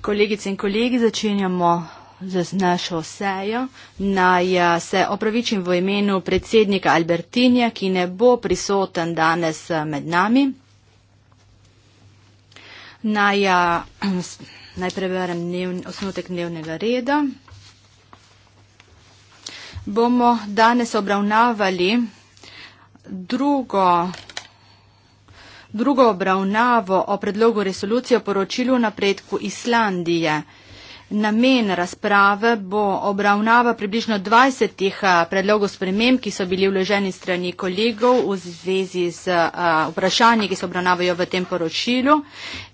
Kolegice in kolegi, začenjamo z našo sejo. Naj eh, se opravičim v imenu predsednika Albertinja, ki ne bo prisoten danes eh, med nami. Naj, eh, naj preberem dnev, osnotek dnevnega reda. Bomo danes obravnavali drugo drugo obravnavo o predlogu resolucije o poročilu napredku Islandije. Namen razprave bo obravnava približno 20 predlogov sprememb, ki so bili vloženi strani kolegov v zvezi z vprašanji, ki se obravnavajo v tem poročilu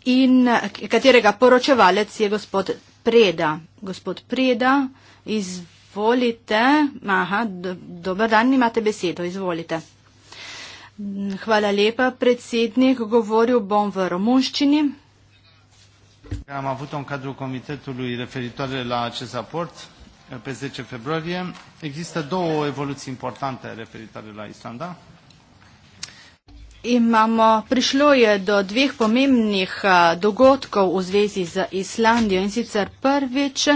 in katerega poročevalec je gospod Preda. Gospod Preda, izvolite. Aha, do, dober dan, imate besedo, izvolite. Hvala lepa, predsednik. Govoril bom v romunščini. Am avut un cadru comitetului referitor la acest raport eh, pe 10 februarie. Există două evoluții importante referitoare la Islanda. Imamo, prišlo je do dveh pomembnih eh, dogodkov v zvezi z Islandijo in sicer prvič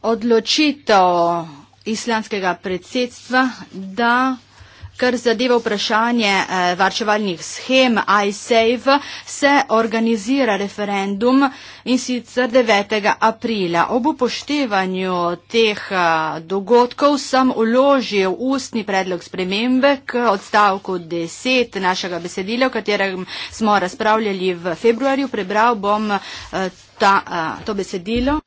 odločitev islandskega predsedstva, da Kar zadeva vprašanje eh, varčevalnih schem iSave, se organizira referendum in sicer 9. aprila. Ob upoštevanju teh eh, dogodkov sem uložil ustni predlog spremembe k odstavku 10 našega besedila, o katerem smo razpravljali v februarju. Prebral bom eh, ta, to besedilo.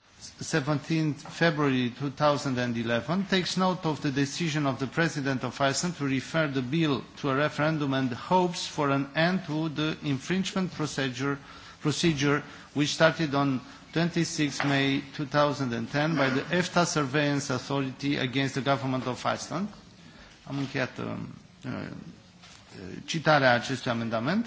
17th February 2011 takes note of the decision of the President of Iceland to refer the bill to a referendum and hopes for an end to the infringement procedure, procedure which started on 26 May 2010 by the EFTA Surveillance Authority against the Government of Iceland. Am încheiat uh, uh, citarea acestui amendament.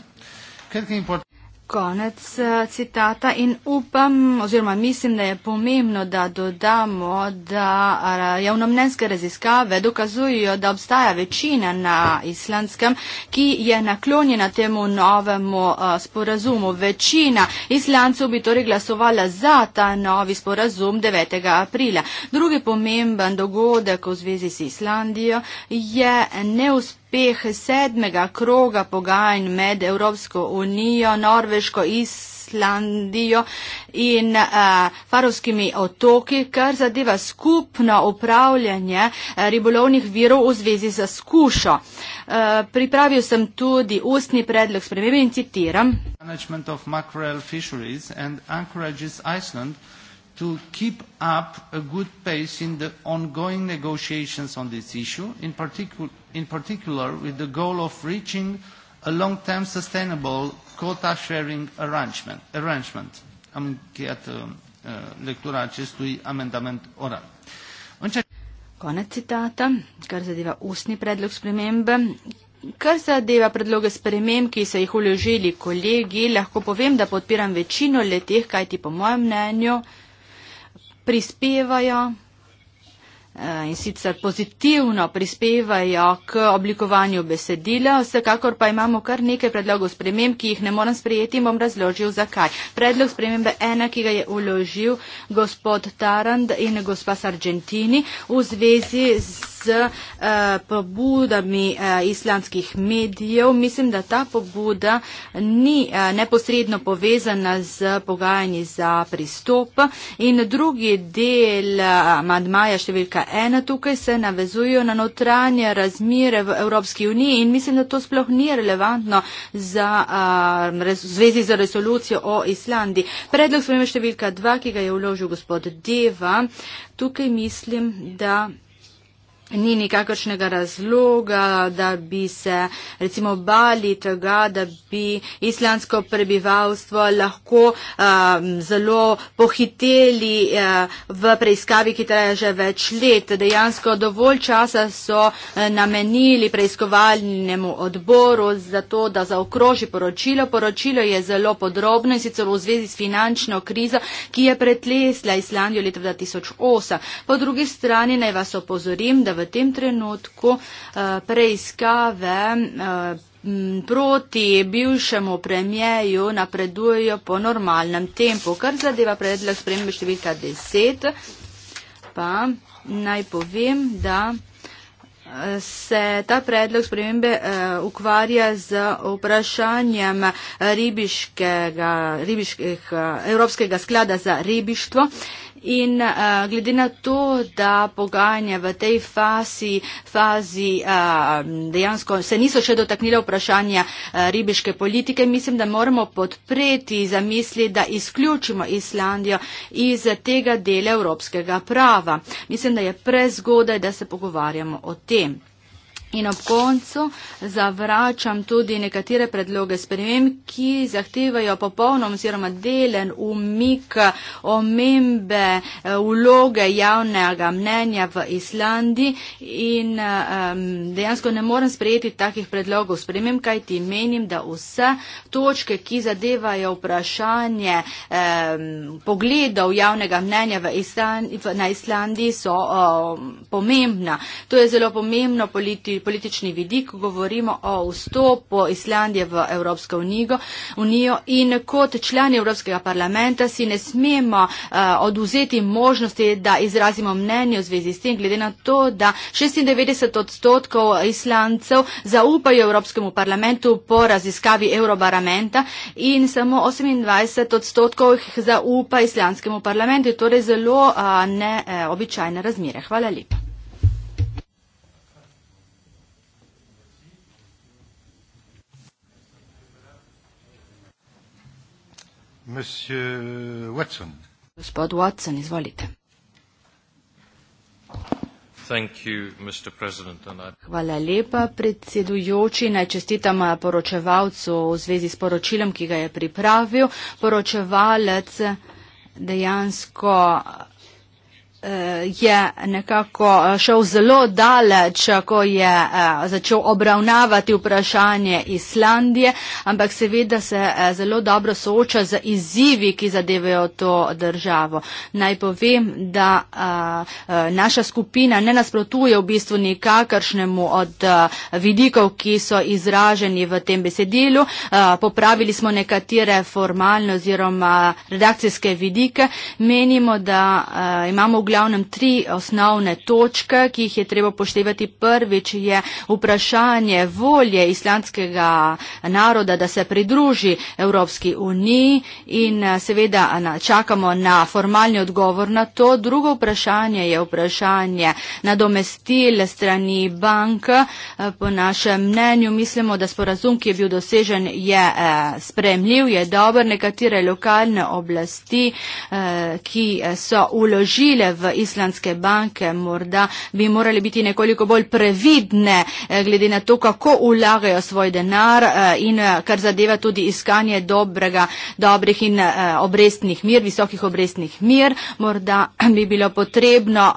Cred că e important konec eh, citata in upam oziroma mislim, da je pomembno, da dodamo, da eh, javnomnenske raziskave dokazujejo, da obstaja večina na islandskem, ki je naklonjena temu novemu eh, sporazumu. Večina islancev bi torej glasovala za ta novi sporazum 9. aprila. Drugi pomemben dogodek v zvezi s Islandijo je neuspešen uspeh sedmega kroga pogajanj med Evropsko unijo, Norveško, Islandijo in uh, Farovskimi otoki, kar zadeva skupno upravljanje eh, ribolovnih virov v zvezi z skušo. Uh, pripravil sem tudi ustni predlog spremembe in citiram to keep up a good pace in the ongoing negotiations on this issue, in particular with the goal of reaching a long-term sustainable quota sharing arrangement. Am încheiat uh, uh, lectura acestui amendament oral. Konec citata. Kar zadeva ustni predlog spremembe. Kar zadeva predloge sprememb, ki so jih vložili kolegi, lahko povem, da podpiram večino le teh, kajti po mojem mnenju prispevajo eh, in sicer pozitivno prispevajo k oblikovanju besedila, vsekakor pa imamo kar nekaj predlogov sprememb, ki jih ne moram sprejeti in bom razložil zakaj. Predlog spremembe ena, ki ga je uložil gospod Tarand in gospa Sargentini v zvezi z Eh, pobudami eh, islamskih medijev. Mislim, da ta pobuda ni eh, neposredno povezana z pogajanji za pristop. In drugi del madmaja številka ena tukaj se navezujo na notranje razmire v Evropski uniji in mislim, da to sploh ni relevantno za, v zvezi z resolucijo o Islandiji. Predlog spremembe številka dva, ki ga je vložil gospod Deva, tukaj mislim, da ni nikakršnega razloga, da bi se recimo bali tega, da bi islamsko prebivalstvo lahko um, zelo pohiteli uh, v preiskavi, ki traja že več let. Dejansko dovolj časa so uh, namenili preiskovalnemu odboru za to, da zaokroži poročilo. Poročilo je zelo podrobno in sicer v zvezi s finančno krizo, ki je pretlesla Islandijo leta 2008 v tem trenutku eh, preiskave eh, proti bivšemu premijeju napredujejo po normalnem tempu. Kar zadeva predlog spremembe številka 10, pa naj povem, da eh, se ta predlog spremembe uh, ukvarja z vprašanjem ribiškega, ribiškega, Evropskega sklada za ribištvo. Uh, In uh, glede na to, da pogajanja v tej fasi, fazi uh, dejansko se niso še dotaknile vprašanja uh, ribiške politike, mislim, da moramo podpreti zamisli, da izključimo Islandijo iz tega dela evropskega prava. Mislim, da je prezgodaj, da se pogovarjamo o tem. In ob koncu zavračam tudi nekatere predloge spremem, ki zahtevajo popolno oziroma delen umik omembe eh, vloge javnega mnenja v Islandiji in um, dejansko ne morem sprejeti takih predlogov spremem, kaj ti menim, da vse točke, ki zadevajo vprašanje um, pogledov javnega mnenja v Islandiji, v, na Islandiji so um, pomembna. To je zelo pomembno politično politični vidik, govorimo o vstopu Islandije v Evropsko unijo in kot člani Evropskega parlamenta si ne smemo eh, oduzeti možnosti, da izrazimo mnenje v zvezi s tem, glede na to, da 96 odstotkov Islancev zaupajo Evropskemu parlamentu po raziskavi Eurobaramenta in samo 28 odstotkov jih zaupa Islandskemu parlamentu. Torej zelo eh, neobičajne razmere. Hvala lepa. Monsieur Watson. Gospod Watson, izvolite. Thank you, Mr. President, and I... Hvala lepa, predsedujoči. Najčestitam eh, poročevalcu v zvezi s poročilom, ki ga je pripravil. Poročevalec dejansko Eh, je nekako eh, šel zelo daleč, ko je eh, začel obravnavati vprašanje Islandije, ampak seveda se zelo dobro sooča z izzivi, ki zadevajo to državo. Naj povem, da naša skupina ne nasprotuje v bistvu nikakršnemu od vidikov, ki so izraženi v tem besedilu. Popravili smo nekatere formalne oziroma redakcijske vidike. Menimo, da imamo v glavi glavnem tri osnovne točke, ki jih je treba poštevati. Prvič je vprašanje volje islandskega naroda, da se pridruži Evropski uniji in eh, seveda na, čakamo na formalni odgovor na to. Drugo vprašanje je vprašanje nadomestil strani bank. Eh, po našem mnenju mislimo, da sporazum, ki je bil dosežen, je eh, spremljiv, je dober. Nekatere lokalne oblasti, ki so uložile v islandske banke morda bi morali biti nekoliko bolj previdne eh, glede na to, kako ulagajo svoj denar eh, in eh, kar zadeva tudi iskanje dobrega, dobrih in obrestnih mir, visokih obrestnih mir. Morda bi bilo potrebno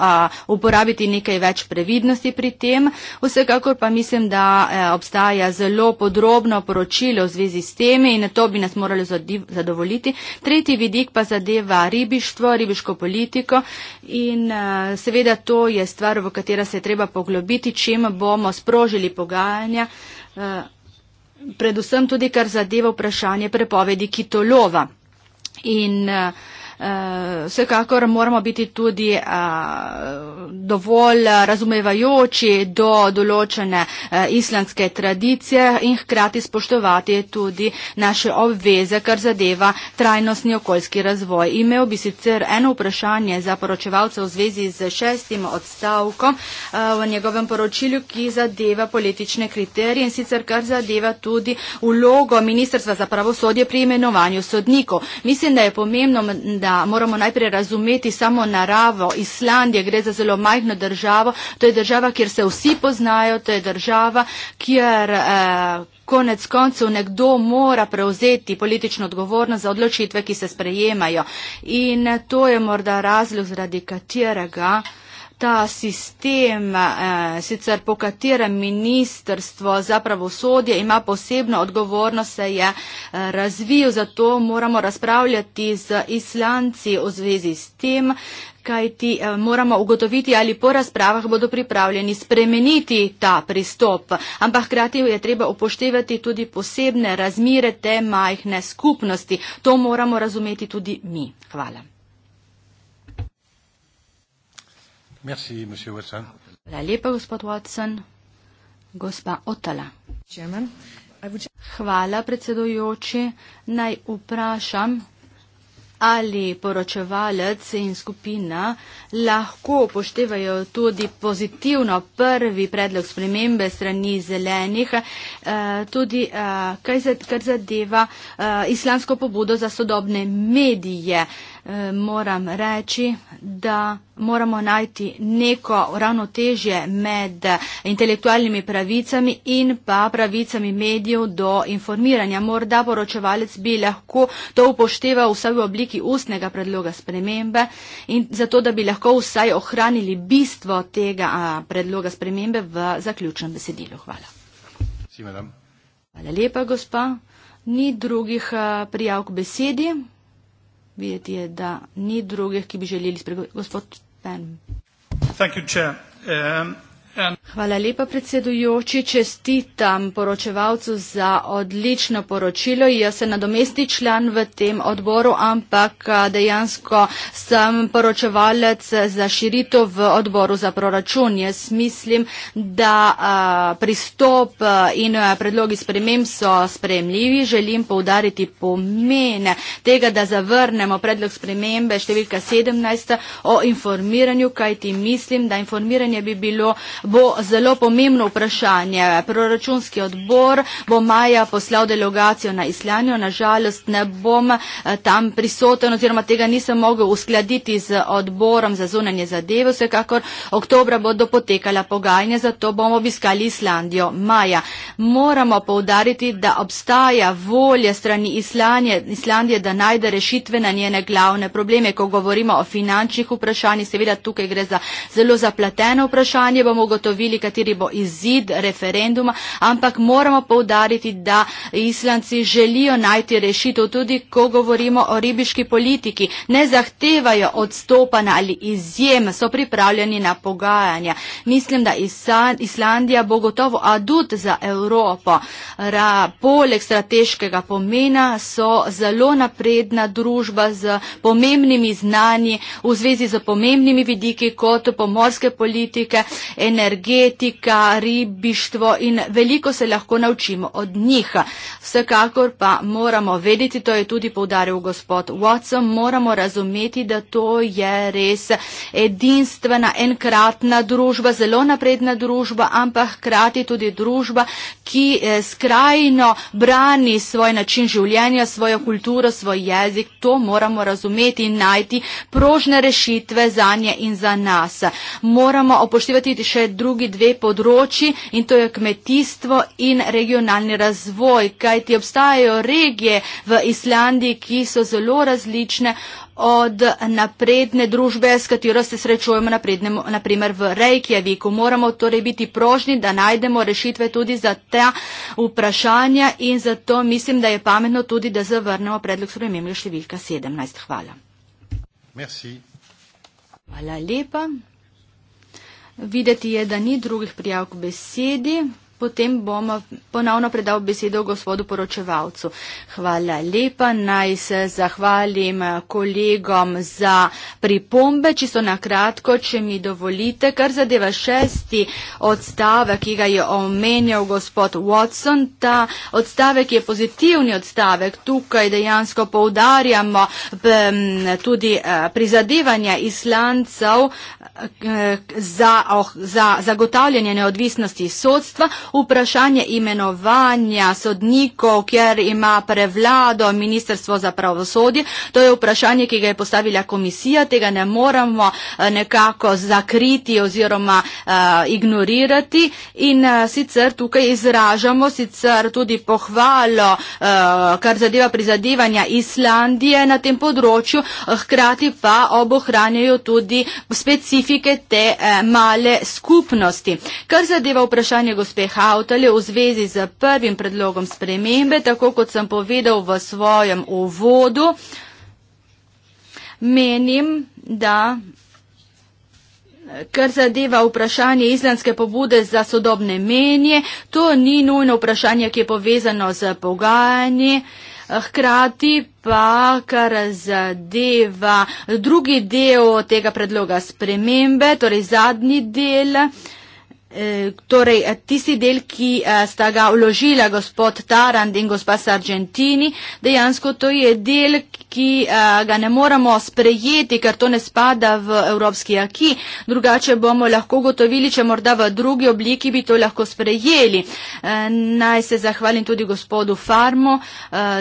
uporabiti nekaj več previdnosti pri tem. Vsekakor pa mislim, da obstaja zelo podrobno poročilo v zvezi s temi in to bi nas moralo zadovoljiti. Tretji vidik pa zadeva ribištvo, ribiško politiko In eh, seveda to je stvar, v katera se je treba poglobiti, čim bomo sprožili pogajanja, eh, predvsem tudi kar zadeva vprašanje prepovedi kitolova. In uh, Eh, vsekakor moramo biti tudi eh, dovolj eh, razumevajoči do določene islamske tradicije in hkrati spoštovati tudi naše obveze, kar zadeva trajnostni okoljski razvoj. Imel bi sicer eno vprašanje za poročevalce v zvezi z šestim odstavkom v njegovem poročilju, ki zadeva politične kriterije in sicer kar zadeva tudi vlogo Ministrstva za pravosodje pri imenovanju sodnikov. Mislim, da je pomembno, da da moramo najprej razumeti samo naravo Islandije, gre za zelo majhno državo, to je država, kjer se vsi poznajo, to je država, kjer eh, konec koncev nekdo mora prevzeti politično odgovornost za odločitve, ki se sprejemajo. In to je morda razlog, zaradi katerega eh, ta sistem, eh, sicer po katerem ministrstvo za pravosodje ima posebno odgovornost, se je eh, razvil, zato moramo razpravljati z islanci v zvezi s tem, kajti eh, moramo ugotoviti, ali po razpravah bodo pripravljeni spremeniti ta pristop. Ampak hkrati je treba upoštevati tudi posebne razmire te majhne skupnosti. To moramo razumeti tudi mi. Hvala. Merci, Monsieur Watson. Hvala lepa, gospod Watson. Gospa Otala. Hvala, predsedujoči. Naj vprašam, ali poročevalec in skupina lahko poštevajo tudi pozitivno prvi predlog spremembe strani zelenih, eh, tudi eh, kar zadeva eh, islamsko pobudo za sodobne medije moram reči, da moramo najti neko ravnotežje med intelektualnimi pravicami in pa pravicami medijev do informiranja. Morda poročevalec bi lahko to upošteval vsaj v obliki ustnega predloga spremembe in zato, da bi lahko vsaj ohranili bistvo tega predloga spremembe v zaključnem besedilu. Hvala. Hvala lepa, gospa. Ni drugih prijav k besedi videti je, da ni drugih, ki bi želeli spregovoriti. Gospod Pen. Thank you, chair. Um, Hvala lepa, predsedujoči. Čestitam poročevalcu za odlično poročilo. Jaz sem nadomesti član v tem odboru, ampak dejansko sem poročevalec za širito v odboru za proračun. Jaz mislim, da pristop in predlogi sprememb so spremljivi. Želim povdariti pomen tega, da zavrnemo predlog spremembe številka 17 o informiranju, kajti mislim, da informiranje bi bilo bo zelo pomembno vprašanje. Proračunski odbor bo maja poslal delegacijo na Islanjo. Nažalost ne bom eh, tam prisoten oziroma tega nisem mogel uskladiti z odborom za zunanje zadeve. Vsekakor oktobra bodo potekala pogajanja, zato bomo obiskali Islandijo maja. Moramo povdariti, da obstaja volja strani Islanje, Islandije, da najde rešitve na njene glavne probleme. Ko govorimo o finančnih vprašanjih, seveda tukaj gre za zelo zapleteno vprašanje. Bomo ugotovili, kateri bo izid referenduma, ampak moramo povdariti, da islanci želijo najti rešitev tudi, ko govorimo o ribiški politiki. Ne zahtevajo odstopanja ali izjem, so pripravljeni na pogajanja. Mislim, da Islandija bo gotovo adut za Evropo. Ra, poleg strateškega pomena so zelo napredna družba z pomembnimi znanji v zvezi z pomembnimi vidiki kot pomorske politike. In energetika, ribištvo in veliko se lahko naučimo od njih. Vsekakor pa moramo vedeti, to je tudi povdaril gospod Watson, moramo razumeti, da to je res edinstvena, enkratna družba, zelo napredna družba, ampak hkrati tudi družba, ki eh, skrajno brani svoj način življenja, svojo kulturo, svoj jezik. To moramo razumeti in najti prožne rešitve za nje in za nas. Moramo opoštevati še drugi dve področji in to je kmetijstvo in regionalni razvoj, kajti obstajajo regije v Islandiji, ki so zelo različne od napredne družbe, s katero se srečujemo naprimer v Reykjaviku. Moramo torej biti prožni, da najdemo rešitve tudi za ta vprašanja in zato mislim, da je pametno tudi, da zavrnemo predlog spremembe številka 17. Hvala. Merci. Hvala lepa. Videti je, da ni drugih prijav k besedi. Potem bom ponovno predal besedo gospodu poročevalcu. Hvala lepa. Naj se zahvalim kolegom za pripombe, čisto na kratko, če mi dovolite, kar zadeva šesti odstavek, ki ga je omenjal gospod Watson. Ta odstavek je pozitivni odstavek. Tukaj dejansko poudarjamo tudi eh, prizadevanja islancev za, oh, za zagotavljanje neodvisnosti sodstva, vprašanje imenovanja sodnikov, kjer ima prevlado Ministrstvo za pravosodje, to je vprašanje, ki ga je postavila komisija, tega ne moramo eh, nekako zakriti oziroma eh, ignorirati in eh, sicer tukaj izražamo sicer tudi pohvalo, eh, kar zadeva prizadevanja Islandije na tem področju, hkrati pa obohranjajo tudi specifično specifike te eh, male skupnosti. Kar zadeva vprašanje gospe Hautale v zvezi z prvim predlogom spremembe, tako kot sem povedal v svojem uvodu, menim, da. Eh, kar zadeva vprašanje izlandske pobude za sodobne menje, to ni nujno vprašanje, ki je povezano z pogajanji. Hkrati pa, kar zadeva drugi del tega predloga spremembe, torej zadnji del, Eh, torej eh, tisti del, ki eh, sta ga vložila gospod Tarand in gospa Sargentini, dejansko to je del, ki ga ne moramo sprejeti, ker to ne spada v evropski aki. Drugače bomo lahko gotovili, če morda v drugi obliki bi to lahko sprejeli. Naj se zahvalim tudi gospodu Farmo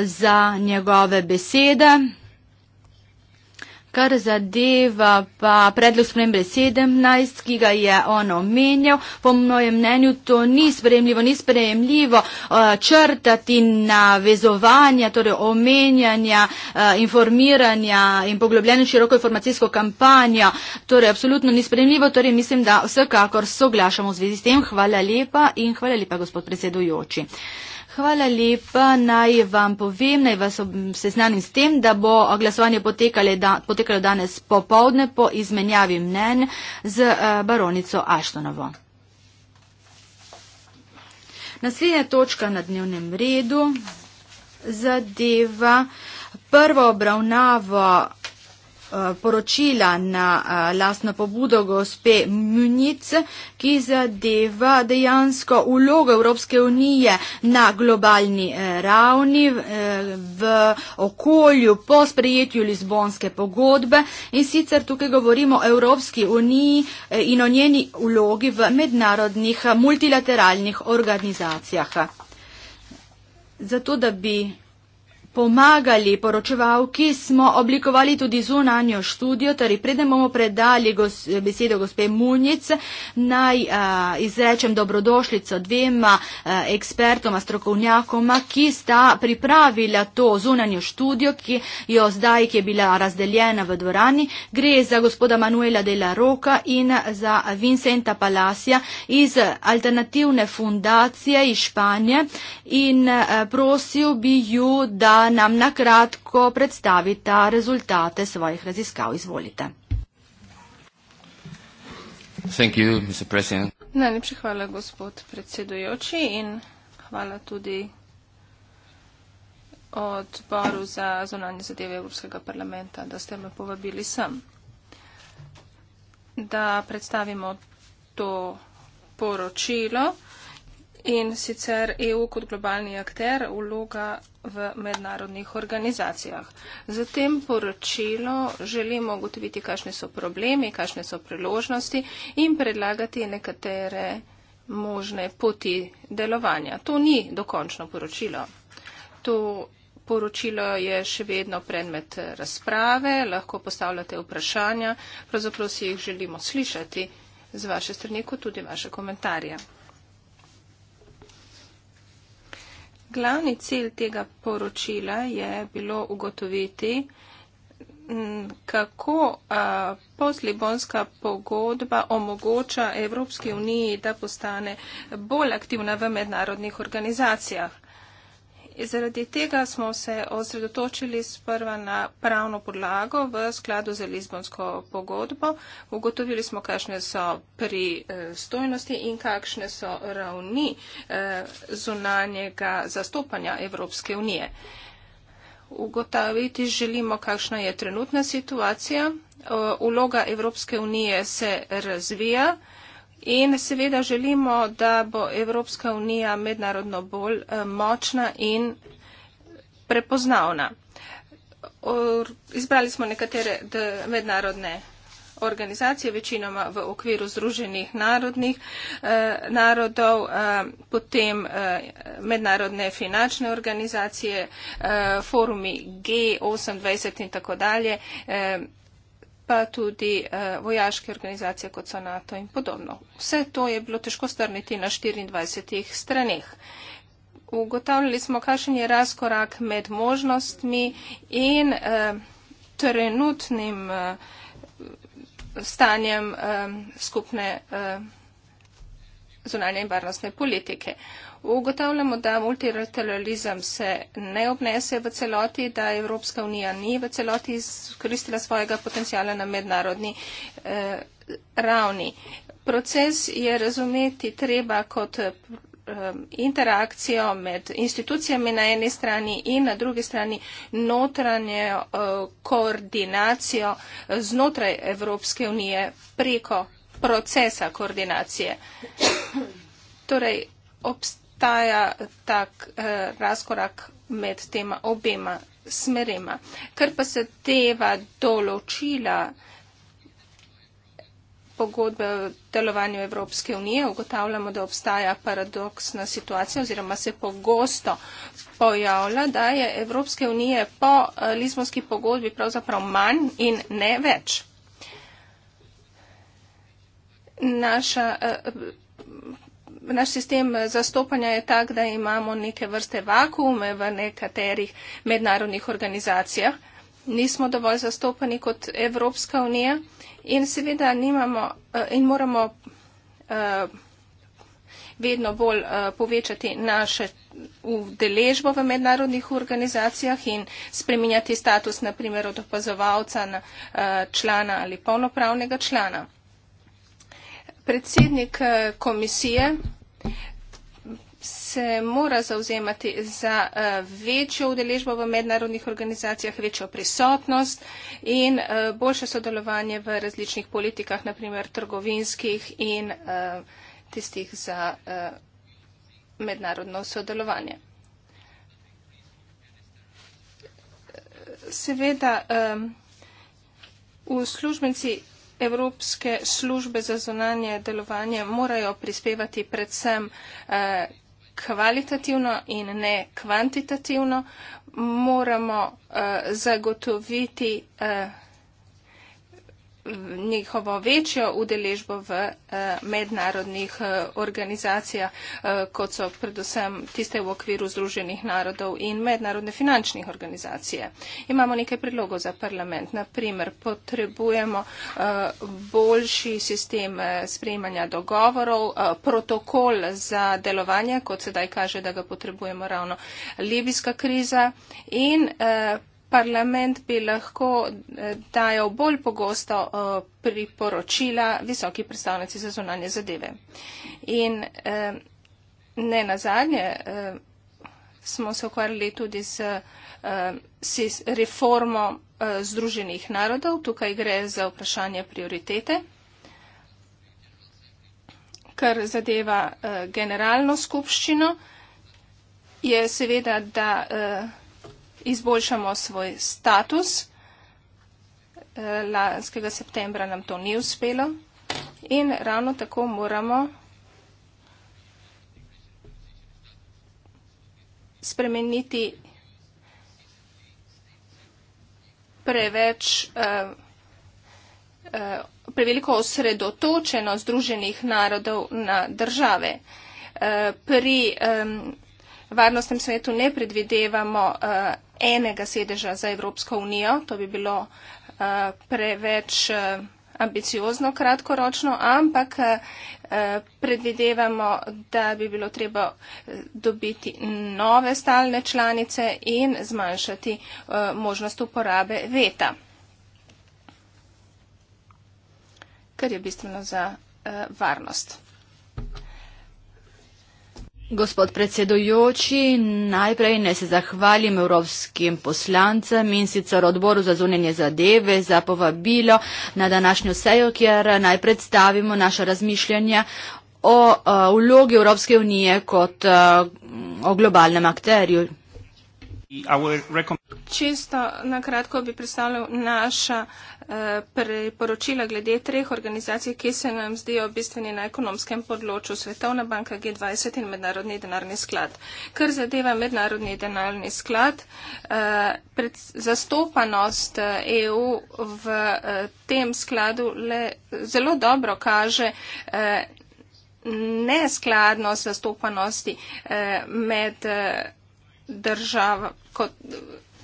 za njegove besede kar zadeva pa predlog spremembe 17, ki ga je on omenjal. Po mojem mnenju to ni spremljivo, ni spremljivo eh, črtati navezovanja, torej omenjanja, eh, informiranja in poglobljeno široko informacijsko kampanjo. Torej, absolutno ni spremljivo, torej mislim, da vsekakor soglašamo v zvezi s tem. Hvala lepa in hvala lepa, gospod predsedujoči. Hvala lepa. Naj vam povem, naj vas seznanim s tem, da bo glasovanje potekalo, da, potekalo danes popovdne po izmenjavi mnen z eh, baronico Aštonovo. Naslednja točka na dnevnem redu zadeva prvo obravnavo poročila na lastno pobudo gospe Munic, ki zadeva dejansko vlogo Evropske unije na globalni eh, ravni eh, v okolju po sprejetju Lizbonske pogodbe. In sicer tukaj govorimo o Evropski uniji eh, in o njeni vlogi v mednarodnih multilateralnih organizacijah. Zato, da bi pomagali poročevalki, smo oblikovali tudi zunanjo študijo, torej preden bomo predali gos, besedo gospe Munjic, naj a, izrečem dobrodošlico dvema a, ekspertoma, strokovnjakoma, ki sta pripravila to zunanjo študijo, ki jo zdaj, ki je bila razdeljena v dvorani. Gre za gospoda Manuela de la Roca in za Vincenta Palacija iz alternativne fundacije iz Španije in a, prosil bi ju, da nam na kratko predstavita rezultate svojih raziskav. Izvolite. You, Najlepša hvala, gospod predsedujoči in hvala tudi odboru za zonanje zadeve Evropskega parlamenta, da ste me povabili sem, da predstavimo to poročilo in sicer EU kot globalni akter, vloga v mednarodnih organizacijah. Za tem poročilo želimo ugotoviti, kakšne so problemi, kakšne so priložnosti in predlagati nekatere možne poti delovanja. To ni dokončno poročilo. To poročilo je še vedno predmet razprave, lahko postavljate vprašanja, pravzaprav si jih želimo slišati z vaše strani, kot tudi vaše komentarje. Glavni cilj tega poročila je bilo ugotoviti, kako poslibonska pogodba omogoča Evropski uniji, da postane bolj aktivna v mednarodnih organizacijah zaradi tega smo se osredotočili sprva na pravno podlago v skladu z Lizbonsko pogodbo. Ugotovili smo, kakšne so pristojnosti in kakšne so ravni eh, zunanjega zastopanja Evropske unije. Ugotaviti želimo, kakšna je trenutna situacija. Uloga eh, Evropske unije se razvija. In seveda želimo, da bo Evropska unija mednarodno bolj eh, močna in prepoznavna. Izbrali smo nekatere mednarodne organizacije, večinoma v okviru Združenih narodnih, eh, narodov, eh, potem eh, mednarodne finančne organizacije, eh, forumi G28 in tako dalje. Eh, pa tudi eh, vojaške organizacije kot so NATO in podobno. Vse to je bilo težko strniti na 24 straneh. Ugotavljali smo, kakšen je razkorak med možnostmi in eh, trenutnim eh, stanjem eh, skupne. Eh, zunanje in varnostne politike. Ugotavljamo, da multilateralizem se ne obnese v celoti, da Evropska unija ni v celoti izkoristila svojega potencijala na mednarodni eh, ravni. Proces je razumeti treba kot eh, interakcijo med institucijami na eni strani in na drugi strani notranjo eh, koordinacijo eh, znotraj Evropske unije preko procesa koordinacije. Torej, obstaja tak eh, razkorak med tema obema smerema. Ker pa se teva določila pogodbe o delovanju Evropske unije, ugotavljamo, da obstaja paradoksna situacija oziroma se pogosto pojavlja, da je Evropske unije po eh, Lizbonski pogodbi pravzaprav manj in ne več naša, eh, naš sistem zastopanja je tak, da imamo neke vrste vakume v nekaterih mednarodnih organizacijah. Nismo dovolj zastopani kot Evropska unija in seveda nimamo eh, in moramo eh, vedno bolj povečati naše udeležbo v mednarodnih organizacijah in spreminjati status, naprimer, od opazovalca na člana ali polnopravnega člana predsednik eh, komisije se mora zauzemati za eh, večjo udeležbo v mednarodnih organizacijah, večjo prisotnost in eh, boljše sodelovanje v različnih politikah, naprimer trgovinskih in tistih za mednarodno sodelovanje. Seveda, v službenci evropske službe za zunanje delovanje morajo prispevati predvsem eh, kvalitativno in ne kvantitativno. Moramo eh, zagotoviti eh, njihovo večjo udeležbo v eh, mednarodnih eh, organizacijah, eh, kot so predvsem tiste v okviru Združenih narodov in mednarodne finančnih organizacije. Imamo nekaj predlogov za parlament. Naprimer, potrebujemo boljši sistem sprejemanja dogovorov, protokol za delovanje, kot sedaj kaže, da ga potrebujemo ravno libijska kriza in parlament bi lahko eh, dajal bolj pogosto eh, priporočila visoki predstavnici za zunanje zadeve. In eh, ne nazadnje smo se ukvarjali tudi z reformo Združenih narodov. Tukaj gre za vprašanje prioritete, kar zadeva generalno skupščino. Je seveda, da izboljšamo svoj status. Eh, lanskega septembra nam to ni uspelo in ravno tako moramo spremeniti preveč, uh, uh, preveliko osredotočeno Združenih narodov na države. Uh, pri um, varnostnem svetu ne predvidevamo uh, enega sedeža za Evropsko unijo. To bi bilo uh, preveč uh, ambiciozno kratkoročno, ampak uh, predvidevamo, da bi bilo treba dobiti nove stalne članice in zmanjšati uh, možnost uporabe veta, kar je bistveno za uh, varnost. Gospod predsedujoči, najprej ne se zahvalim evropskim poslancem in sicer odboru za zunanje zadeve za povabilo na današnjo sejo, kjer naj predstavimo naše razmišljanje o vlogi Evropske unije kot o globalnem akterju čisto na kratko bi predstavljal naša eh, priporočila glede treh organizacij, ki se nam zdijo bistveni na ekonomskem področju Svetovna banka G20 in Mednarodni denarni sklad. Kar zadeva Mednarodni denarni sklad, eh, pred, zastopanost EU eh, e v tem skladu le zelo dobro kaže neskladnost zastopanosti med državami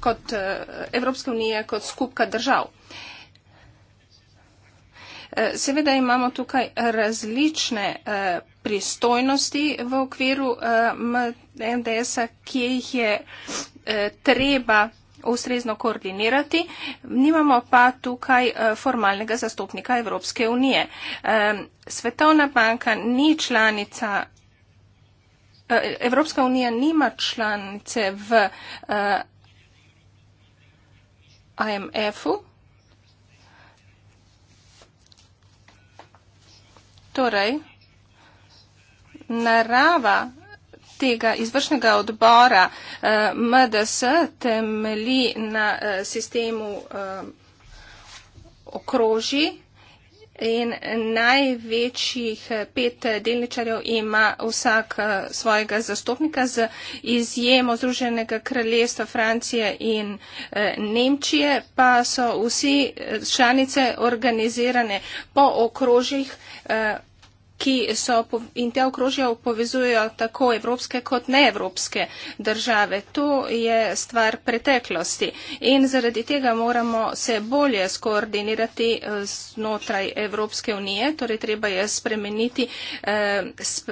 kot eh, Evropske unije, kot skupka držav. Eh, seveda imamo tukaj različne eh, pristojnosti v okviru NDS-a, ki jih je treba ustrezno koordinirati, nimamo pa tukaj formalnega zastopnika Evropske unije. Svetovna banka ni članica, Evropska unija nima članice v IMF-u. Torej, narava tega izvršnega odbora eh, MDS temeli na eh, sistemu eh, okroži, in največjih eh, pet eh, delničarjev ima vsak eh, svojega zastopnika z izjemo Združenega kraljestva Francije in Nemčije, pa so vsi članice organizirane po okrožjih ki so in te okrožja povezujejo tako evropske kot neevropske države. To je stvar preteklosti in zaradi tega moramo se bolje skoordinirati eh, znotraj Evropske unije, torej treba je spremeniti eh, sp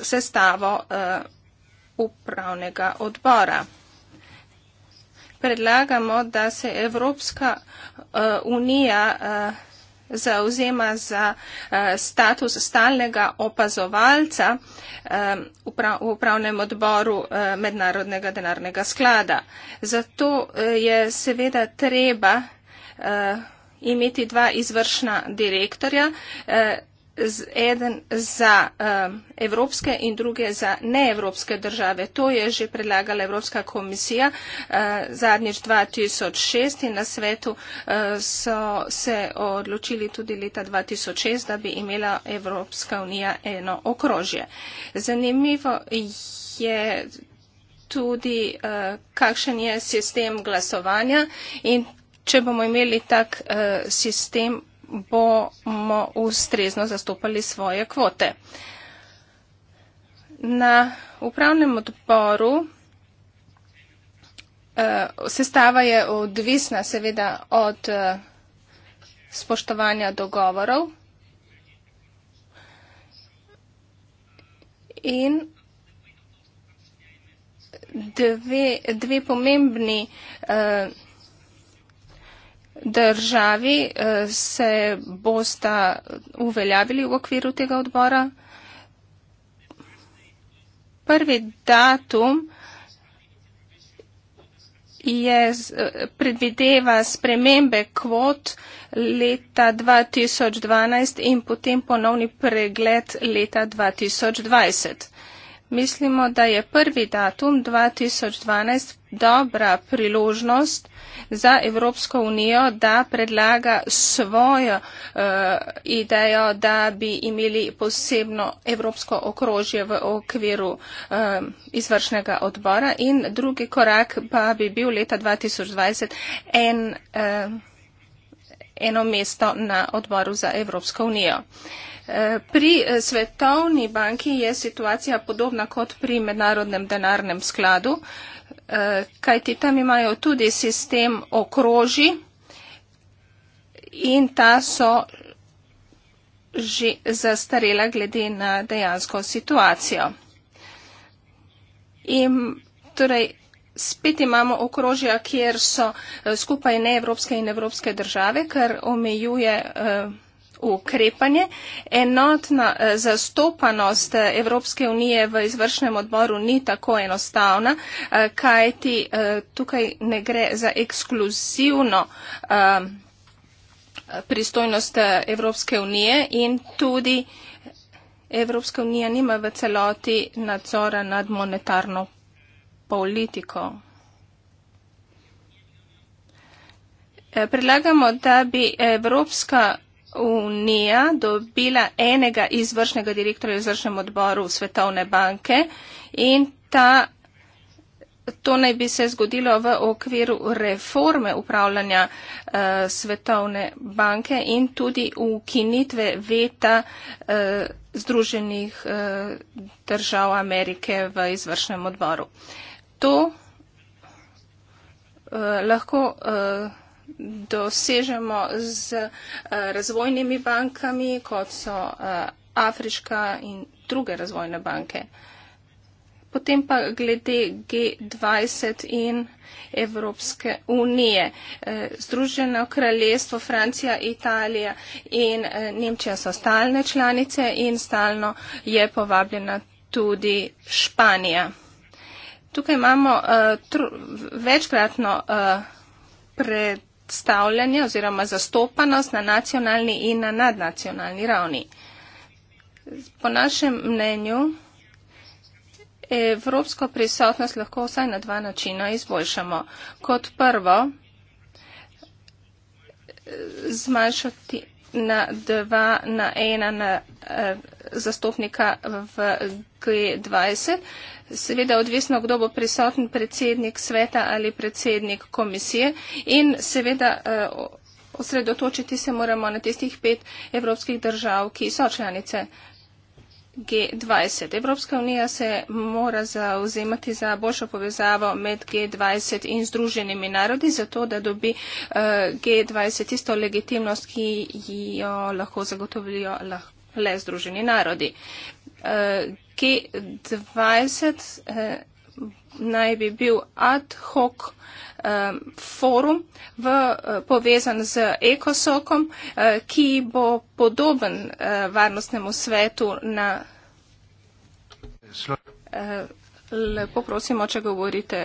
sestavo eh, upravnega odbora. Predlagamo, da se Evropska eh, unija eh, zauzema za eh, status stalnega opazovalca eh, v upravnem odboru eh, Mednarodnega denarnega sklada. Zato je seveda treba imeti dva izvršna direktorja, z eden za um, evropske in druge za neevropske države. To je že predlagala Evropska komisija uh, zadnjič 2006 in na svetu uh, so se odločili tudi leta 2006, da bi imela Evropska unija eno okrožje. Zanimivo je tudi, uh, kakšen je sistem glasovanja in če bomo imeli tak uh, sistem bomo ustrezno zastopali svoje kvote. Na upravnem odboru uh, eh, sestava je odvisna seveda od uh, spoštovanja dogovorov in dve, dve pomembni uh, državi eh, se bosta uveljavili v okviru tega odbora. Prvi datum je eh, predvideva spremembe kvot leta 2012 in potem ponovni pregled leta 2020 mislimo, da je prvi datum 2012 dobra priložnost za Evropsko unijo, da predlaga svojo uh, idejo, da bi imeli posebno evropsko okrožje v okviru uh, izvršnega odbora in drugi korak pa bi bil leta 2020 en, uh, eno mesto na odboru za Evropsko unijo. Uh, Pri eh, Svetovni banki je situacija podobna kot pri Mednarodnem denarnem skladu, eh, kajti tam imajo tudi sistem okroži in ta so že zastarela glede na dejansko situacijo. In torej spet imamo okrožja, kjer so eh, skupaj neevropske in evropske države, kar omejuje. Eh, ukrepanje. Enotna eh, zastopanost eh, Evropske unije v izvršnem odboru ni tako enostavna, eh, kajti tukaj ne gre za ekskluzivno pristojnost Evropske unije in tudi Evropska unija nima v celoti nadzora nad monetarno politiko. Predlagamo, da bi Evropska unija dobila enega izvršnega direktorja v izvršnem odboru Svetovne banke in ta, to naj bi se zgodilo v okviru reforme upravljanja uh, Svetovne banke in tudi ukinitve veta uh, Združenih uh, držav Amerike v izvršnem odboru. To uh, lahko uh, dosežemo z eh, razvojnimi bankami, kot so eh, Afriška in druge razvojne banke. Potem pa glede G20 in Evropske unije. Eh, Združeno kraljestvo, Francija, Italija in Nemčija so stalne članice in stalno je povabljena tudi Španija. Tukaj imamo uh, tr večkratno uh, pred, predstavljanje oziroma zastopanost na nacionalni in na nadnacionalni ravni. Po našem mnenju evropsko prisotnost lahko vsaj na dva načina izboljšamo. Kot prvo, zmanjšati na dva, na ena, na eh, zastopnika v G20. Seveda odvisno, kdo bo prisotn, predsednik sveta ali predsednik komisije. In seveda eh, osredotočiti se moramo na tistih pet evropskih držav, ki so članice eh, G20. Evropska unija se mora zauzemati za boljšo povezavo med G20 in združenimi narodi, zato da dobi eh, G20 tisto legitimnost, ki jo lahko zagotovijo le združeni narodi. Eh, G20 eh, naj bi bil ad hoc Um, forum v, uh, povezan z ekosokom, uh, ki bo podoben uh, varnostnemu svetu na. Lepo prosimo, če govorite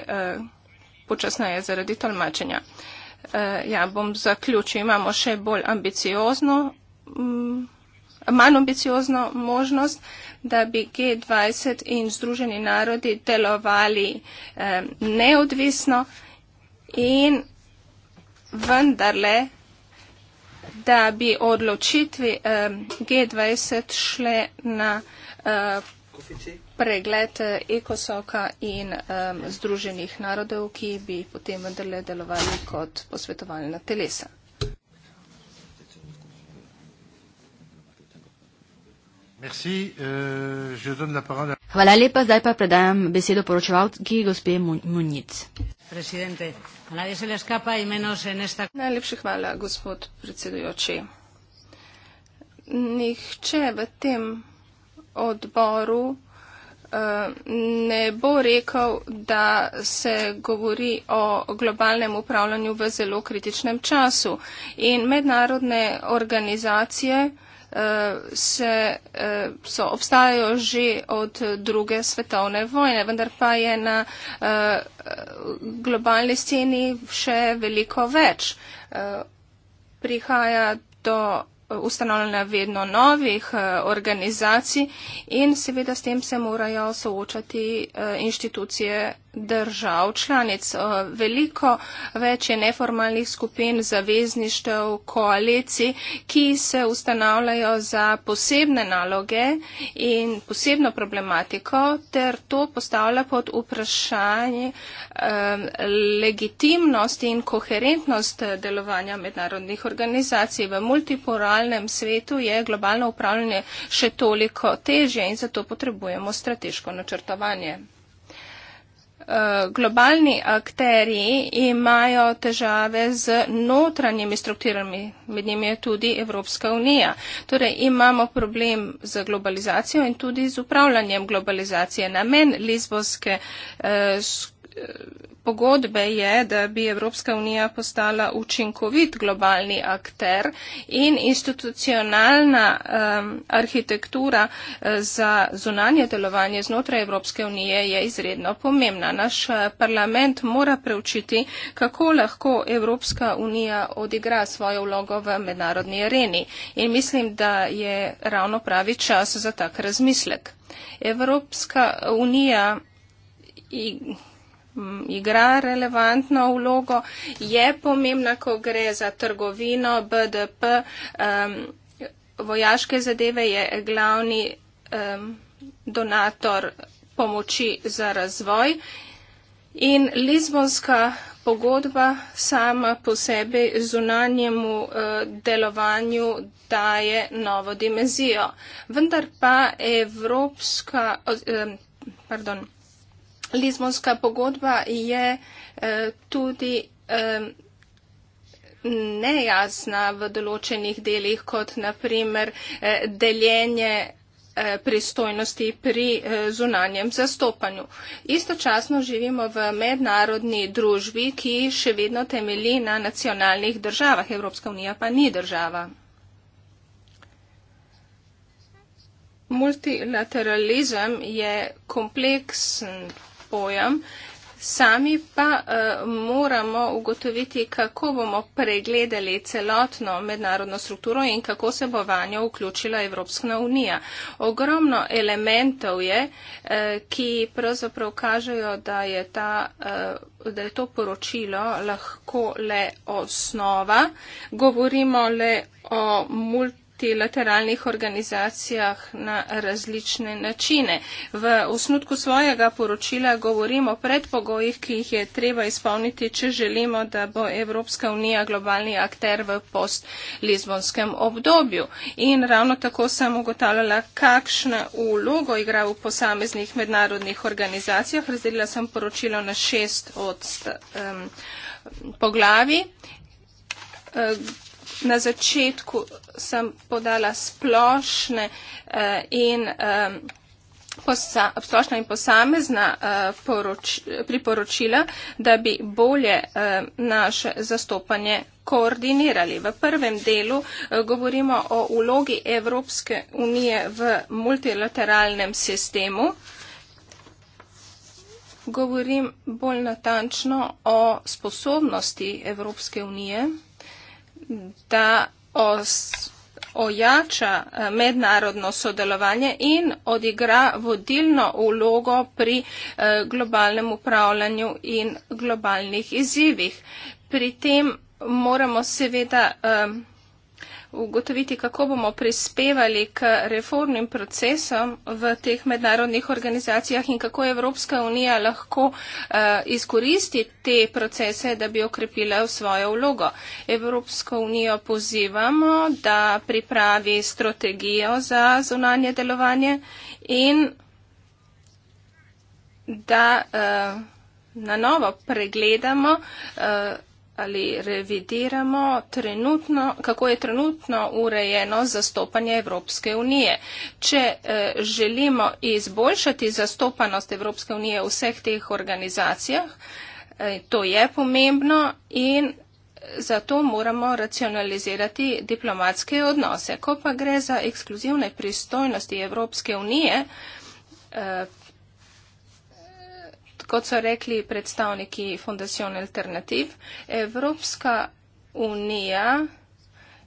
počasneje zaradi tolmačenja. Ja, bom zaključil. Imamo še bolj ambiciozno, mm, manj ambiciozno možnost, da bi G20 in Združeni narodi delovali um, neodvisno. In vendarle, da bi odločitvi G20 šle na pregled eh, Ekosoka in Združenih narodov, ki bi potem vendarle delovali kot posvetovalna telesa. Eh, Hvala lepa, zdaj pa predajam besedo poročevalki gospe Munic. Presidente. Najlepši hvala, gospod predsedujoči. Nihče v tem odboru eh, ne bo rekel, da se govori o globalnem upravljanju v zelo kritičnem času. In mednarodne organizacije Eh, se, eh, so obstajajo že od druge svetovne vojne, vendar pa je na eh, globalni sceni še veliko več. Prihaja do ustanovljena vedno novih organizacij in seveda s tem se morajo soočati inštitucije držav članic. Eh, veliko več je neformalnih skupin zavezništev, koalicij, ki se ustanavljajo za posebne naloge in posebno problematiko, ter to postavlja pod vprašanje eh, legitimnost in koherentnost delovanja mednarodnih organizacij. V multipolarnem svetu je globalno upravljanje še toliko težje in zato potrebujemo strateško načrtovanje. Eh, globalni akteri imajo težave z notranjimi strukturami, med njimi je tudi Evropska unija. Torej imamo problem z globalizacijo in tudi z upravljanjem globalizacije. Namen Lizbonske uh, pogodbe je, da bi Evropska unija postala učinkovit globalni akter in institucionalna um, arhitektura eh, za zunanje delovanje znotraj Evropske unije je izredno pomembna. Naš eh, parlament mora preučiti, kako lahko Evropska unija odigra svojo vlogo v mednarodni areni in mislim, da je ravno pravi čas za tak razmislek. Evropska unija igra relevantno vlogo, je pomembna, ko gre za trgovino, BDP, um, vojaške zadeve je glavni um, donator pomoči za razvoj. In Lizbonska pogodba sama po sebi zunanjemu uh, delovanju daje novo dimenzijo. Vendar pa Evropska. Uh, um, Lizbonska pogodba je eh, tudi eh, nejasna v določenih delih, kot naprimer eh, deljenje pristojnosti pri zunanjem zastopanju. Istočasno živimo v mednarodni družbi, ki še vedno temeli na nacionalnih državah. Evropska unija pa ni država. Multilateralizem je kompleksen pojem. Sami pa eh, moramo ugotoviti, kako bomo pregledali celotno mednarodno strukturo in kako se bo vanjo vključila Evropska unija. Ogromno elementov je, eh, ki pravzaprav kažejo, da je, ta, eh, da je to poročilo lahko le osnova. Govorimo le o multi multilateralnih organizacijah na različne načine. V osnutku svojega poročila govorimo o predpogojih, ki jih je treba izpolniti, če želimo, da bo Evropska unija globalni akter v post-lizbonskem obdobju. In ravno tako sem ugotavljala, kakšno ulogo igra v posameznih mednarodnih organizacijah. Razdelila sem poročilo na šest od um, poglavi. Uh, na začetku sem podala splošne eh, in eh, splošna in posamezna eh, priporočila, da bi bolje eh, naše zastopanje koordinirali. V prvem delu eh, govorimo o ulogi Evropske unije v multilateralnem sistemu. Govorim bolj natančno o sposobnosti Evropske unije da os, ojača eh, mednarodno sodelovanje in odigra vodilno vlogo pri eh, globalnem upravljanju in globalnih izzivih. Pri tem moramo seveda um, ugotoviti, kako bomo prispevali k reformnim procesom v teh mednarodnih organizacijah in kako Evropska unija lahko eh, izkoristi te procese, da bi okrepila svojo vlogo. Evropsko unijo pozivamo, da pripravi strategijo za zunanje delovanje in da eh, na novo pregledamo eh, ali revidiramo trenutno, kako je trenutno urejeno zastopanje Evropske unije. Če e, želimo izboljšati zastopanost Evropske unije v vseh teh organizacijah, e, to je pomembno in zato moramo racionalizirati diplomatske odnose. Ko pa gre za ekskluzivne pristojnosti Evropske unije, e, kot so rekli predstavniki Fondacion Alternativ, Evropska unija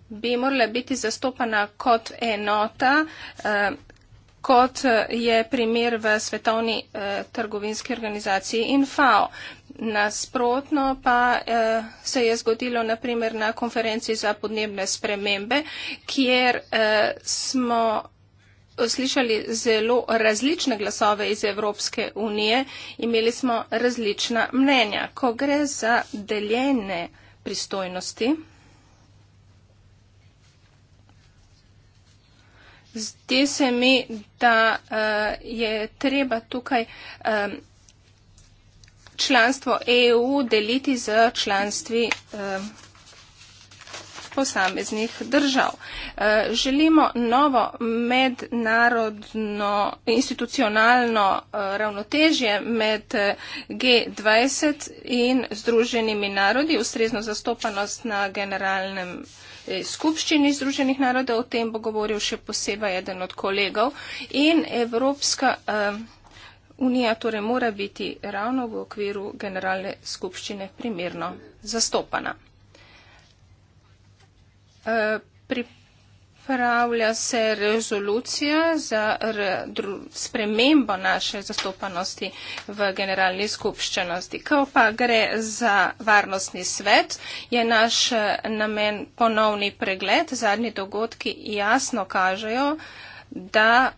bi morala biti zastopana kot enota, eh, kot je primer v svetovni eh, trgovinski organizaciji INFAO. Nasprotno pa eh, se je zgodilo naprimer na konferenci za podnebne spremembe, kjer smo slišali zelo različne glasove iz Evropske unije, imeli smo različna mnenja. Ko gre za deljene pristojnosti, zdi se mi, da uh, je treba tukaj um, članstvo EU deliti z članstvi. Um, posameznih držav. Eh, želimo novo mednarodno institucionalno eh, ravnotežje med eh, G20 in Združenimi narodi, ustrezno zastopanost na generalnem. Skupščini Združenih narodov, o tem bo govoril še posebej eden od kolegov. In Evropska uh, unija torej mora biti ravno v okviru generalne skupščine primerno zastopana pripravlja se rezolucija za spremembo naše zastopanosti v generalni skupščenosti. Ko pa gre za varnostni svet, je naš eh, namen ponovni pregled. Zadnji dogodki jasno kažejo, da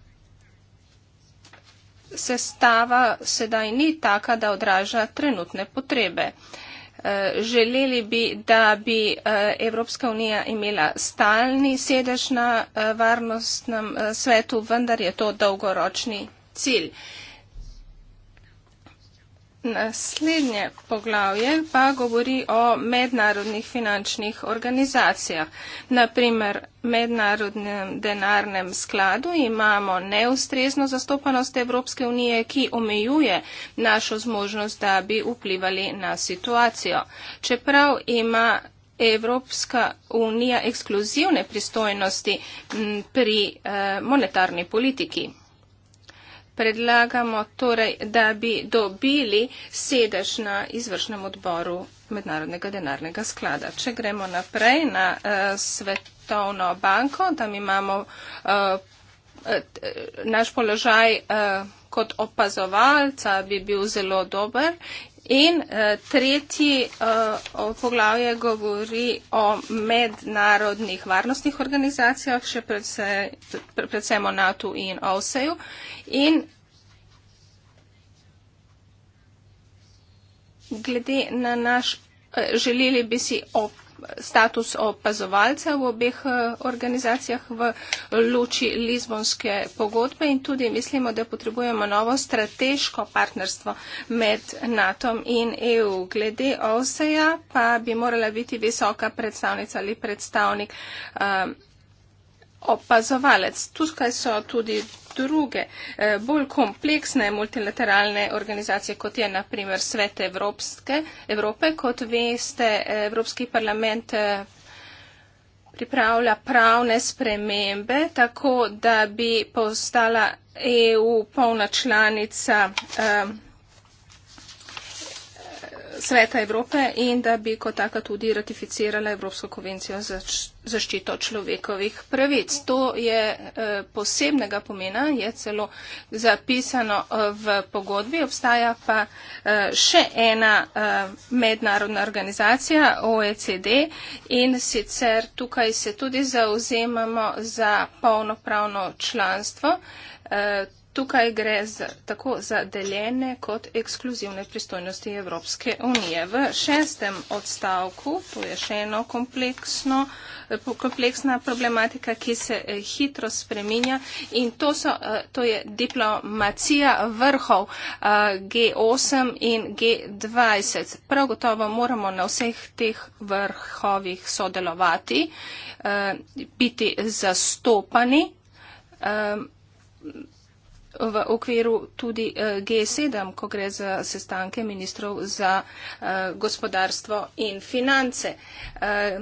sestava sedaj ni taka, da odraža trenutne potrebe. Uh, Eh, želeli bi, da bi eh, Evropska unija imela stalni sedež na eh, varnostnem svetu, vendar je to dolgoročni cilj. Naslednje poglavje pa govori o mednarodnih finančnih organizacijah. Naprimer, mednarodnem denarnem skladu imamo neustrezno zastopanost Evropske unije, ki omejuje našo zmožnost, da bi vplivali na situacijo. Čeprav ima Evropska unija ekskluzivne pristojnosti pri eh, monetarni politiki predlagamo, torej, da bi dobili sedež na izvršnem odboru Mednarodnega denarnega sklada. Če gremo naprej na uh, Svetovno banko, tam imamo uh, naš položaj. Uh, Kot opazovalca bi bil zelo dober In uh, tretji uh, poglavje govori o mednarodnih varnostnih organizacijah, še predvsem o NATO in OSEJU. In glede na naš, uh, želeli bi si opraviti, status opazovalca v obeh eh, organizacijah v luči Lizbonske pogodbe in tudi mislimo, da potrebujemo novo strateško partnerstvo med NATO in EU. Glede OSEA pa bi morala biti visoka predstavnica ali predstavnik um, opazovalec. Tukaj so tudi druge eh, bolj kompleksne multilateralne organizacije, kot je na primer Svet Evropske, Evrope. Kot veste, eh, Evropski parlament eh, pripravlja pravne spremembe, tako da bi postala EU polna članica. Eh, sveta Evrope in da bi kot taka tudi ratificirala Evropsko konvencijo za zaščito človekovih pravic. To je eh, posebnega pomena, je celo zapisano eh, v pogodbi. Obstaja pa eh, še ena mednarodna organizacija, OECD, in sicer tukaj se tudi zauzemamo za polnopravno članstvo. Tukaj gre za, tako za deljene kot ekskluzivne pristojnosti Evropske unije. V šestem odstavku, to je še eno kompleksno, eh, kompleksna problematika, ki se eh, hitro spreminja in to, so, eh, to je diplomacija vrhov G8 in G20. Prav gotovo moramo na vseh teh vrhovih sodelovati, biti zastopani v okviru tudi eh, G7, ko gre za sestanke ministrov za eh, gospodarstvo in finance. Eh,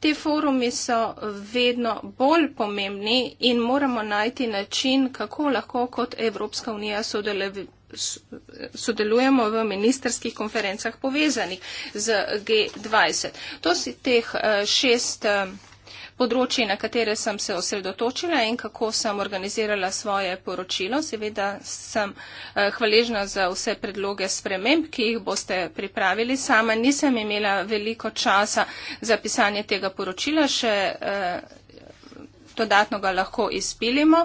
te forumi so vedno bolj pomembni in moramo najti način, kako lahko kot Evropska unija sodelujemo v ministerskih konferencah povezanih z G20. To si teh šest področji, na katere sem se osredotočila in kako sem organizirala svoje poročilo. Seveda sem eh, hvaležna za vse predloge sprememb, ki jih boste pripravili. Sama nisem imela veliko časa za pisanje tega poročila. Še, eh, dodatno ga lahko izpilimo.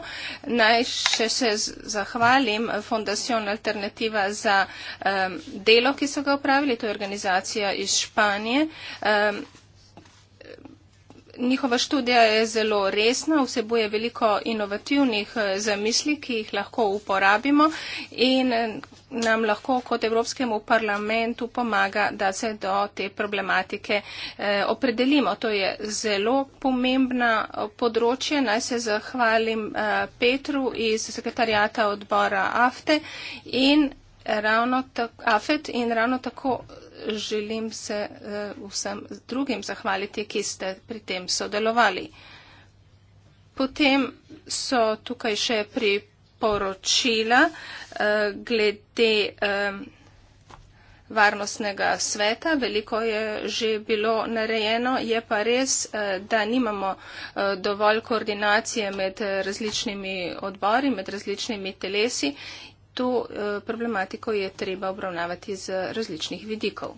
Naj še se zahvalim Fondacion Alternativa za um, delo, ki so ga upravili, to je organizacija iz Španije. Um, njihova študija je zelo resna, vsebuje veliko inovativnih eh, zamisli, ki jih lahko uporabimo in eh, nam lahko kot Evropskemu parlamentu pomaga, da se do te problematike eh, opredelimo. To je zelo pomembna področje. Naj se zahvalim Petru iz sekretarjata odbora AFTE in ravno tako, AFET in ravno tako želim se eh, vsem drugim zahvaliti, ki ste pri tem sodelovali. Potem so tukaj še priporočila eh, glede eh, varnostnega sveta. Veliko je že bilo narejeno. Je pa res, da nimamo dovolj koordinacije med različnimi odbori, med različnimi telesi to eh, problematiko je treba obravnavati z različnih vidikov.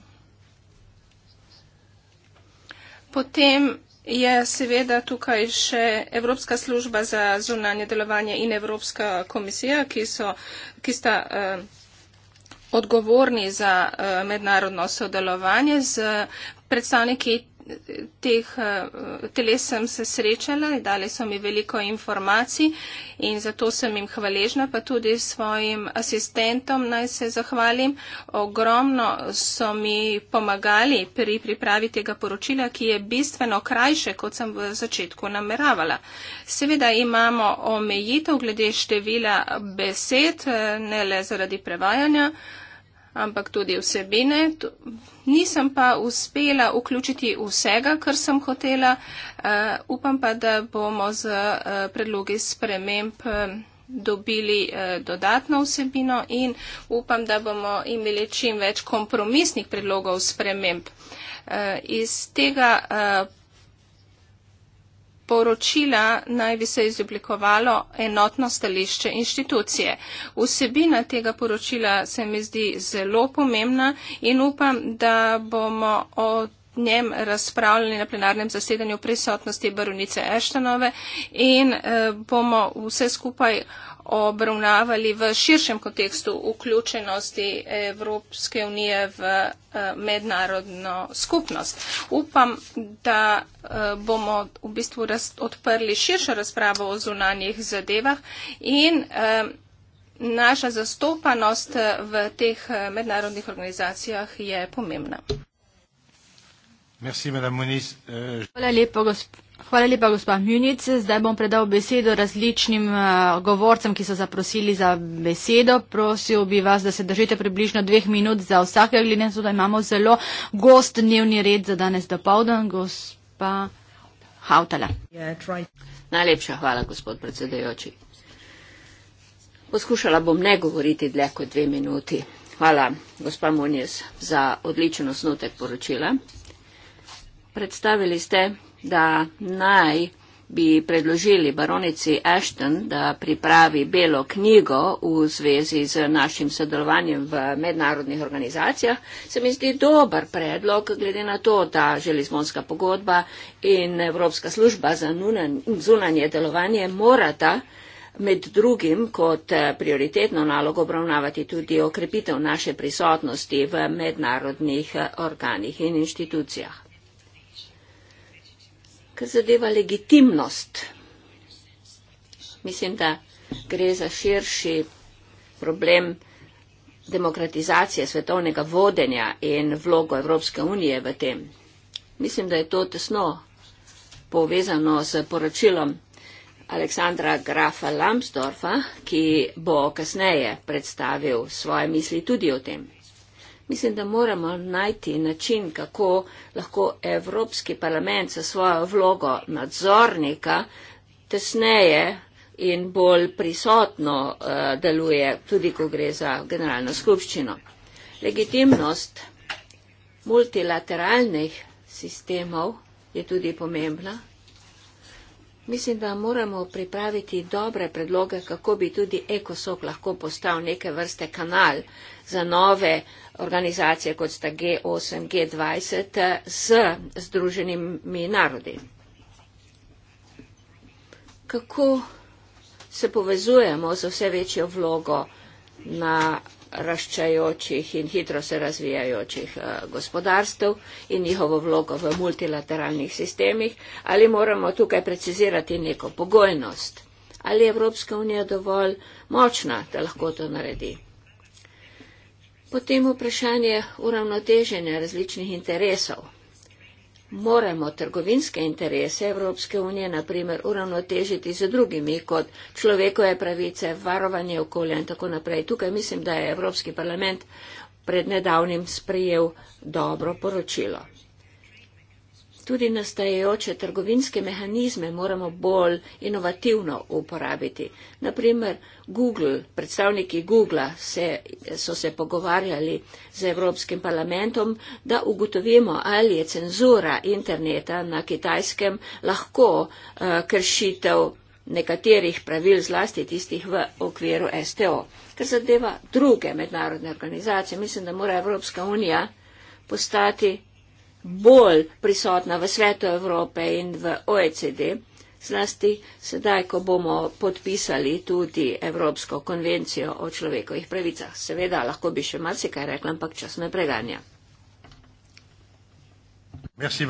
Potem je seveda tukaj še Evropska služba za zunanje delovanje in Evropska komisija, ki, so, ki sta eh, odgovorni za eh, mednarodno sodelovanje z predstavniki teh eh, telesem se srečala, dali so mi veliko informacij in zato sem jim hvaležna, pa tudi svojim asistentom naj se zahvalim. Ogromno so mi pomagali pri pripravi tega poročila, ki je bistveno krajše, kot sem v začetku nameravala. Seveda imamo omejitev glede števila besed, eh, ne le zaradi prevajanja, ampak tudi vsebine nisem pa uspela vključiti vsega, kar sem hotela. Uh, upam pa, da bomo z uh, predlogi sprememb eh, dobili uh, dodatno vsebino in upam, da bomo imeli čim več kompromisnih predlogov sprememb. Uh, iz tega uh, poročila naj bi se izoblikovalo enotno stališče inštitucije. Vsebina tega poročila se mi zdi zelo pomembna in upam, da bomo o njem razpravljali na plenarnem zasedanju prisotnosti baronice Eštanove in eh, bomo vse skupaj obravnavali v širšem kontekstu vključenosti Evropske unije v eh, mednarodno skupnost. Upam, da eh, bomo v bistvu odprli širšo razpravo o zunanjih zadevah in eh, naša zastopanost v teh mednarodnih organizacijah je pomembna. Merci, Hvala lepa, gospod. Hvala lepa, gospa Munic. Zdaj bom predal besedo različnim uh, govorcem, ki so zaprosili za besedo. Prosil bi vas, da se držite približno dveh minut za vsake, glede na to, da imamo zelo gost dnevni red za danes do povdan, gospa Hautala. Yeah, right. Najlepša hvala, gospod predsedajoči. Poskušala bom ne govoriti dlje kot dve minuti. Hvala, gospa Munic, za odličen osnutek poročila. Predstavili ste da naj bi predložili baronici Ashton, da pripravi belo knjigo v zvezi z našim sodelovanjem v mednarodnih organizacijah, se mi zdi dober predlog, glede na to, da železmonska pogodba in Evropska služba za zunanje delovanje morata med drugim kot eh, prioritetno nalogo obravnavati tudi okrepitev naše prisotnosti v mednarodnih eh, organih in inštitucijah kar zadeva legitimnost. Mislim, da gre za širši problem demokratizacije svetovnega vodenja in vlogo Evropske unije v tem. Mislim, da je to tesno povezano s poročilom Aleksandra Grafa Lambsdorfa, ki bo kasneje predstavil svoje misli tudi o tem. Mislim, da moramo najti način, kako lahko Evropski parlament sa svojo vlogo nadzornika tesneje in bolj prisotno eh, deluje, tudi ko gre za generalno skupščino. Legitimnost multilateralnih sistemov je tudi pomembna. Mislim, da moramo pripraviti dobre predloge, kako bi tudi ECOSOC lahko postal neke vrste kanal za nove uh, organizacije, kot sta G8, G20, s Združenimi narodi. Kako se povezujemo z vse večjo vlogo na raščajočih in hitro se razvijajočih eh, gospodarstv in njihovo vlogo v multilateralnih sistemih, ali moramo tukaj precizirati neko pogojnost, ali je Evropska unija dovolj močna, da lahko to naredi. Potem vprašanje uravnoteženja različnih interesov. Moramo trgovinske interese Evropske unije, na primer, uravnotežiti z drugimi, kot človekove pravice, varovanje okolja in tako naprej. Tukaj mislim, da je Evropski parlament pred nedavnim sprejel dobro poročilo. Tudi nastajajoče trgovinske mehanizme moramo bolj inovativno uporabiti. Naprimer, Google, predstavniki Google se, so se pogovarjali z Evropskim parlamentom, da ugotovimo, ali je cenzura interneta na kitajskem lahko uh, kršitev nekaterih pravil, zlasti tistih v okviru STO. Kar zadeva druge mednarodne organizacije, mislim, da mora Evropska unija postati bolj prisotna v svetu Evrope in v OECD, zlasti sedaj, ko bomo podpisali tudi Evropsko konvencijo o človekovih pravicah. Seveda, lahko bi še marsikaj rekla, ampak čas me preganja. Merci,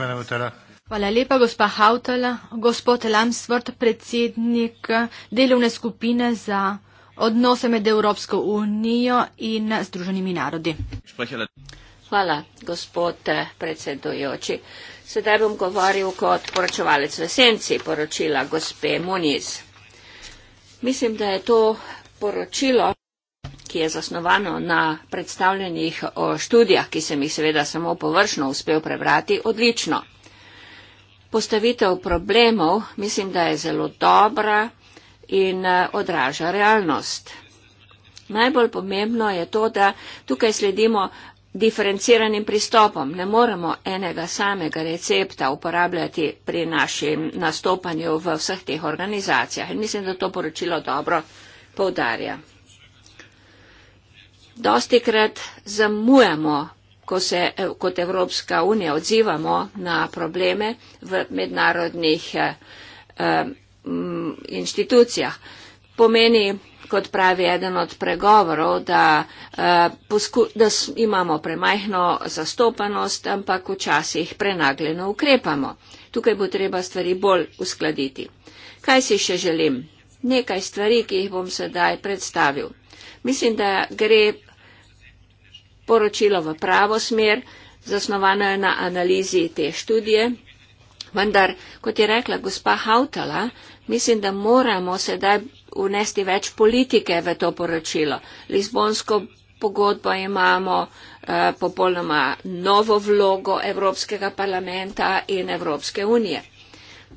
Hvala lepa, gospa Hautala. Gospod Lamsvrt, predsednik delovne skupine za odnose med Evropsko unijo in Združenimi narodi. Sprehele. Hvala, gospod eh, predsedujoči. Sedaj bom govoril kot poročevalec v senci poročila gospe Muniz. Mislim, da je to poročilo, ki je zasnovano na predstavljenih študijah, ki sem jih seveda samo površno uspel prebrati, odlično. Postavitev problemov mislim, da je zelo dobra in eh, odraža realnost. Najbolj pomembno je to, da tukaj sledimo diferenciranim pristopom. Ne moremo enega samega recepta uporabljati pri našem nastopanju v vseh teh organizacijah. In mislim, da to poročilo dobro povdarja. Dosti krat zamujamo, ko se kot Evropska unija odzivamo na probleme v mednarodnih eh, inštitucijah. Pomeni, kot pravi eden od pregovorov, da, eh, da imamo premajhno zastopanost, ampak včasih prenagljeno ukrepamo. Tukaj bo treba stvari bolj uskladiti. Kaj si še želim? Nekaj stvari, ki jih bom sedaj predstavil. Mislim, da gre poročilo v pravo smer, zasnovano je na analizi te študije. Vendar, kot je rekla gospa Hautala, mislim, da moramo sedaj vnesti več politike v to poročilo. Lizbonsko pogodbo imamo eh, popolnoma novo vlogo Evropskega parlamenta in Evropske unije.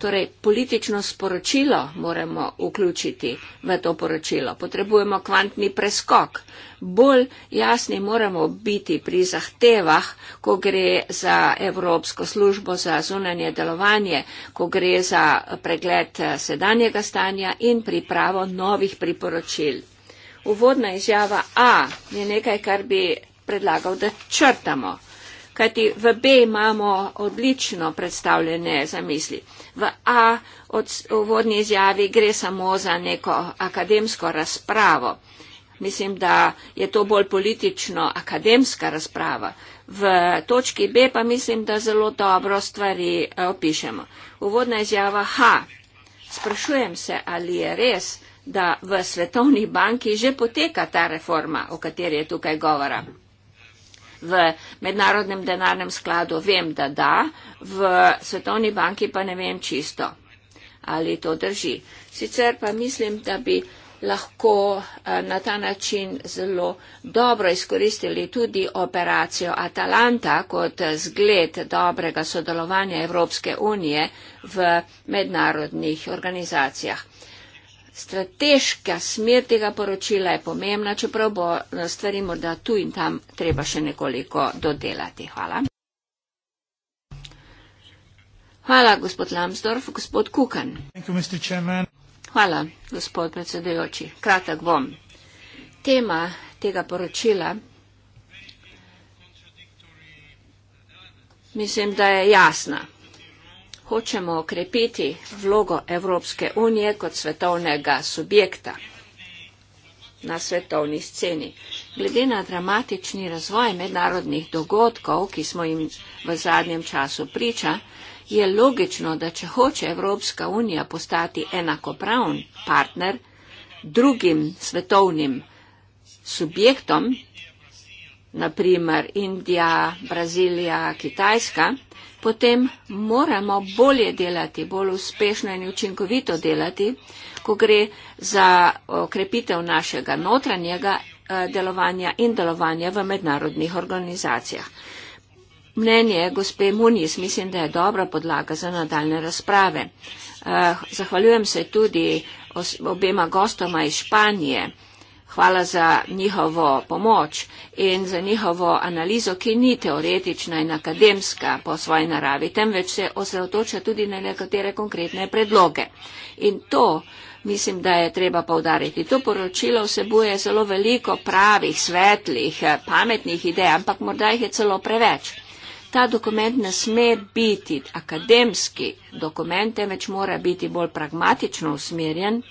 Torej, politično sporočilo moramo vključiti v to poročilo. Potrebujemo kvantni preskok. Bolj jasni moramo biti pri zahtevah, ko gre za Evropsko službo za zunanje delovanje, ko gre za pregled eh, sedanjega stanja in pripravo novih priporočil. Uvodna izjava A je nekaj, kar bi predlagal, da črtamo kajti v B imamo odlično predstavljene zamisli. V A od uvodni izjavi gre samo za neko akademsko razpravo. Mislim, da je to bolj politično-akademska razprava. V točki B pa mislim, da zelo dobro stvari eh, opišemo. Uvodna izjava H. Sprašujem se, ali je res, da v Svetovni banki že poteka ta reforma, o kateri je tukaj govora v mednarodnem denarnem skladu vem, da da, v Svetovni banki pa ne vem čisto, ali to drži. Sicer pa mislim, da bi lahko eh, na ta način zelo dobro izkoristili tudi operacijo Atalanta kot zgled dobrega sodelovanja Evropske unije v mednarodnih organizacijah strateška smer tega poročila je pomembna, čeprav bo eh, stvari morda tu in tam treba še nekoliko dodelati. Hvala. Hvala, gospod Lambsdorff. Gospod Kukan. Hvala, gospod predsedujoči. Kratek bom. Tema tega poročila, mislim, da je jasna hočemo okrepiti vlogo Evropske unije kot svetovnega subjekta na svetovni sceni. Glede na dramatični razvoj mednarodnih dogodkov, ki smo jim v zadnjem času priča, je logično, da če hoče Evropska unija postati enakopravn partner drugim svetovnim subjektom, naprimer Indija, Brazilija, Kitajska, potem moramo bolje delati, bolj uspešno in učinkovito delati, ko gre za okrepitev našega notranjega e, delovanja in delovanja v mednarodnih organizacijah. Mnenje gospe Muniz mislim, da je dobra podlaga za nadaljne razprave. E, zahvaljujem se tudi obema gostoma iz Španije. Hvala za njihovo pomoč in za njihovo analizo, ki ni teoretična in akademska po svoji naravi, temveč se osredotoča tudi na nekatere konkretne predloge. In to mislim, da je treba povdariti. To poročilo vsebuje zelo veliko pravih, svetlih, pametnih idej, ampak morda jih je celo preveč. Ta dokument ne sme biti akademski dokument, temveč mora biti bolj pragmatično usmerjen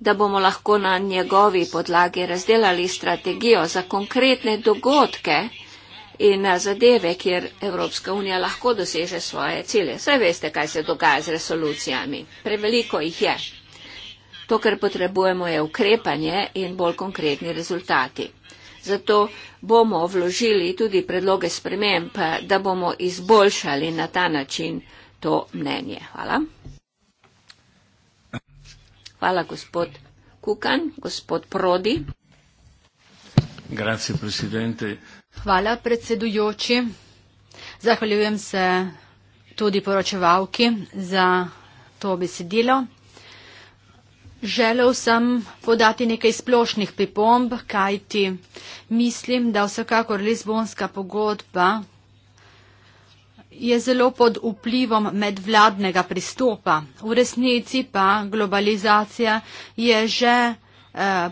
da bomo lahko na njegovi podlagi razdelali strategijo za konkretne dogodke in eh, zadeve, kjer Evropska unija lahko doseže svoje cilje. Saj veste, kaj se dogaja z resolucijami. Preveliko jih je. To, kar potrebujemo, je ukrepanje in bolj konkretni rezultati. Zato bomo vložili tudi predloge sprememb, eh, da bomo izboljšali na ta način to mnenje. Hvala. Hvala, gospod Kukan. Gospod Prodi. Hvala, predsedujoči. Zahvaljujem se tudi poročevalki za to besedilo. Želel sem podati nekaj splošnih pripomb, kajti mislim, da vsekakor Lizbonska pogodba je zelo pod vplivom medvladnega pristopa. V resnici pa globalizacija je že eh,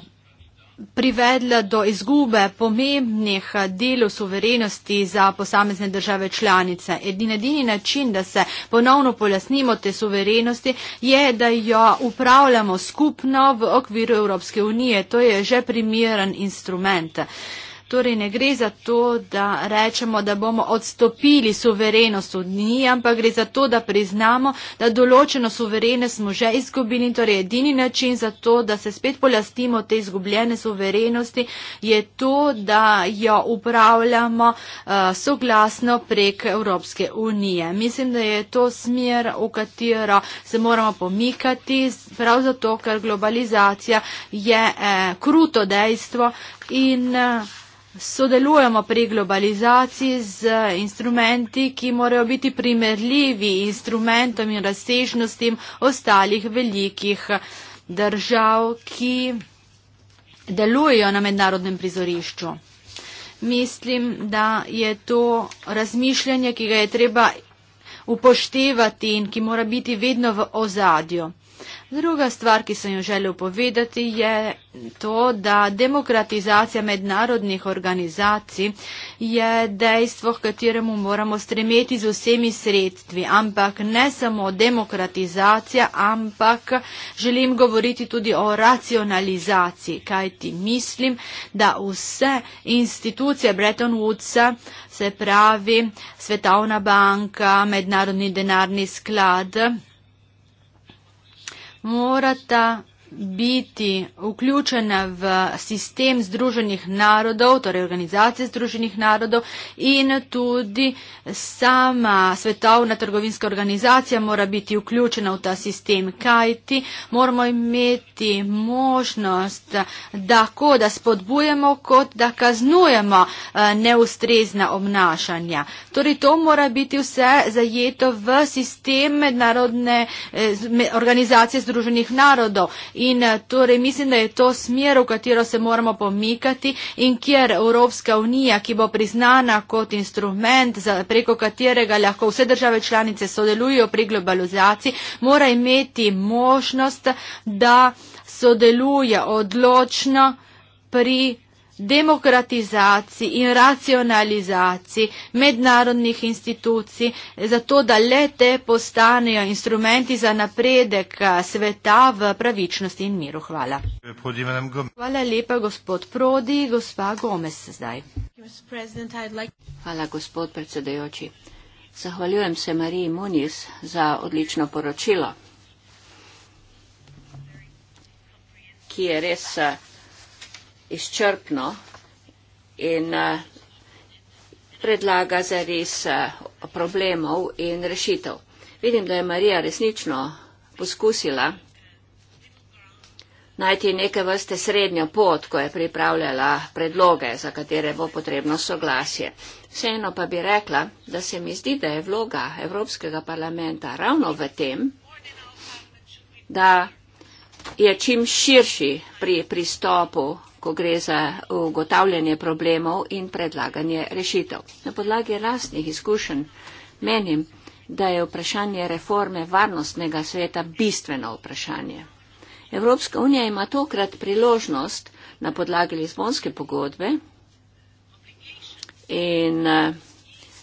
privedla do izgube pomembnih delov suverenosti za posamezne države članice. Edini, edini način, da se ponovno pojasnimo te suverenosti, je, da jo upravljamo skupno v okviru Evropske unije. To je že primeren instrument. Uh, Torej ne gre za to, da rečemo, da bomo odstopili suverenost od njih, ampak gre za to, da priznamo, da določeno suverene smo že izgubili. Torej edini način za to, da se spet polastimo te izgubljene suverenosti, je to, da jo upravljamo uh, soglasno prek Evropske unije. Mislim, da je to smer, v katero se moramo pomikati, prav zato, ker globalizacija je eh, kruto dejstvo in eh, Sodelujemo pri globalizaciji z instrumenti, ki morajo biti primerljivi instrumentom in razsežnostim ostalih velikih držav, ki delujejo na mednarodnem prizorišču. Mislim, da je to razmišljanje, ki ga je treba upoštevati in ki mora biti vedno v ozadju. Druga stvar, ki sem jo želel povedati, je to, da demokratizacija mednarodnih organizacij je dejstvo, h kateremu moramo stremeti z vsemi sredstvi, ampak ne samo demokratizacija, ampak želim govoriti tudi o racionalizaciji, kajti mislim, da vse institucije Bretton Woodsa, se pravi Svetovna banka, Mednarodni denarni sklad, morata biti vključena v sistem Združenih narodov, torej organizacije Združenih narodov in tudi sama svetovna trgovinska organizacija mora biti vključena v ta sistem, kajti moramo imeti možnost, da ko da spodbujemo, kot da kaznujemo eh, neustrezna obnašanja. Torej to mora biti vse zajeto v sistem mednarodne eh, organizacije Združenih narodov. In In eh, torej mislim, da je to smer, v katero se moramo pomikati in kjer Evropska unija, ki bo priznana kot instrument, za, preko katerega lahko vse države članice sodelujo pri globalizaciji, mora imeti možnost, da sodeluje odločno pri demokratizaciji in racionalizaciji mednarodnih institucij, zato da le te postanejo instrumenti za napredek sveta v pravičnosti in miru. Hvala. Hvala lepa, gospod Prodi. Gospa Gomez zdaj. Hvala, gospod predsedajoči. Zahvaljujem se Mariji Muniz za odlično poročilo, ki je res izčrpno in eh, predlaga zares eh, problemov in rešitev. Vidim, da je Marija resnično poskusila najti neke vrste srednjo pot, ko je pripravljala predloge, za katere bo potrebno soglasje. Vseeno pa bi rekla, da se mi zdi, da je vloga Evropskega parlamenta ravno v tem, da je čim širši pri pristopu ko gre za ugotavljanje problemov in predlaganje rešitev. Na podlagi rastnih izkušenj menim, da je vprašanje reforme varnostnega sveta bistveno vprašanje. Evropska unija ima tokrat priložnost na podlagi Lizbonske pogodbe in eh,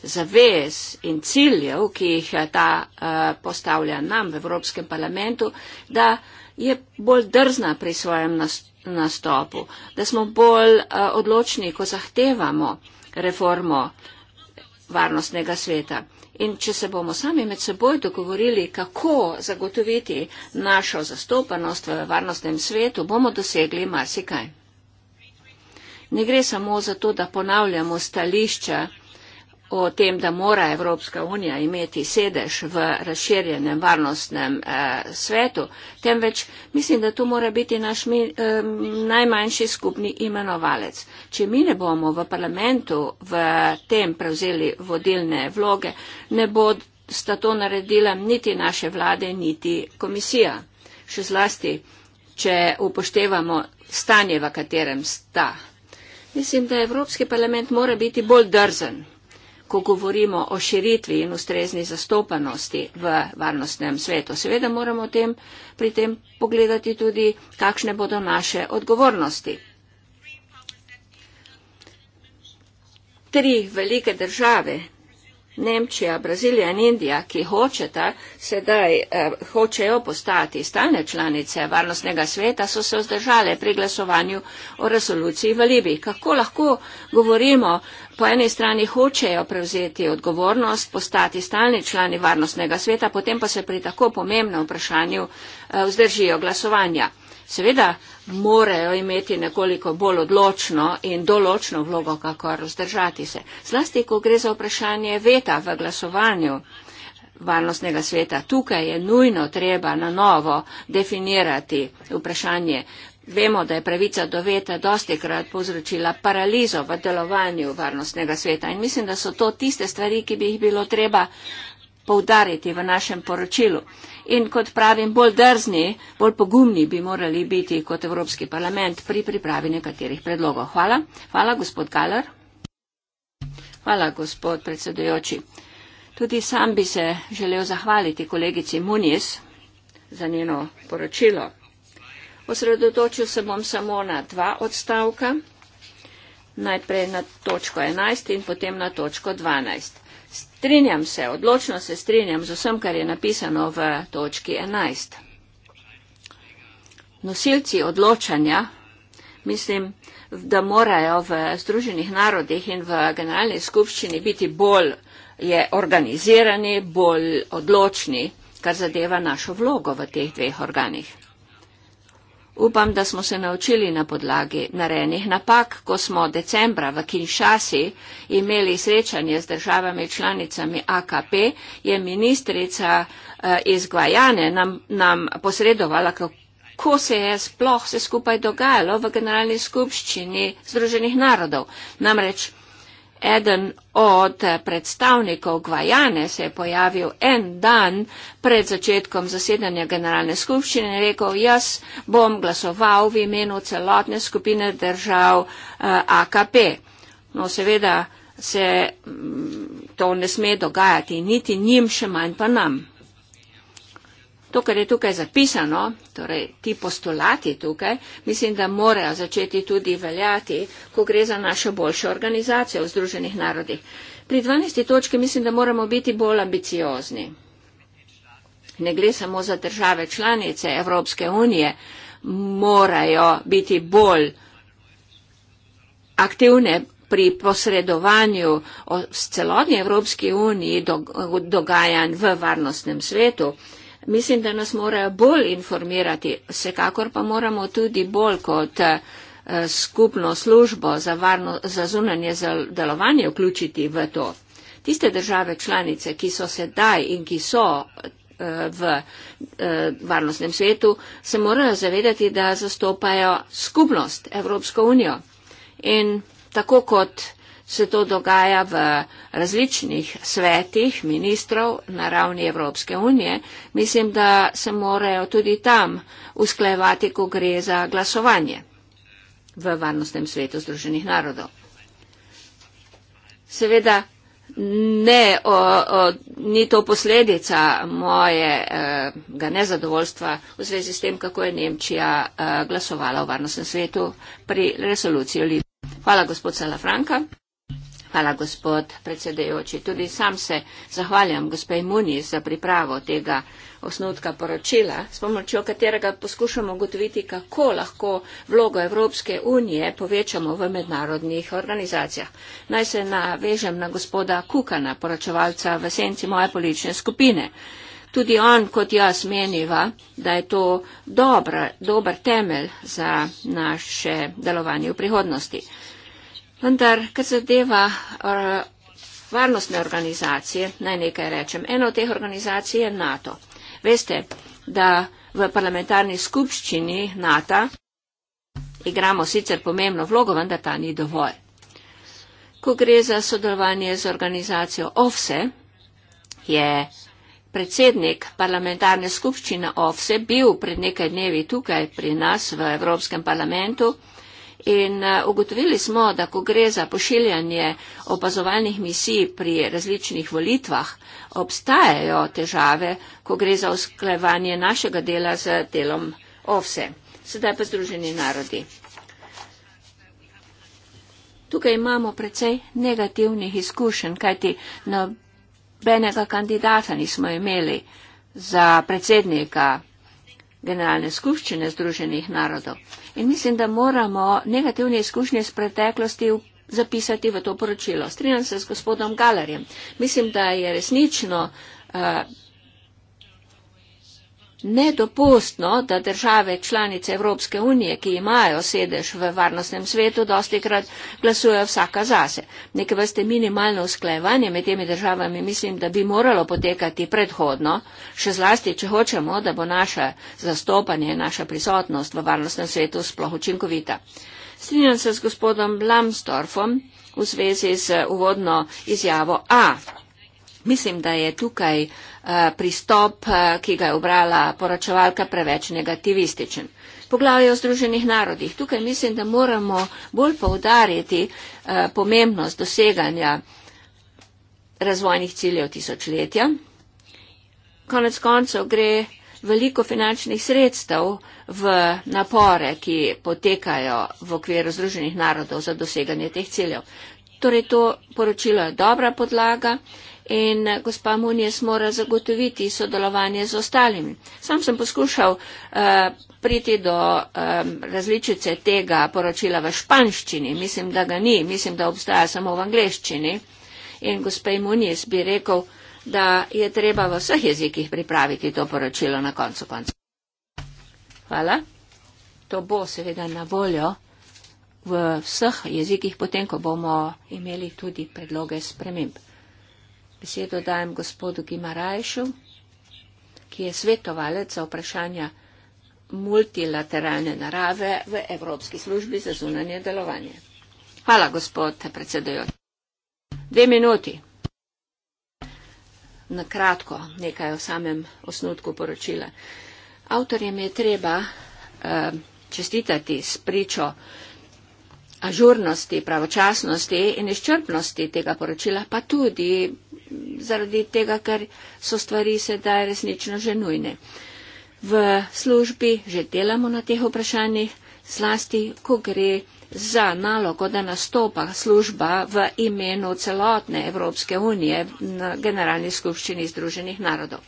zavez in ciljev, ki jih eh, ta eh, postavlja nam v Evropskem parlamentu, da je bolj drzna pri svojem nastopu nastopu, da smo bolj eh, odločni, ko zahtevamo reformo varnostnega sveta. In če se bomo sami med seboj dogovorili, kako zagotoviti našo zastopanost v varnostnem svetu, bomo dosegli marsikaj. Ne gre samo za to, da ponavljamo stališča o tem, da mora Evropska unija imeti sedež v razširjenem varnostnem eh, svetu, temveč mislim, da to mora biti naš mi, eh, najmanjši skupni imenovalec. Če mi ne bomo v parlamentu v tem prevzeli vodilne vloge, ne bo sta to naredila niti naše vlade, niti komisija. Še zlasti, če upoštevamo stanje, v katerem sta. Mislim, da Evropski parlament mora biti bolj drzen ko govorimo o širitvi in ustrezni zastopanosti v varnostnem svetu. Seveda moramo tem, pri tem pogledati tudi, kakšne bodo naše odgovornosti. Tri velike države, Nemčija, Brazilija in Indija, ki hočeta sedaj, eh, hočejo postati stalne članice varnostnega sveta, so se vzdržale pri glasovanju o resoluciji v Libiji. Kako lahko govorimo, po eni strani hočejo prevzeti odgovornost, postati stalni člani varnostnega sveta, potem pa se pri tako pomembnem vprašanju eh, vzdržijo glasovanja. Seveda, morajo imeti nekoliko bolj odločno in določno vlogo, kako razdržati se. Zlasti, ko gre za vprašanje veta v glasovanju varnostnega sveta, tukaj je nujno treba na novo definirati vprašanje. Vemo, da je pravica do veta dosti krat povzročila paralizo v delovanju varnostnega sveta in mislim, da so to tiste stvari, ki bi jih bilo treba poudariti v našem poročilu in kot pravim, bolj drzni, bolj pogumni bi morali biti kot Evropski parlament pri pripravi nekaterih predlogov. Hvala. Hvala, gospod Galer. Hvala, gospod predsedujoči. Tudi sam bi se želel zahvaliti kolegici Muniz za njeno poročilo. Osredotočil se bom samo na dva odstavka, najprej na točko 11 in potem na točko 12. Strinjam se, odločno se strinjam z vsem, kar je napisano v točki 11. Nosilci odločanja, mislim, da morajo v Združenih narodih in v generalni skupščini biti bolj je organizirani, bolj odločni, kar zadeva našo vlogo v teh dveh organih. Upam, da smo se naučili na podlagi narejenih napak, ko smo decembra v Kinšasi imeli srečanje z državami članicami AKP, je ministrica eh, iz Gvajane nam, nam posredovala, kako se je sploh se skupaj dogajalo v generalni skupščini Združenih narodov. Namreč eden od predstavnikov Gvajane se je pojavil en dan pred začetkom zasedanja generalne skupščine in rekel, jaz bom glasoval v imenu celotne skupine držav eh, AKP. No, seveda se mm, to ne sme dogajati, niti njim, še manj pa nam to, kar je tukaj zapisano, torej ti postulati tukaj, mislim, da morajo začeti tudi veljati, ko gre za našo boljšo organizacijo v Združenih narodih. Pri 12. točki mislim, da moramo biti bolj ambiciozni. Ne gre samo za države članice Evropske unije, morajo biti bolj aktivne pri posredovanju s celotni Evropski uniji dogajanj v varnostnem svetu mislim, da nas morajo bolj informirati. Vsekakor pa moramo tudi bolj kot eh, skupno službo za, varno, za zunanje za delovanje vključiti v to. Tiste države članice, ki so sedaj in ki so eh, v eh, varnostnem svetu, se morajo zavedati, da zastopajo skupnost, Evropsko unijo. In tako kot se to dogaja v različnih svetih ministrov na ravni Evropske unije, mislim, da se morajo tudi tam usklejevati, ko gre za glasovanje v varnostnem svetu Združenih narodov. Seveda, ne, o, o, ni to posledica mojega eh, e, nezadovoljstva v zvezi s tem, kako je Nemčija e, glasovala v varnostnem svetu pri resoluciji o Libiji. Hvala, gospod Salafranka. Hvala, gospod predsedejoči. Tudi sam se zahvaljam gospej Muni za pripravo tega osnutka poročila, s pomočjo katerega poskušamo ugotoviti, kako lahko vlogo Evropske unije povečamo v mednarodnih organizacijah. Naj se navežem na gospoda Kukana, poročevalca v senci moje politične skupine. Tudi on, kot jaz, meniva, da je to dobra, dober temelj za naše delovanje v prihodnosti. Vendar, kar zadeva eh, varnostne organizacije, naj nekaj rečem. Ena od teh organizacij je NATO. Veste, da v parlamentarni skupščini NATO igramo sicer pomembno vlogo, vendar ta ni dovolj. Ko gre za sodelovanje z organizacijo OFSE, je predsednik parlamentarne skupščine OFSE bil pred nekaj dnevi tukaj pri nas v Evropskem parlamentu. In uh, ugotovili smo, da ko gre za pošiljanje opazovalnih misij pri različnih volitvah, obstajajo težave, ko gre za usklajevanje našega dela z delom OVSE. Sedaj pa Združeni narodi. Tukaj imamo precej negativnih izkušenj, kajti nobenega kandidata nismo imeli za predsednika generalne skupščine Združenih narodov. In mislim, da moramo negativne izkušnje iz preteklosti zapisati v to poročilo. Strinjam se z gospodom Galerjem. Mislim, da je resnično. Uh, nedopustno, da države članice Evropske unije, ki imajo sedež v varnostnem svetu, dosti krat glasujejo vsaka zase. Neke vrste minimalno usklajevanje med temi državami mislim, da bi moralo potekati predhodno, še zlasti, če hočemo, da bo naše zastopanje, naša prisotnost v varnostnem svetu sploh učinkovita. Strinjam se z gospodom Lamstorfom v zvezi z uvodno izjavo A. Mislim, da je tukaj Eh, pristop, eh, ki ga je obrala poročevalka, preveč negativističen. Poglavje o Združenih narodih. Tukaj mislim, da moramo bolj poudarjati eh, pomembnost doseganja razvojnih ciljev tisočletja. Konec koncev gre veliko finančnih sredstev v napore, ki potekajo v okviru Združenih narodov za doseganje teh ciljev. Torej, to poročilo je dobra podlaga in gospa Munjes mora zagotoviti sodelovanje z ostalimi. Sam sem poskušal uh, priti do um, različice tega poročila v španščini, mislim, da ga ni, mislim, da obstaja samo v angleščini. In gospej Munjes bi rekel, da je treba v vseh jezikih pripraviti to poročilo na koncu konca. Hvala. To bo seveda na voljo v vseh jezikih, potem, ko bomo imeli tudi predloge sprememb. Besedo dajem gospodu Gimarajšu, ki je svetovalec za vprašanja multilateralne narave v Evropski službi za zunanje delovanje. Hvala, gospod predsedujoči. Dve minuti. Na kratko nekaj o samem osnutku poročila. Avtorjem je treba uh, čestitati s pričo uh, ažurnosti, pravočasnosti in izčrpnosti tega poročila, pa tudi zaradi tega, ker so stvari sedaj resnično že nujne. V službi že delamo na teh vprašanjih, zlasti, ko gre za nalogo, da nastopa služba v imenu celotne Evropske unije na Generalni skupščini Združenih narodov.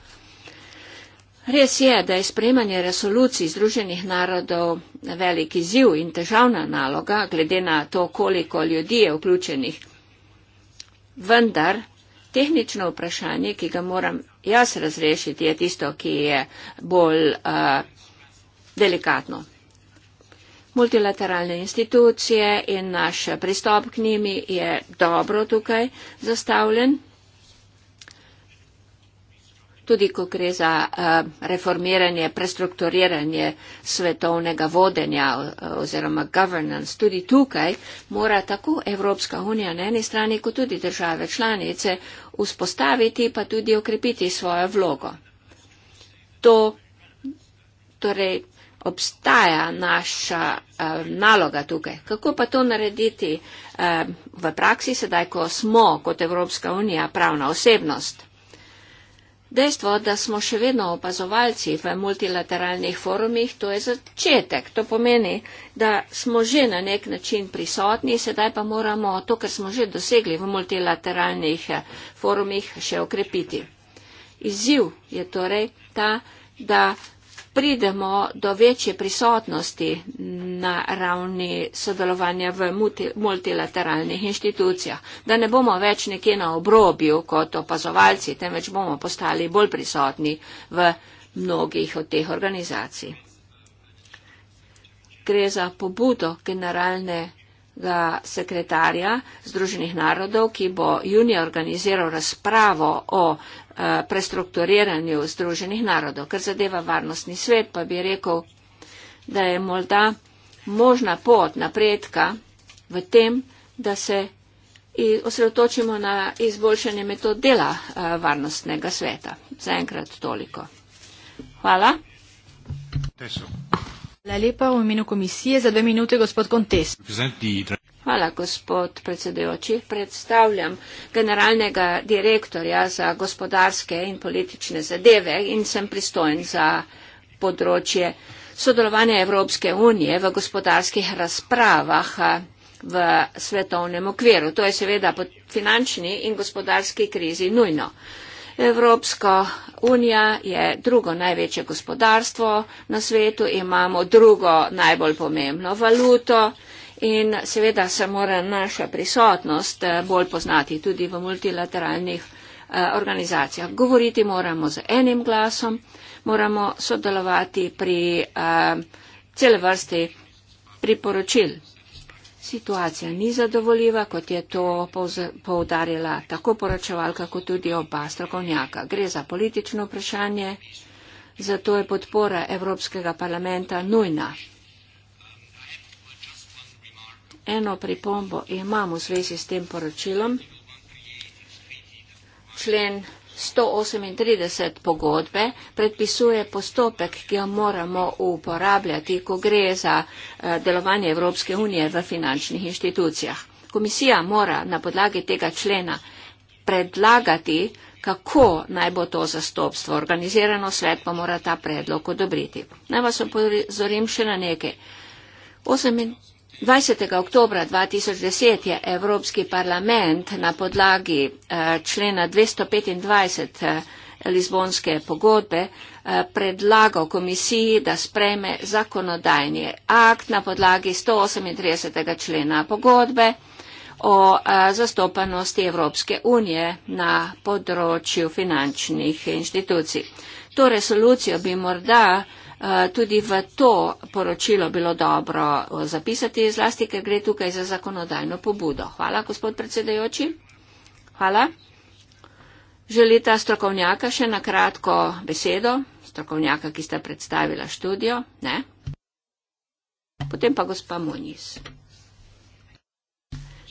Res je, da je sprejemanje resolucij Združenih narodov velik izziv in težavna naloga, glede na to, koliko ljudi je vključenih. Vendar, tehnično vprašanje, ki ga moram jaz razrešiti, je tisto, ki je bolj uh, delikatno. Multilateralne institucije in naš pristop k njimi je dobro tukaj zastavljen tudi ko gre za eh, reformiranje, prestrukturiranje svetovnega vodenja eh, oziroma governance. Tudi tukaj mora tako Evropska unija na eni strani, kot tudi države članice vzpostaviti pa tudi okrepiti svojo vlogo. To torej obstaja naša uh, naloga tukaj. Kako pa to narediti uh, v praksi sedaj, ko smo kot Evropska unija pravna osebnost? Dejstvo, da smo še vedno opazovalci v multilateralnih forumih, to je začetek. To pomeni, da smo že na nek način prisotni, sedaj pa moramo to, kar smo že dosegli v multilateralnih eh, forumih, še okrepiti. Izziv je torej ta, da pridemo do večje prisotnosti na ravni sodelovanja v multi, multilateralnih inštitucijah, da ne bomo več nekje na obrobju kot opazovalci, temveč bomo postali bolj prisotni v mnogih od teh organizacij. Gre za pobudo generalnega sekretarja Združenih narodov, ki bo junija organiziral razpravo o Eh, prestrukturiranju Združenih narodov. Ker zadeva varnostni svet, pa bi rekel, da je morda možna pot napredka v tem, da se osredotočimo na izboljšanje metod dela eh, varnostnega sveta. Zaenkrat toliko. Hvala. Hvala lepa v imenu komisije za dve minute, gospod Kontes. Hvala, gospod predsedujoči. Predstavljam generalnega direktorja za gospodarske in politične zadeve in sem pristojen za področje sodelovanja Evropske unije v gospodarskih razpravah v svetovnem okviru. To je seveda po finančni in gospodarski krizi nujno. Evropska unija je drugo največje gospodarstvo na svetu, imamo drugo najbolj pomembno valuto. In seveda se mora naša prisotnost eh, bolj poznati tudi v multilateralnih eh, organizacijah. Govoriti moramo z enim glasom, moramo sodelovati pri eh, cele vrsti priporočil. Situacija ni zadovoljiva, kot je to poudarila tako poročevalka, kot tudi oba strokovnjaka. Gre za politično vprašanje, zato je podpora Evropskega parlamenta nujna eno pripombo imam v zvezi s tem poročilom. Člen 138 pogodbe predpisuje postopek, ki ga moramo uporabljati, ko gre za eh, delovanje Evropske unije v finančnih inštitucijah. Komisija mora na podlagi tega člena predlagati, kako naj bo to zastopstvo organizirano, svet pa mora ta predlog odobriti. Naj vas opozorim še na nekaj. 8 20. oktobra 2010 je Evropski parlament na podlagi eh, člena 225 eh, Lizbonske pogodbe eh, predlagal komisiji, da spreme zakonodajni akt na podlagi 138. člena pogodbe o zastopanosti Evropske unije na področju finančnih inštitucij. To resolucijo bi morda Eh, tudi v to poročilo bilo dobro eh, zapisati, zlasti, ker gre tukaj za zakonodajno pobudo. Hvala, gospod predsedajoči. Hvala. Želita strokovnjaka še na kratko besedo, strokovnjaka, ki sta predstavila študijo, ne? Potem pa gospa Moniz.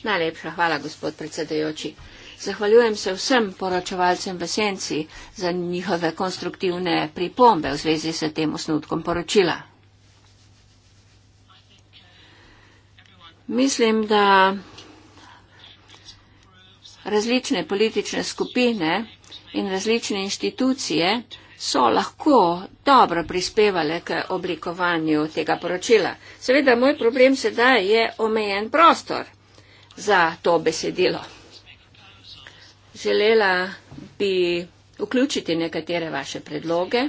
Najlepša hvala, gospod predsedajoči. Zahvaljujem se vsem poročevalcem v senci za njihove konstruktivne pripombe v zvezi s tem osnutkom poročila. Mislim, da različne politične skupine in različne inštitucije so lahko dobro prispevale k oblikovanju tega poročila. Seveda, moj problem sedaj je omejen prostor za to besedilo. Želela bi vključiti nekatere vaše predloge.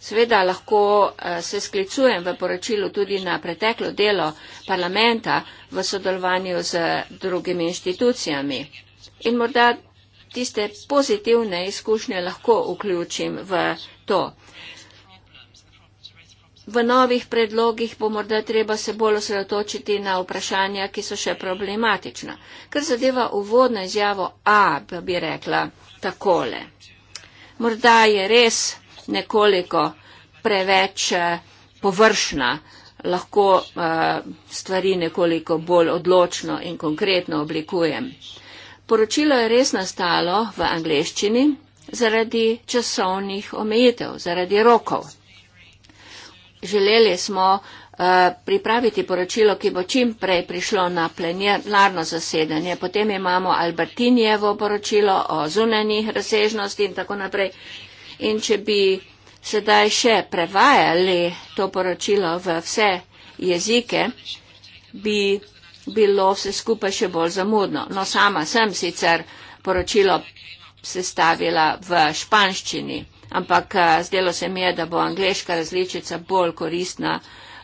Sveda lahko eh, se sklicujem v poročilu tudi na preteklo delo parlamenta v sodelovanju z drugimi inštitucijami. In morda tiste pozitivne izkušnje lahko vključim v to. V novih predlogih bo morda treba se bolj osredotočiti na vprašanja, ki so še problematična. Kar zadeva uvodno izjavo A, bi rekla takole. Morda je res nekoliko preveč eh, površna, lahko eh, stvari nekoliko bolj odločno in konkretno oblikujem. Poročilo je res nastalo v angleščini zaradi časovnih omejitev, zaradi rokov. Želeli smo uh, pripraviti poročilo, ki bo čim prej prišlo na plenarno zasedanje. Potem imamo Albertinjevo poročilo o zunanjih razsežnosti in tako naprej. In če bi sedaj še prevajali to poročilo v vse jezike, bi bilo vse skupaj še bolj zamudno. No, sama sem sicer poročilo sestavila v španščini ampak eh, zdelo se mi je, da bo angliška različica bolj koristna,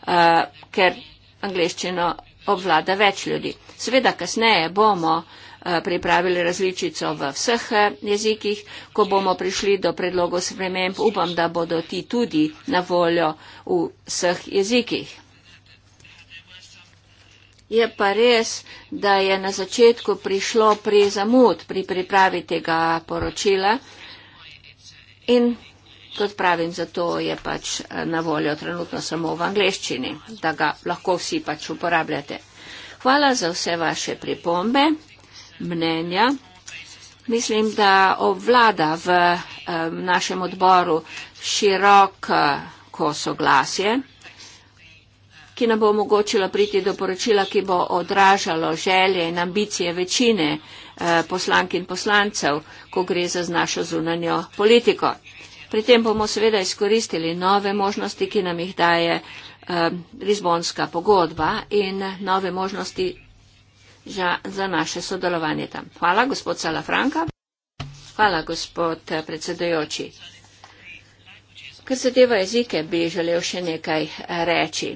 eh, ker angliščino obvlada več ljudi. Seveda, kasneje bomo eh, pripravili različico v vseh jezikih, ko bomo prišli do predlogov sprememb, upam, da bodo ti tudi na voljo v vseh jezikih. Je pa res, da je na začetku prišlo pri zamud pri pripravi tega poročila. Uh, In kot pravim, zato je pač eh, na voljo trenutno samo v angleščini, da ga lahko vsi pač uporabljate. Hvala za vse vaše pripombe, mnenja. Mislim, da obvlada v um, našem odboru široko eh, soglasje, ki nam bo omogočilo priti do poročila, ki bo odražalo želje in ambicije večine. Eh, poslank in poslancev, ko gre za našo zunanjo politiko. Pri tem bomo seveda izkoristili nove možnosti, ki nam jih daje eh, Lizbonska pogodba in nove možnosti za, za naše sodelovanje tam. Hvala, gospod Salafranka. Hvala, gospod eh, predsedojoči. Kar se deva jezike, bi želel še nekaj reči.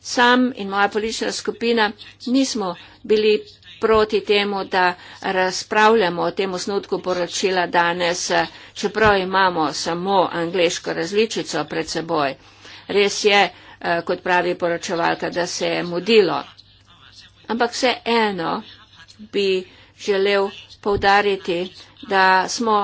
Sam in moja politična skupina nismo bili proti temu, da razpravljamo o tem osnutku poročila danes, čeprav imamo samo angliško različico pred seboj. Res je, eh, kot pravi poročevalka, da se je mudilo. Ampak vse eno bi želel povdariti, da smo,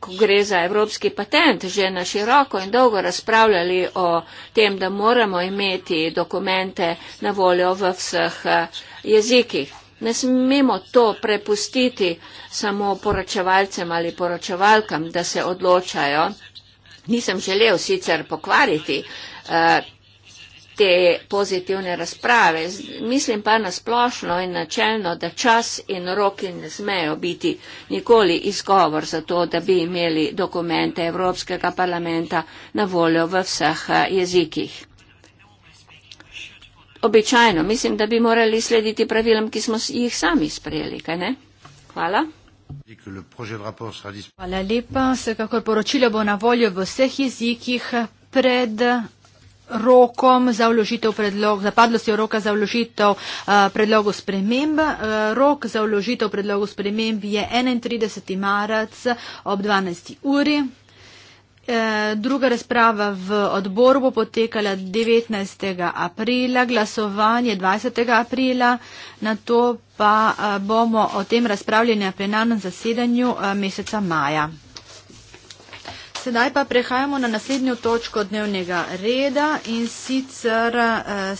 ko gre za evropski patent, že na široko in dolgo razpravljali o tem, da moramo imeti dokumente na voljo v vseh eh, jezikih. Ne smemo to prepustiti samo poročevalcem ali poročevalkam, da se odločajo. Nisem želel sicer pokvariti uh, te pozitivne razprave. Mislim pa nasplošno in načelno, da čas in roki ne smejo biti nikoli izgovor za to, da bi imeli dokumente Evropskega parlamenta na voljo v vseh eh, jezikih običajno. Mislim, da bi morali slediti pravilom, ki smo jih sami sprejeli. Hvala. Hvala lepa. Vsekakor poročilo bo na voljo v vseh jezikih pred rokom za vložitev predlog, zapadlosti roka za vložitev uh, predlogu sprememb. Uh, rok za vložitev predlogu sprememb je 31. marac ob 12. uri. Eh, druga razprava v odboru bo potekala 19. aprila, glasovanje 20. aprila, na to pa eh, bomo o tem razpravljali na plenarnem zasedanju eh, meseca maja. Sedaj pa prehajamo na naslednjo točko dnevnega reda in sicer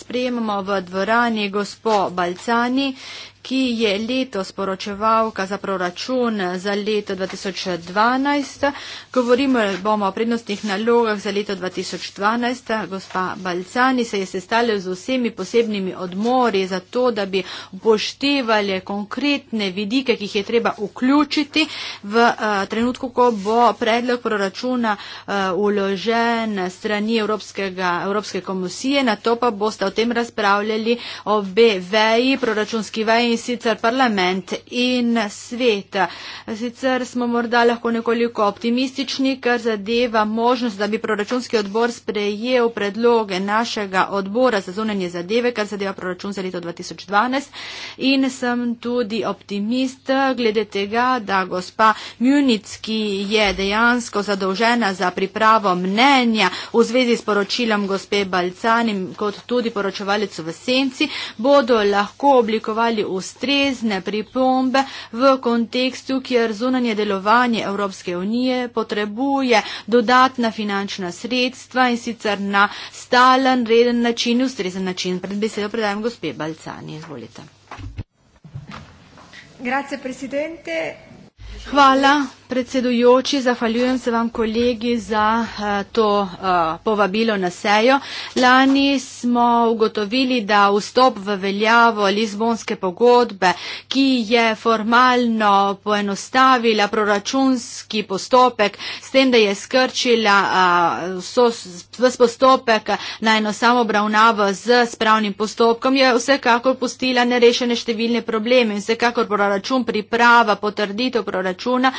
sprejemamo v dvorani gospo Balcani, ki je letos poročevalka za proračun za leto 2012. Govorimo bomo o prednostnih nalogah za leto 2012. Gospa Balcani se je sestala z vsemi posebnimi odmori za to, da bi upoštevali konkretne vidike, ki jih je treba vključiti v uh, trenutku, ko bo predlog proračuna uh, eh, uložen strani Evropske komisije. Na to pa boste o tem razpravljali obe veji, proračunski veji in sicer parlament in svet. Sicer smo morda lahko nekoliko optimistični, kar zadeva možnost, da bi proračunski odbor sprejel predloge našega odbora za zunanje zadeve, kar zadeva proračun za leto 2012. In sem tudi optimist glede tega, da gospa Munic, ki je dejansko zadolžena za pripravo mnenja v zvezi s poročilom gospe Balcanim kot tudi poročevalec v senci, bodo lahko oblikovali v ustrezne pripombe v kontekstu, kjer zunanje delovanje Evropske unije potrebuje dodatna finančna sredstva in sicer na stalen, reden način, ustrezen način. Pred besedo predajam gospe Balcani. Izvolite. Grazie, Presidente. Hvala, Predsedujoči, zahvaljujem se vam kolegi za eh, to eh, povabilo na sejo. Lani smo ugotovili, da vstop v veljavo Lizbonske pogodbe, ki je formalno poenostavila proračunski postopek, s tem, da je skrčila eh, vse postopek na eno samo obravnavo z spravnim postopkom, je vsekakor pustila nerešene številne probleme in vsekakor proračun priprava, potrditev proračuna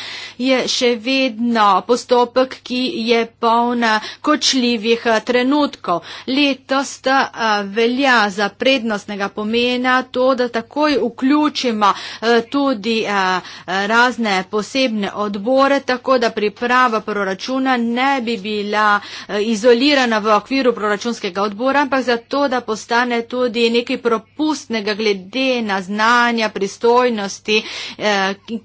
je še vedno postopek, ki je polna kočljivih eh, trenutkov. Letos eh, velja za prednostnega pomena to, da takoj vključimo eh, tudi razne posebne odbore, tako da priprava proračuna ne bi bila izolirana v okviru proračunskega odbora, ampak zato, da postane tudi nekaj propustnega glede na znanja, pristojnosti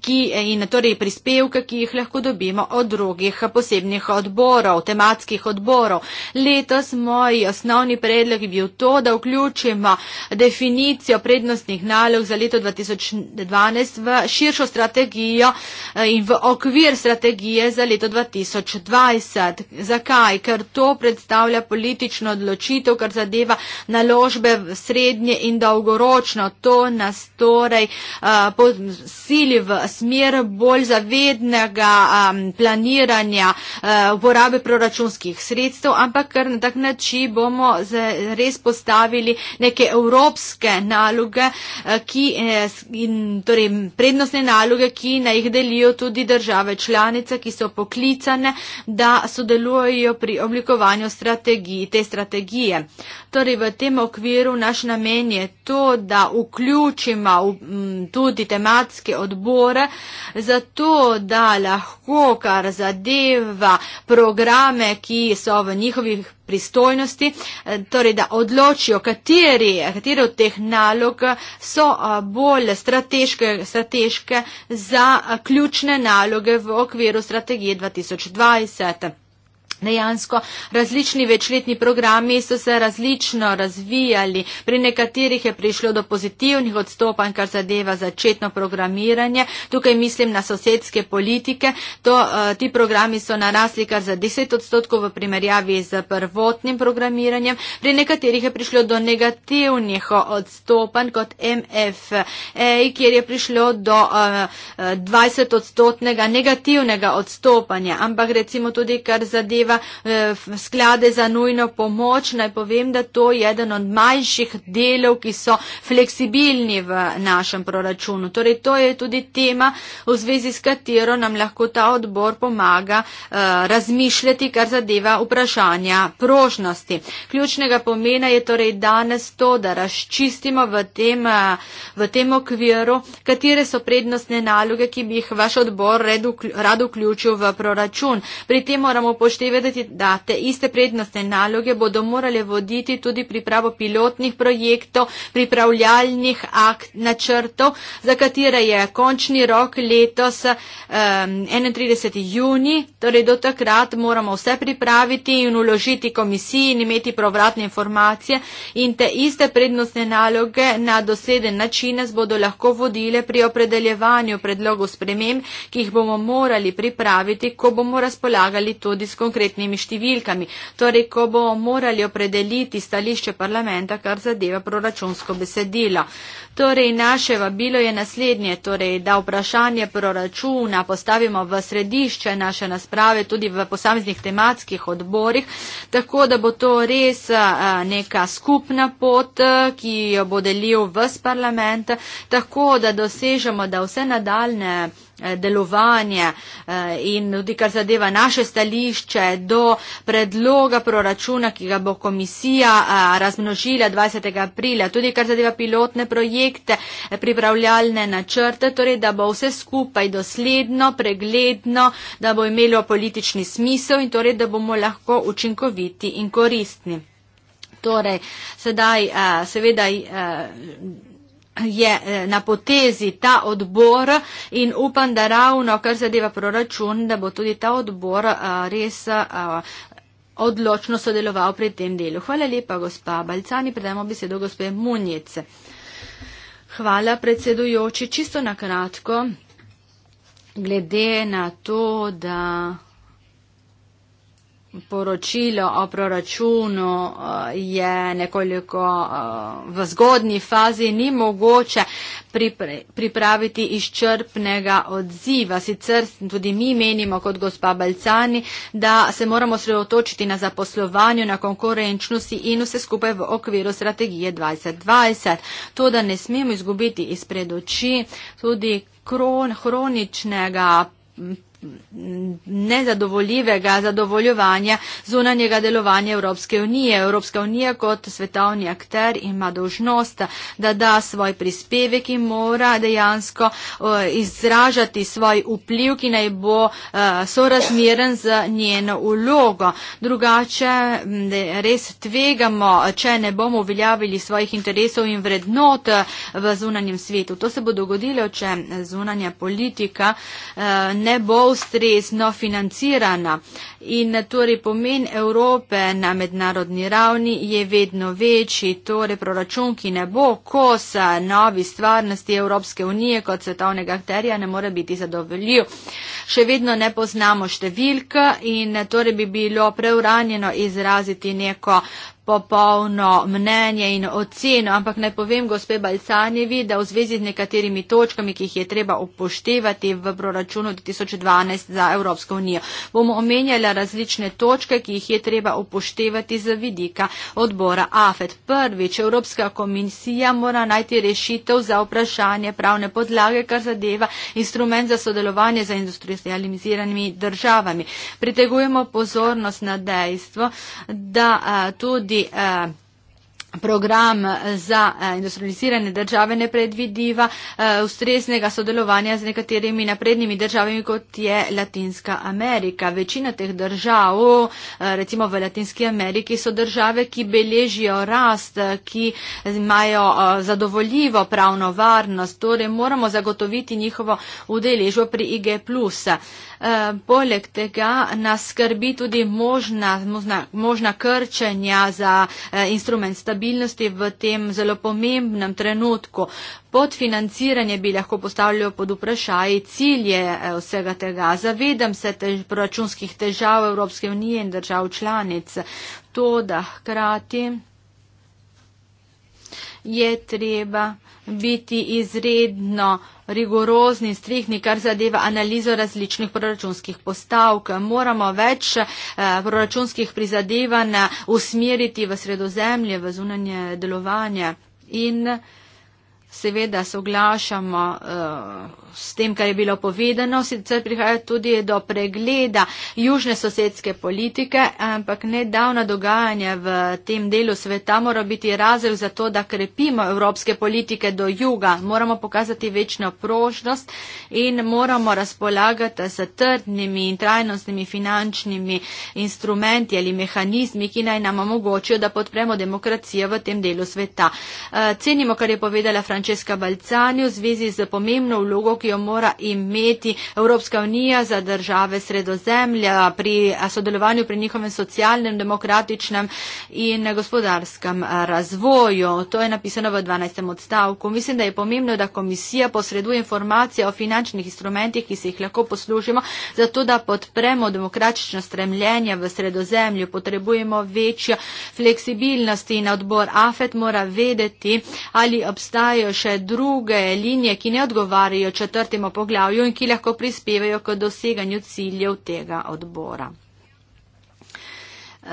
ki, in torej prispevke, ki jih lahko dobimo od drugih posebnih odborov, tematskih odborov. Letos moj osnovni predlog je bil to, da vključimo definicijo prednostnih nalog za leto 2012 v širšo strategijo eh, in v okvir strategije za leto 2020. Zakaj? Ker to predstavlja politično odločitev, kar zadeva naložbe srednje in dolgoročno. To nas torej uh, eh, posili v smer bolj zavedne ustreznega um, planiranja uh, uporabe proračunskih sredstev, ampak kar na tak način bomo res postavili neke evropske naloge uh, ki, eh, in torej prednostne naloge, ki na jih delijo tudi države članice, ki so poklicane, da sodelujejo pri oblikovanju strategij, te strategije. Torej v tem okviru naš namen je to, da vključimo tudi tematske odbore, zato da lahko, kar zadeva programe, ki so v njihovih pristojnosti, eh, torej da odločijo, kateri, kateri od teh nalog so eh, bolj strateške, strateške za eh, ključne naloge v okviru strategije 2020. Dejansko različni večletni programi so se različno razvijali. Pri nekaterih je prišlo do pozitivnih odstopanj, kar zadeva začetno programiranje. Tukaj mislim na sosedske politike. To, eh, ti programi so narasli kar za 10 odstotkov v primerjavi z prvotnim programiranjem. Pri nekaterih je prišlo do negativnih odstopanj kot MFA, kjer je prišlo do 20 eh, eh, odstotnega negativnega odstopanja. Ampak recimo tudi kar zadeva zadeva eh, sklade za nujno pomoč, naj povem, da to je eden od manjših delov, ki so fleksibilni v našem proračunu. Torej, to je tudi tema, v zvezi s katero nam lahko ta odbor pomaga eh, razmišljati, kar zadeva vprašanja prožnosti. Ključnega pomena je torej danes to, da razčistimo v tem, eh, v tem okviru, katere so prednostne naloge, ki bi jih vaš odbor rad vključil v proračun. Pri tem moramo upoštevati, zavedati, da te iste prednostne naloge bodo morale voditi tudi pripravo pilotnih projektov, pripravljalnih akt, načrtov, za katere je končni rok letos um, 31. juni, torej do takrat moramo vse pripraviti in uložiti komisiji in imeti provratne informacije in te iste prednostne naloge na doseden način nas bodo lahko vodile pri opredeljevanju predlogov sprememb, ki jih bomo morali pripraviti, ko bomo razpolagali tudi s konkretnimi konkretnimi številkami. Torej, ko bomo morali opredeliti stališče parlamenta, kar zadeva proračunsko besedilo. Torej, naše vabilo je naslednje, torej, da vprašanje proračuna postavimo v središče naše nasprave tudi v posameznih tematskih odborih, tako da bo to res neka skupna pot, ki jo bo delil vse parlament, tako da dosežemo, da vse nadaljne Eh, delovanje eh, in tudi kar zadeva naše stališče do predloga proračuna, ki ga bo komisija eh, razmnožila 20. aprila, tudi kar zadeva pilotne projekte, pripravljalne načrte, torej da bo vse skupaj dosledno, pregledno, da bo imelo politični smisel in torej da bomo lahko učinkoviti in koristni. Torej, sedaj, seveda, je eh, na potezi ta odbor in upam, da ravno, kar zadeva proračun, da bo tudi ta odbor eh, res eh, odločno sodeloval pri tem delu. Hvala lepa, gospa Balcani. Predajmo besedo gospe Munjece. Hvala, predsedujoči. Čisto na kratko, glede na to, da poročilo o proračunu eh, je nekoliko eh, v zgodni fazi, ni mogoče pripraviti izčrpnega odziva. Sicer tudi mi menimo kot gospa Balcani, da se moramo sredotočiti na zaposlovanju, na konkurenčnosti in vse skupaj v okviru strategije 2020. To, da ne smemo izgubiti iz predoči tudi kron, kroničnega nezadovoljivega zadovoljovanja zunanjega delovanja Evropske unije. Evropska unija kot svetovni akter ima dožnost, da da svoj prispevek in mora dejansko eh, izražati svoj vpliv, ki naj bo eh, sorazmeren z njeno ulogo. Drugače res tvegamo, če ne bomo uveljavili svojih interesov in vrednot eh, v zunanjem svetu. To se bo dogodilo, če zunanja politika ne bo v ustrezno financirana in torej pomen Evrope na mednarodni ravni je vedno večji, torej proračun, ki ne bo kos eh, novi stvarnosti Evropske unije kot svetovnega akterja, ne more biti zadovoljiv. Še vedno ne poznamo številka in torej bi bilo preuranjeno izraziti neko popolno mnenje in oceno, ampak naj povem gospe Balcanjevi, da v zvezi z nekaterimi točkami, ki jih je treba upoštevati v proračunu 2012 za Evropsko unijo, bomo omenjali različne točke, ki jih je treba upoštevati za vidika odbora AFED. Prvič, Evropska komisija mora najti rešitev za vprašanje pravne podlage, kar zadeva instrument za sodelovanje za industrializiranimi državami. Pritegujemo pozornost na dejstvo, da a, eh, tudi uh, program za eh, industrializirane države ne predvidiva eh, ustreznega sodelovanja z nekaterimi naprednimi državami, kot je Latinska Amerika. Večina teh držav, eh, recimo v Latinski Ameriki, so države, ki beležijo rast, ki imajo zadovoljivo pravno varnost, torej moramo zagotoviti njihovo udeležbo pri IG. Poleg tega nas skrbi tudi možna, možna, možna krčenja za instrument stabilnosti stabilnosti v tem zelo pomembnem trenutku. Podfinanciranje bi lahko postavljalo pod vprašaj cilje eh, vsega tega. Zavedam se tež, proračunskih težav Evropske unije in držav članic. To, da hkrati je treba biti izredno rigorozni, strihni, kar zadeva analizo različnih proračunskih postavk. Moramo več eh, proračunskih prizadevanj eh, usmeriti v sredozemlje, v zunanje delovanje in seveda soglašamo uh, s tem, kar je bilo povedano, sicer prihaja tudi do pregleda južne sosedske politike, ampak nedavna dogajanja v tem delu sveta mora biti razlog za to, da krepimo evropske politike do juga. Moramo pokazati večno prožnost in moramo razpolagati s trdnimi in trajnostnimi finančnimi instrumenti ali mehanizmi, ki naj nam omogočijo, da podpremo demokracijo v tem delu sveta. Eh, cenimo, kar je povedala Francesca Balcani v zvezi z pomembno vlogo, ki ki jo mora imeti Evropska unija za države sredozemlja pri sodelovanju pri njihovem socialnem, demokratičnem in gospodarskem razvoju. To je napisano v 12. odstavku. Mislim, da je pomembno, da komisija posreduje informacije o finančnih instrumentih, ki se jih lahko poslužimo, zato da podpremo demokratično stremljenje v sredozemlju. Potrebujemo večjo fleksibilnost in odbor AFET mora vedeti, ali obstajajo še druge linije, ki ne odgovarjajo četrtemu poglavju in ki lahko prispevajo k doseganju ciljev tega odbora.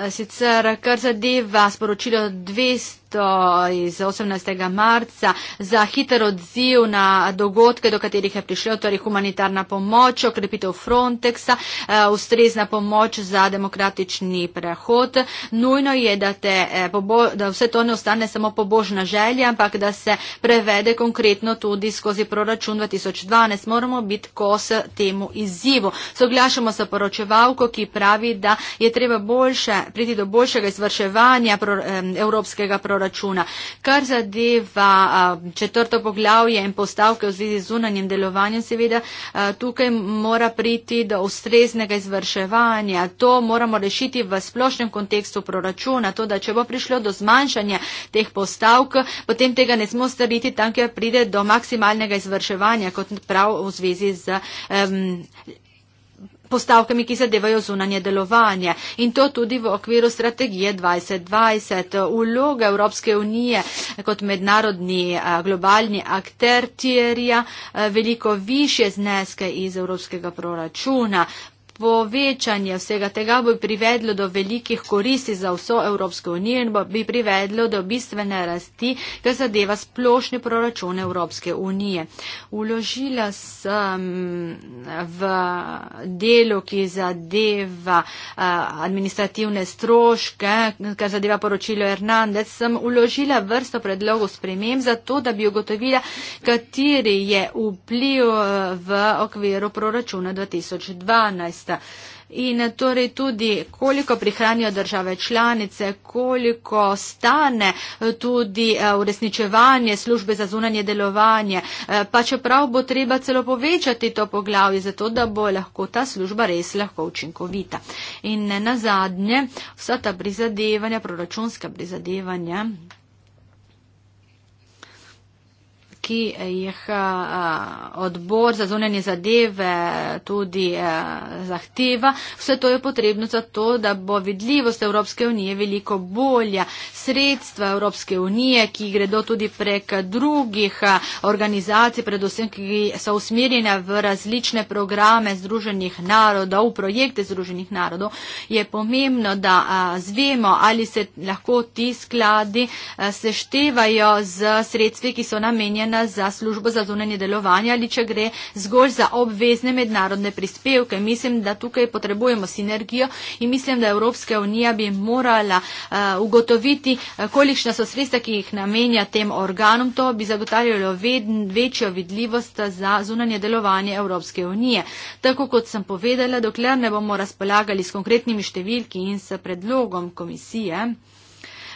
E, sicer, kar zadeva sporočilo 200 leto iz 18. marca za hiter odziv na dogodke, do katerih je prišlo, torej humanitarna pomoč, okrepitev Frontexa, eh, ustrezna pomoč za demokratični prehod. Nujno je, da, te, eh, da vse to ne ostane samo pobožna želja, ampak da se prevede konkretno tudi skozi proračun 2012. Moramo biti kos temu izzivu. Soglašamo se poročevalko, ki pravi, da je treba boljše, priti do boljšega izvrševanja pro, evropskega proračuna proračuna. Kar zadeva četrto poglavje in postavke v zvezi z zunanjem delovanjem, seveda tukaj mora priti do ustreznega izvrševanja. To moramo rešiti v splošnem kontekstu proračuna. To, da če bo prišlo do zmanjšanja teh postavk, potem tega ne smo storiti tam, kjer pride do maksimalnega izvrševanja, kot prav v zvezi z. Um, postavkami, ki zadevajo zunanje delovanje in to tudi v okviru strategije 2020. Uloga Evropske unije kot mednarodni globalni akter terja veliko više zneske iz evropskega proračuna povečanje vsega tega bi privedlo do velikih koristi za vso Evropsko unijo in bi privedlo do bistvene rasti, ki zadeva splošni proračun Evropske unije. Uložila sem eh, v delu, ki zadeva eh, administrativne stroške, kar zadeva poročilo Hernandez, sem uložila vrsto predlogov sprememb za to, da bi ugotovila, kateri je vpliv eh, v okviru proračuna 2012 mesta. In eh, torej tudi, koliko prihranijo države članice, koliko stane eh, tudi eh, uresničevanje službe za zunanje delovanje, pa čeprav bo treba celo povečati to poglavje, zato da bo lahko ta služba res lahko učinkovita. In na zadnje, vsa ta prizadevanja, proračunska prizadevanja ki jih odbor za zunanje zadeve tudi zahteva. Vse to je potrebno zato, da bo vidljivost Evropske unije veliko bolja. Sredstva Evropske unije, ki gredo tudi prek drugih organizacij, predvsem, ki so usmerjene v različne programe Združenih narodov, v projekte Združenih narodov, je pomembno, da zvemo, ali se lahko ti skladi seštevajo z sredstvi, ki so namenjene namenjena za službo za zunanje delovanje ali če gre zgolj za obvezne mednarodne prispevke. Mislim, da tukaj potrebujemo sinergijo in mislim, da Evropska unija bi morala uh, ugotoviti, eh, kolikšna so sredstva, ki jih namenja tem organom. To bi zagotavljalo večjo vidljivost za zunanje delovanje Evropske unije. Tako kot sem povedala, dokler ne bomo razpolagali s konkretnimi številki in s predlogom komisije,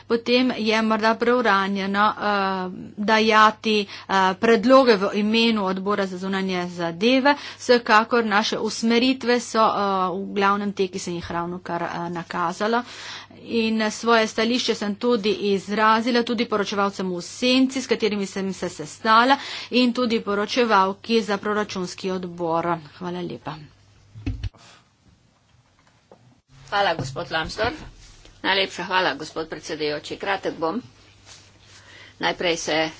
potem je morda prav ranjeno uh, eh, dajati uh, predloge v imenu odbora za zunanje zadeve. Vsekakor naše usmeritve so uh, v glavnem te, ki se jih ravno kar uh, nakazalo. In svoje stališče sem tudi izrazila, tudi poročevalcem v senci, s katerimi sem se sestala in tudi poročevalki za proračunski odbor. Hvala lepa. Hvala, gospod Lamstorf. Najlepša hvala, gospod predsedujoči. Kratek bom. Najprej se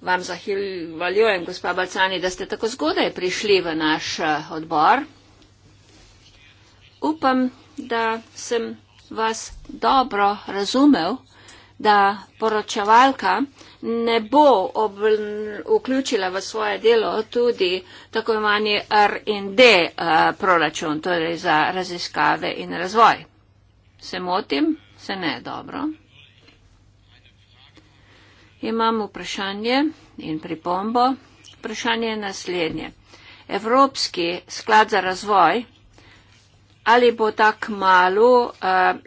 vam zahvaljujem, gospa Balcani, da ste tako zgodaj prišli v naš eh, odbor. Upam, da sem vas dobro razumel, da poročevalka ne bo ob, vključila v svoje delo tudi tako imani R&D eh, proračun, torej za raziskave in razvoj. Se motim? Se ne, dobro. Imam vprašanje in pripombo. Vprašanje je naslednje. Evropski sklad za razvoj, ali bo tak malu uh,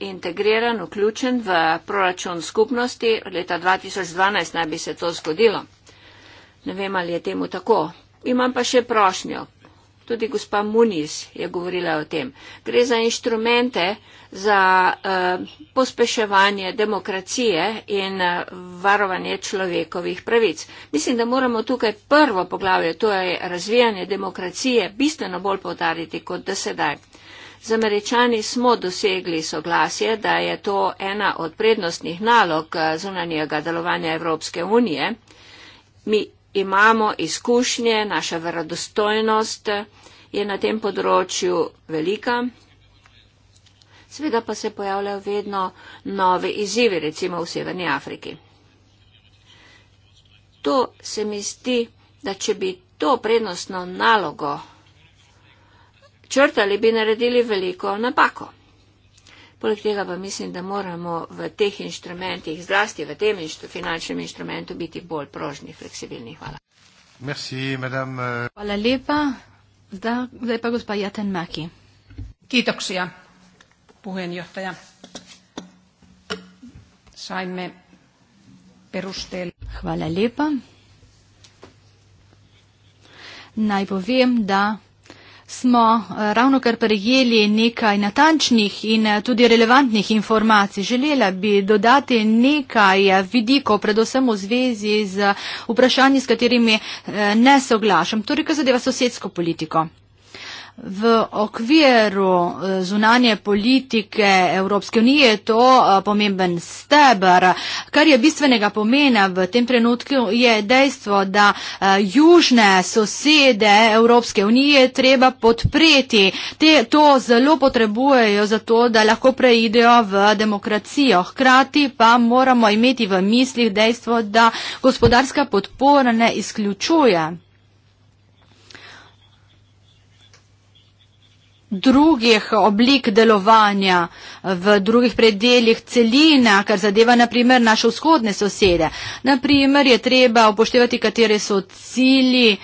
integriran, vključen v proračun skupnosti? Leta 2012 naj bi se to zgodilo. Ne vem, ali je temu tako. Imam pa še prošnjo. Tudi gospa Muniz je govorila o tem. Gre za inštrumente za uh, pospeševanje demokracije in uh, varovanje človekovih pravic. Mislim, da moramo tukaj prvo poglavje, to je razvijanje demokracije, bistveno bolj povdariti kot do sedaj. Z američani smo dosegli soglasje, da je to ena od prednostnih nalog eh, zunanjega delovanja Evropske unije. Mi imamo izkušnje, naša verodostojnost je na tem področju velika. Sveda pa se pojavljajo vedno nove izzivi, recimo v Severni Afriki. To se mi zdi, da če bi to prednostno nalogo črtali, bi naredili veliko napako. Poleg tega pa mislim, da moramo v teh inštrumentih, zlasti v tem inštru, finančnem inštrumentu, biti bolj prožni, fleksibilni. Hvala. Merci, euh. Hvala lepa. Da, zdaj pa gospa Jaten Maki. Kitoksia, puheenjohtaja. Saime perustel. Hvala lepa. Naj povem, da smo eh, ravno kar prejeli nekaj natančnih in eh, tudi relevantnih informacij. Želela bi dodati nekaj eh, vidikov, predvsem v zvezi z vprašanji, s katerimi ne soglašam, torej, kar zadeva sosedsko politiko. V okviru eh, zunanje politike Evropske unije je to eh, pomemben stebr. Kar je bistvenega pomena v tem trenutku je dejstvo, da eh, južne sosede Evropske unije treba podpreti. Te to zelo potrebujejo za to, da lahko preidejo v demokracijo. Hkrati pa moramo imeti v mislih dejstvo, da gospodarska podpora ne izključuje. drugih oblik delovanja v drugih predeljih celina, kar zadeva naprimer naše vzhodne sosede. Naprimer je treba upoštevati, kateri so cilji uh,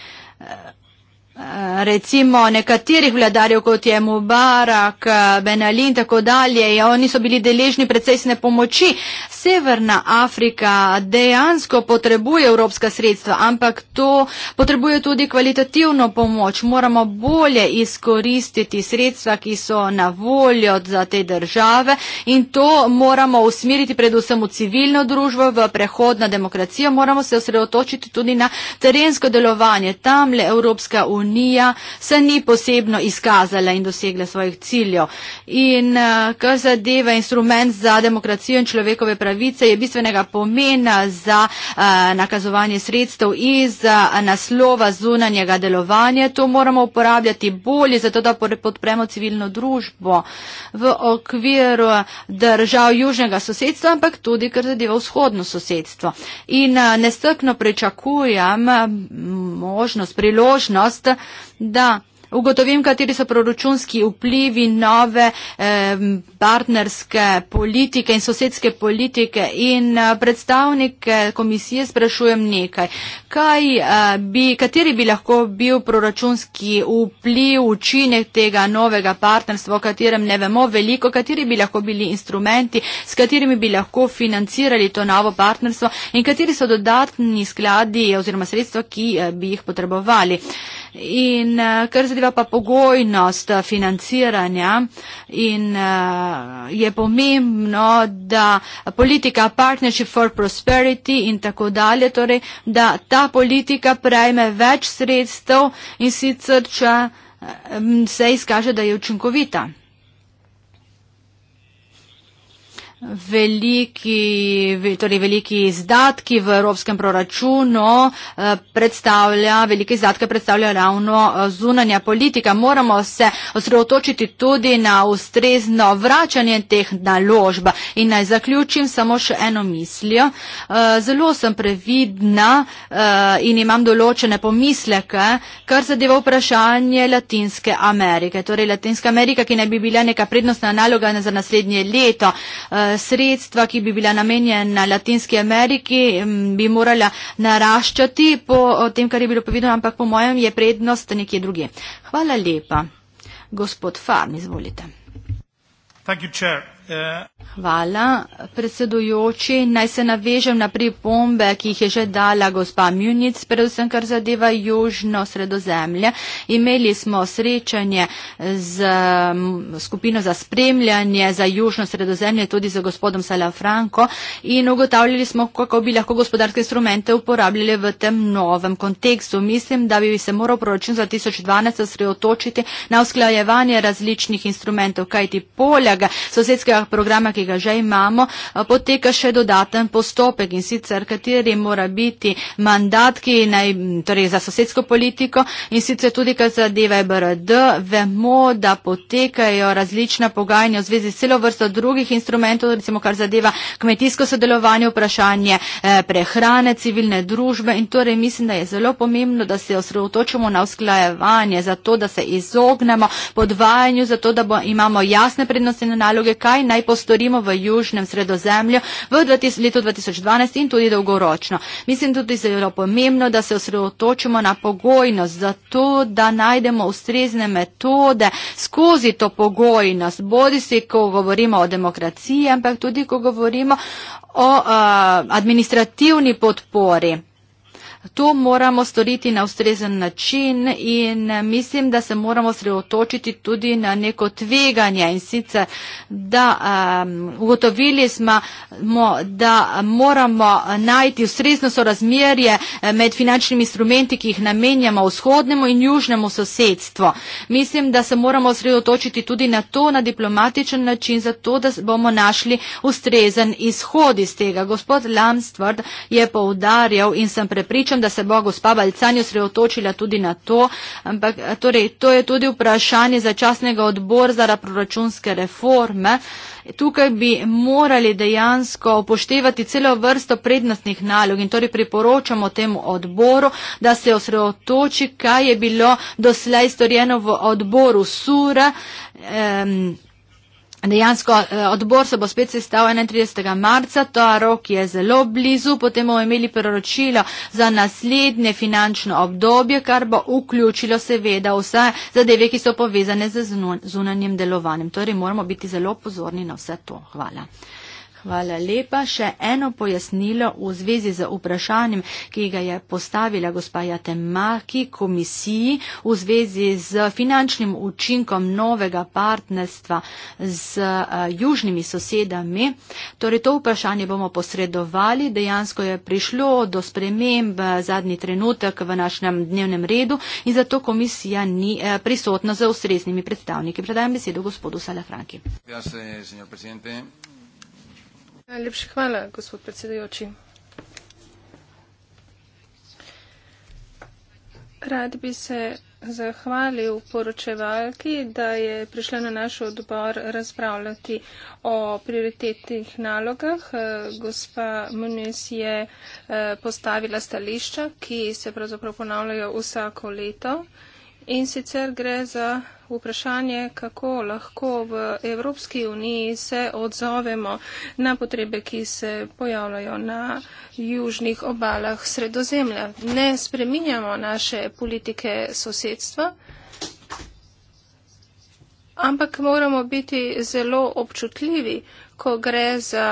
recimo nekaterih vladarjev, kot je Mubarak, Ben Ali in tako dalje, in oni so bili deležni precejšnje pomoči. Severna Afrika dejansko potrebuje evropska sredstva, ampak to potrebuje tudi kvalitativno pomoč. Moramo bolje izkoristiti sredstva, ki so na voljo za te države in to moramo usmiriti predvsem v civilno družbo, v prehodno demokracijo. Moramo se osredotočiti tudi na terensko delovanje. Tamle Evropska unija unija se ni posebno izkazala in dosegla svojih ciljev. In eh, kar zadeva instrument za demokracijo in človekove pravice je bistvenega pomena za eh, nakazovanje sredstev iz eh, naslova zunanjega delovanja. To moramo uporabljati bolje, zato da podpremo civilno družbo v okviru držav južnega sosedstva, ampak tudi kar zadeva vzhodno sosedstvo. In nestrpno pričakujem mm, možnost, priložnost, da ugotovim, kateri so proračunski vplivi nove partnerske politike in sosedske politike in eh, predstavnike eh, komisije sprašujem nekaj. Kaj eh, bi, kateri bi lahko bil proračunski vpliv, učinek tega novega partnerstva, o katerem ne vemo veliko, kateri bi lahko bili instrumenti, s katerimi bi lahko financirali to novo partnerstvo in kateri so dodatni skladi oziroma sredstva, ki bi jih potrebovali. In eh, kar zadeva pa pogojnost eh, financiranja in eh, je pomembno, da politika Partnership for Prosperity in tako dalje, torej, da ta politika prejme več sredstev in sicer, če se izkaže, da je učinkovita. Veliki, torej veliki izdatki v evropskem proračunu eh, predstavlja, velike izdatke predstavlja ravno eh, zunanja politika. Moramo se osredotočiti tudi na ustrezno vračanje teh naložb. In naj zaključim samo še eno mislijo. Eh, zelo sem previdna in imam določene pomisleke, kar zadeva vprašanje Latinske Amerike. Torej Latinska Amerika, ki naj bi bila neka prednostna naloga za naslednje leto sredstva, ki bi bila namenjena Latinski Ameriki, bi morala naraščati po tem, kar je bilo povedano, ampak po mojem je prednost nekje druge. Hvala lepa. Gospod Farn, izvolite. Thank you, chair. Uh... Hvala. Predsedujoči, naj se navežem na pripombe, ki jih je že dala gospa Munic, predvsem kar zadeva južno sredozemlje. Imeli smo srečanje z skupino za spremljanje za južno sredozemlje, tudi z gospodom Salafranko in ugotavljali smo, kako bi lahko gospodarske instrumente uporabljali v tem novem kontekstu. Mislim, da bi se moral proračun za 2012 osredotočiti na usklajevanje različnih instrumentov, kajti poleg sosedskega programa, ki ga že imamo, poteka še dodaten postopek in sicer kateri mora biti mandat, ki naj, torej za sosedsko politiko in sicer tudi, kar zadeva EBRD, vemo, da potekajo različna pogajanja v zvezi s celo vrsto drugih instrumentov, recimo kar zadeva kmetijsko sodelovanje, vprašanje eh, prehrane, civilne družbe in torej mislim, da je zelo pomembno, da se osredotočimo na usklajevanje, zato da se izognemo podvajanju, zato da bo, imamo jasne prednostne naloge, kaj naj postori merimo v južnem sredozemlju v 20, letu 2012 in tudi dolgoročno. Mislim tudi zelo pomembno, da se osredotočimo na pogojnost, zato da najdemo ustrezne metode skozi to pogojnost, bodi si, ko govorimo o demokraciji, ampak tudi, ko govorimo o a, eh, administrativni podpori. Tu moramo storiti na ustrezen način in eh, mislim, da se moramo sreotočiti tudi na neko tveganje in sicer, da um, ugotovili smo, da moramo eh, najti ustrezno sorazmerje eh, med finančnimi instrumenti, ki jih namenjamo vzhodnemu in južnemu sosedstvu. Mislim, da se moramo sreotočiti tudi na to, na diplomatičen način, zato da bomo našli ustrezen izhod iz tega. Gospod Lamstvard je poudarjal in sem prepričan, rečem, da se bo gospa Balcani osredotočila tudi na to, ampak eh, torej, to je tudi vprašanje začasnega odbora za proračunske reforme. Tukaj bi morali dejansko upoštevati celo vrsto prednostnih nalog in torej priporočamo temu odboru, da se osredotoči, kaj je bilo doslej storjeno v odboru Sura. Um, Dejansko eh, odbor se bo spet sestavil 31. marca, to rok je zelo blizu, potem bomo imeli proročilo za naslednje finančno obdobje, kar bo vključilo seveda vse zadeve, ki so povezane z zunanjem delovanjem. Torej moramo biti zelo pozorni na vse to. Hvala. Hvala lepa. Še eno pojasnilo v zvezi z vprašanjem, ki ga je postavila gospa Jatemaki komisiji v zvezi z finančnim učinkom novega partnerstva z eh, južnimi sosedami. Torej, to vprašanje bomo posredovali. Dejansko je prišlo do sprememb eh, zadnji trenutek v našem dnevnem redu in zato komisija ni eh, prisotna z ustreznimi predstavniki. Predajam besedo gospodu Salafranki. Gracias, señor presidente. Najlepša hvala, gospod predsedujoči. Rad bi se zahvalil poročevalki, da je prišla na naš odbor razpravljati o prioritetnih nalogah. Gospa Munes je eh, postavila stališča, ki se pravzaprav ponavljajo vsako leto. In sicer gre za vprašanje, kako lahko v Evropski uniji se odzovemo na potrebe, ki se pojavljajo na južnih obalah sredozemlja. Ne spreminjamo naše politike sosedstva, ampak moramo biti zelo občutljivi, ko gre za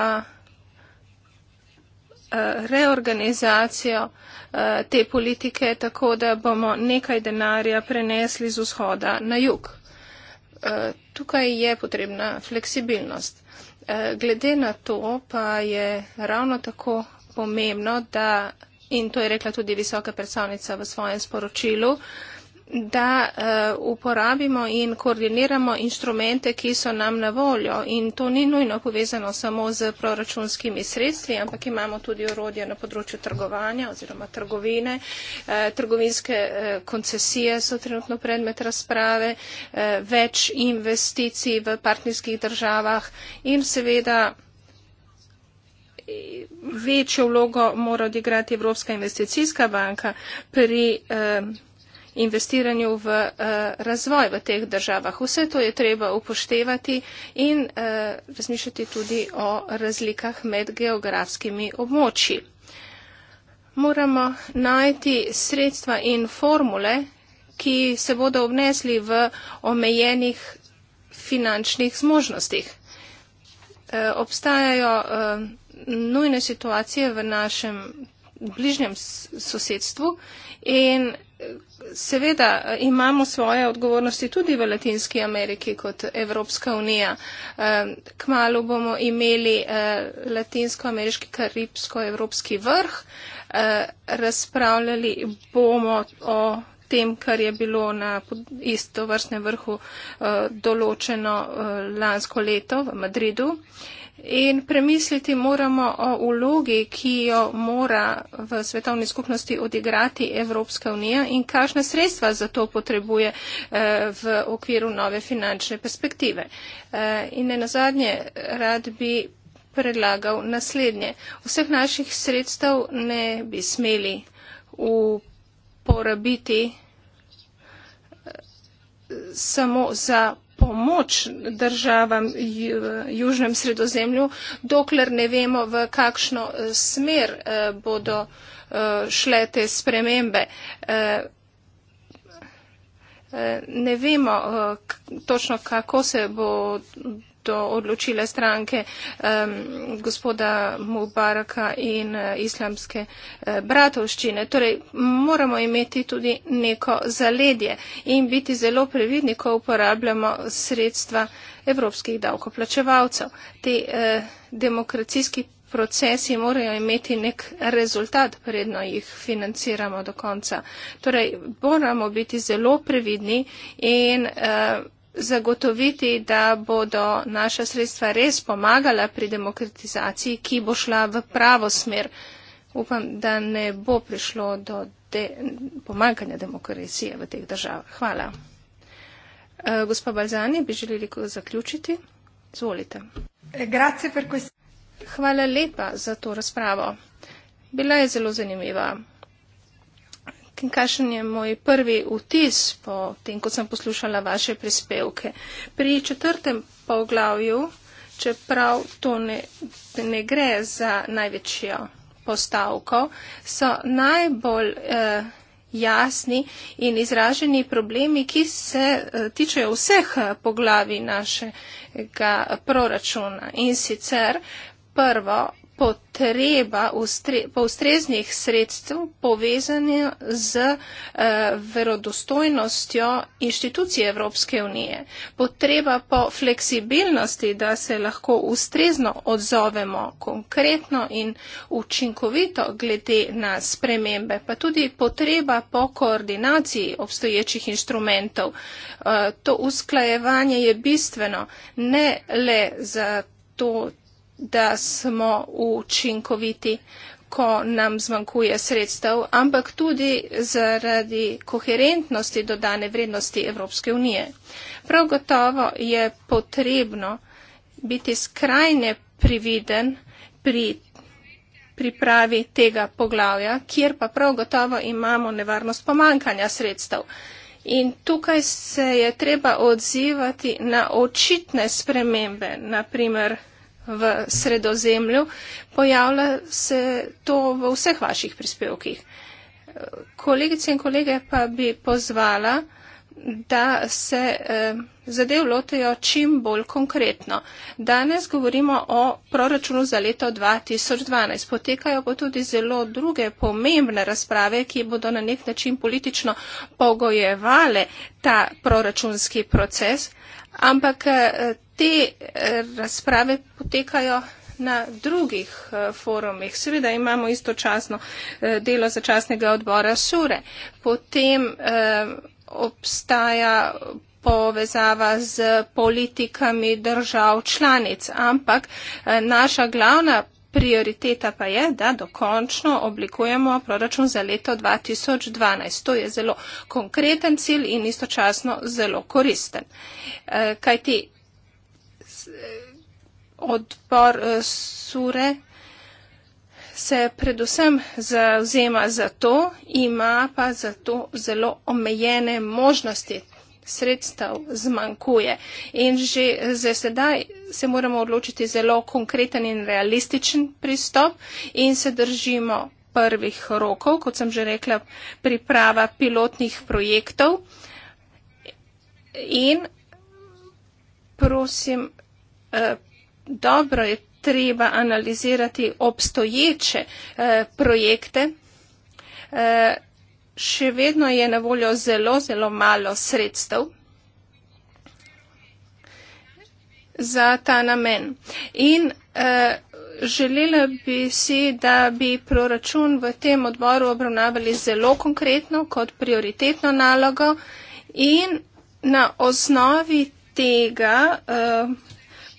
eh, reorganizacijo Eh, te politike, tako da bomo nekaj denarja prenesli z vzhoda na jug. Eh, tukaj je potrebna fleksibilnost. Eh, glede na to pa je ravno tako pomembno, da, in to je rekla tudi visoka predstavnica v svojem sporočilu, da uh, uporabimo in koordiniramo inštrumente, ki so nam na voljo. In to ni nujno povezano samo z proračunskimi sredstvi, ampak imamo tudi orodje na področju trgovanja oziroma trgovine. Uh, trgovinske uh, koncesije so trenutno predmet razprave, uh, več investicij v partnerskih državah in seveda večjo vlogo mora odigrati Evropska investicijska banka pri. Uh, investiranju v eh, razvoj v teh državah. Vse to je treba upoštevati in eh, razmišljati tudi o razlikah med geografskimi območji. Moramo najti sredstva in formule, ki se bodo obnesli v omejenih finančnih zmožnostih. Eh, obstajajo nujne situacije v našem bližnjem sosedstvu in Seveda eh, imamo svoje odgovornosti tudi v Latinski Ameriki kot Evropska unija. Kmalo bomo imeli eh, Latinsko-ameriški karibsko-evropski vrh. Eh, razpravljali bomo o tem, kar je bilo na isto vrstnem vrhu določeno lansko leto v Madridu. In premisliti moramo o vlogi, ki jo mora v svetovni skupnosti odigrati Evropska unija in kakšne sredstva za to potrebuje eh, v okviru nove finančne perspektive. Eh, in ne nazadnje, rad bi predlagal naslednje. Vseh naših sredstev ne bi smeli uporabiti eh, samo za pomoč državam v Južnem sredozemlju, dokler ne vemo, v kakšno eh, smer eh, bodo eh, šle te spremembe. Ne vemo točno, kako se bo to odločile stranke um, gospoda Mubaraka in uh, islamske uh, bratovščine. Torej, moramo imeti tudi neko zaledje in biti zelo previdni, ko uporabljamo sredstva evropskih davkoplačevalcev. Te uh, demokracijski procesi morajo imeti nek rezultat, predno jih financiramo do konca. Torej, moramo biti zelo previdni in. Uh, zagotoviti, da bodo naša sredstva res pomagala pri demokratizaciji, ki bo šla v pravo smer. Upam, da ne bo prišlo do de pomankanja demokracije v teh državah. Hvala. E, gospa Balzani, bi želeli zaključiti? Zvolite. Eh, Hvala lepa za to razpravo. Bila je zelo zanimiva in kakšen je moj prvi vtis po tem, ko sem poslušala vaše prispevke. Pri četrtem poglavju, čeprav to ne, ne gre za največjo postavko, so najbolj eh, jasni in izraženi problemi, ki se eh, tičejo vseh eh, poglavi našega eh, proračuna. In sicer prvo potreba ustre, po ustreznih sredstv povezanja z eh, verodostojnostjo inštitucije Evropske unije, potreba po fleksibilnosti, da se lahko ustrezno odzovemo konkretno in učinkovito glede na spremembe, pa tudi potreba po koordinaciji obstoječih inštrumentov. Eh, to usklajevanje je bistveno ne le za to, da smo učinkoviti, ko nam zmanjkuje sredstev, ampak tudi zaradi koherentnosti dodane vrednosti Evropske unije. Prav gotovo je potrebno biti skrajne prividen pri pripravi tega poglavja, kjer pa prav gotovo imamo nevarnost pomankanja sredstev. In tukaj se je treba odzivati na očitne spremembe, naprimer v sredozemlju, pojavlja se to v vseh vaših prispevkih. Kolegice in kolege pa bi pozvala, da se eh, zadev lotejo čim bolj konkretno. Danes govorimo o proračunu za leto 2012. Potekajo pa tudi zelo druge pomembne razprave, ki bodo na nek način politično pogojevale ta proračunski proces, ampak eh, te eh, razprave potekajo na drugih eh, forumih. Seveda imamo istočasno eh, delo začasnega odbora Sure. Potem obstaja povezava z politikami držav članic, ampak naša glavna prioriteta pa je, da dokončno oblikujemo proračun za leto 2012. To je zelo konkreten cilj in istočasno zelo koristen. Kajti odbor eh, sure se predvsem zauzema za to, ima pa za to zelo omejene možnosti. Sredstev zmanjkuje in že za sedaj se moramo odločiti zelo konkreten in realističen pristop in se držimo prvih rokov, kot sem že rekla, priprava pilotnih projektov in prosim Eh, dobro je treba analizirati obstoječe eh, projekte. Eh, še vedno je na voljo zelo, zelo malo sredstev za ta namen. In želela bi si, da bi proračun v tem odboru obravnavali zelo konkretno kot prioritetno nalogo in na osnovi tega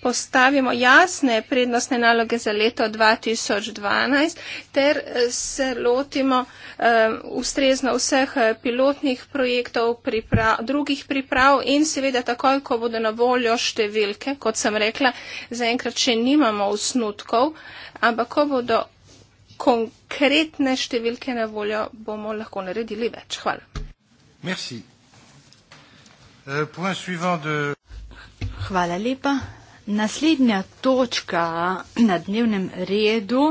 postavimo jasne prednostne naloge za leto 2012 ter eh, se lotimo uh, ustrezno vseh eh, pilotnih projektov, priprav, drugih priprav in seveda takoj, ko bodo na voljo številke, kot sem rekla, zaenkrat še nimamo usnutkov, ampak ko bodo konkretne številke na voljo, bomo lahko naredili več. Hvala. Merci. Uh, point suivant de... Hvala lepa. Naslednja točka na dnevnem redu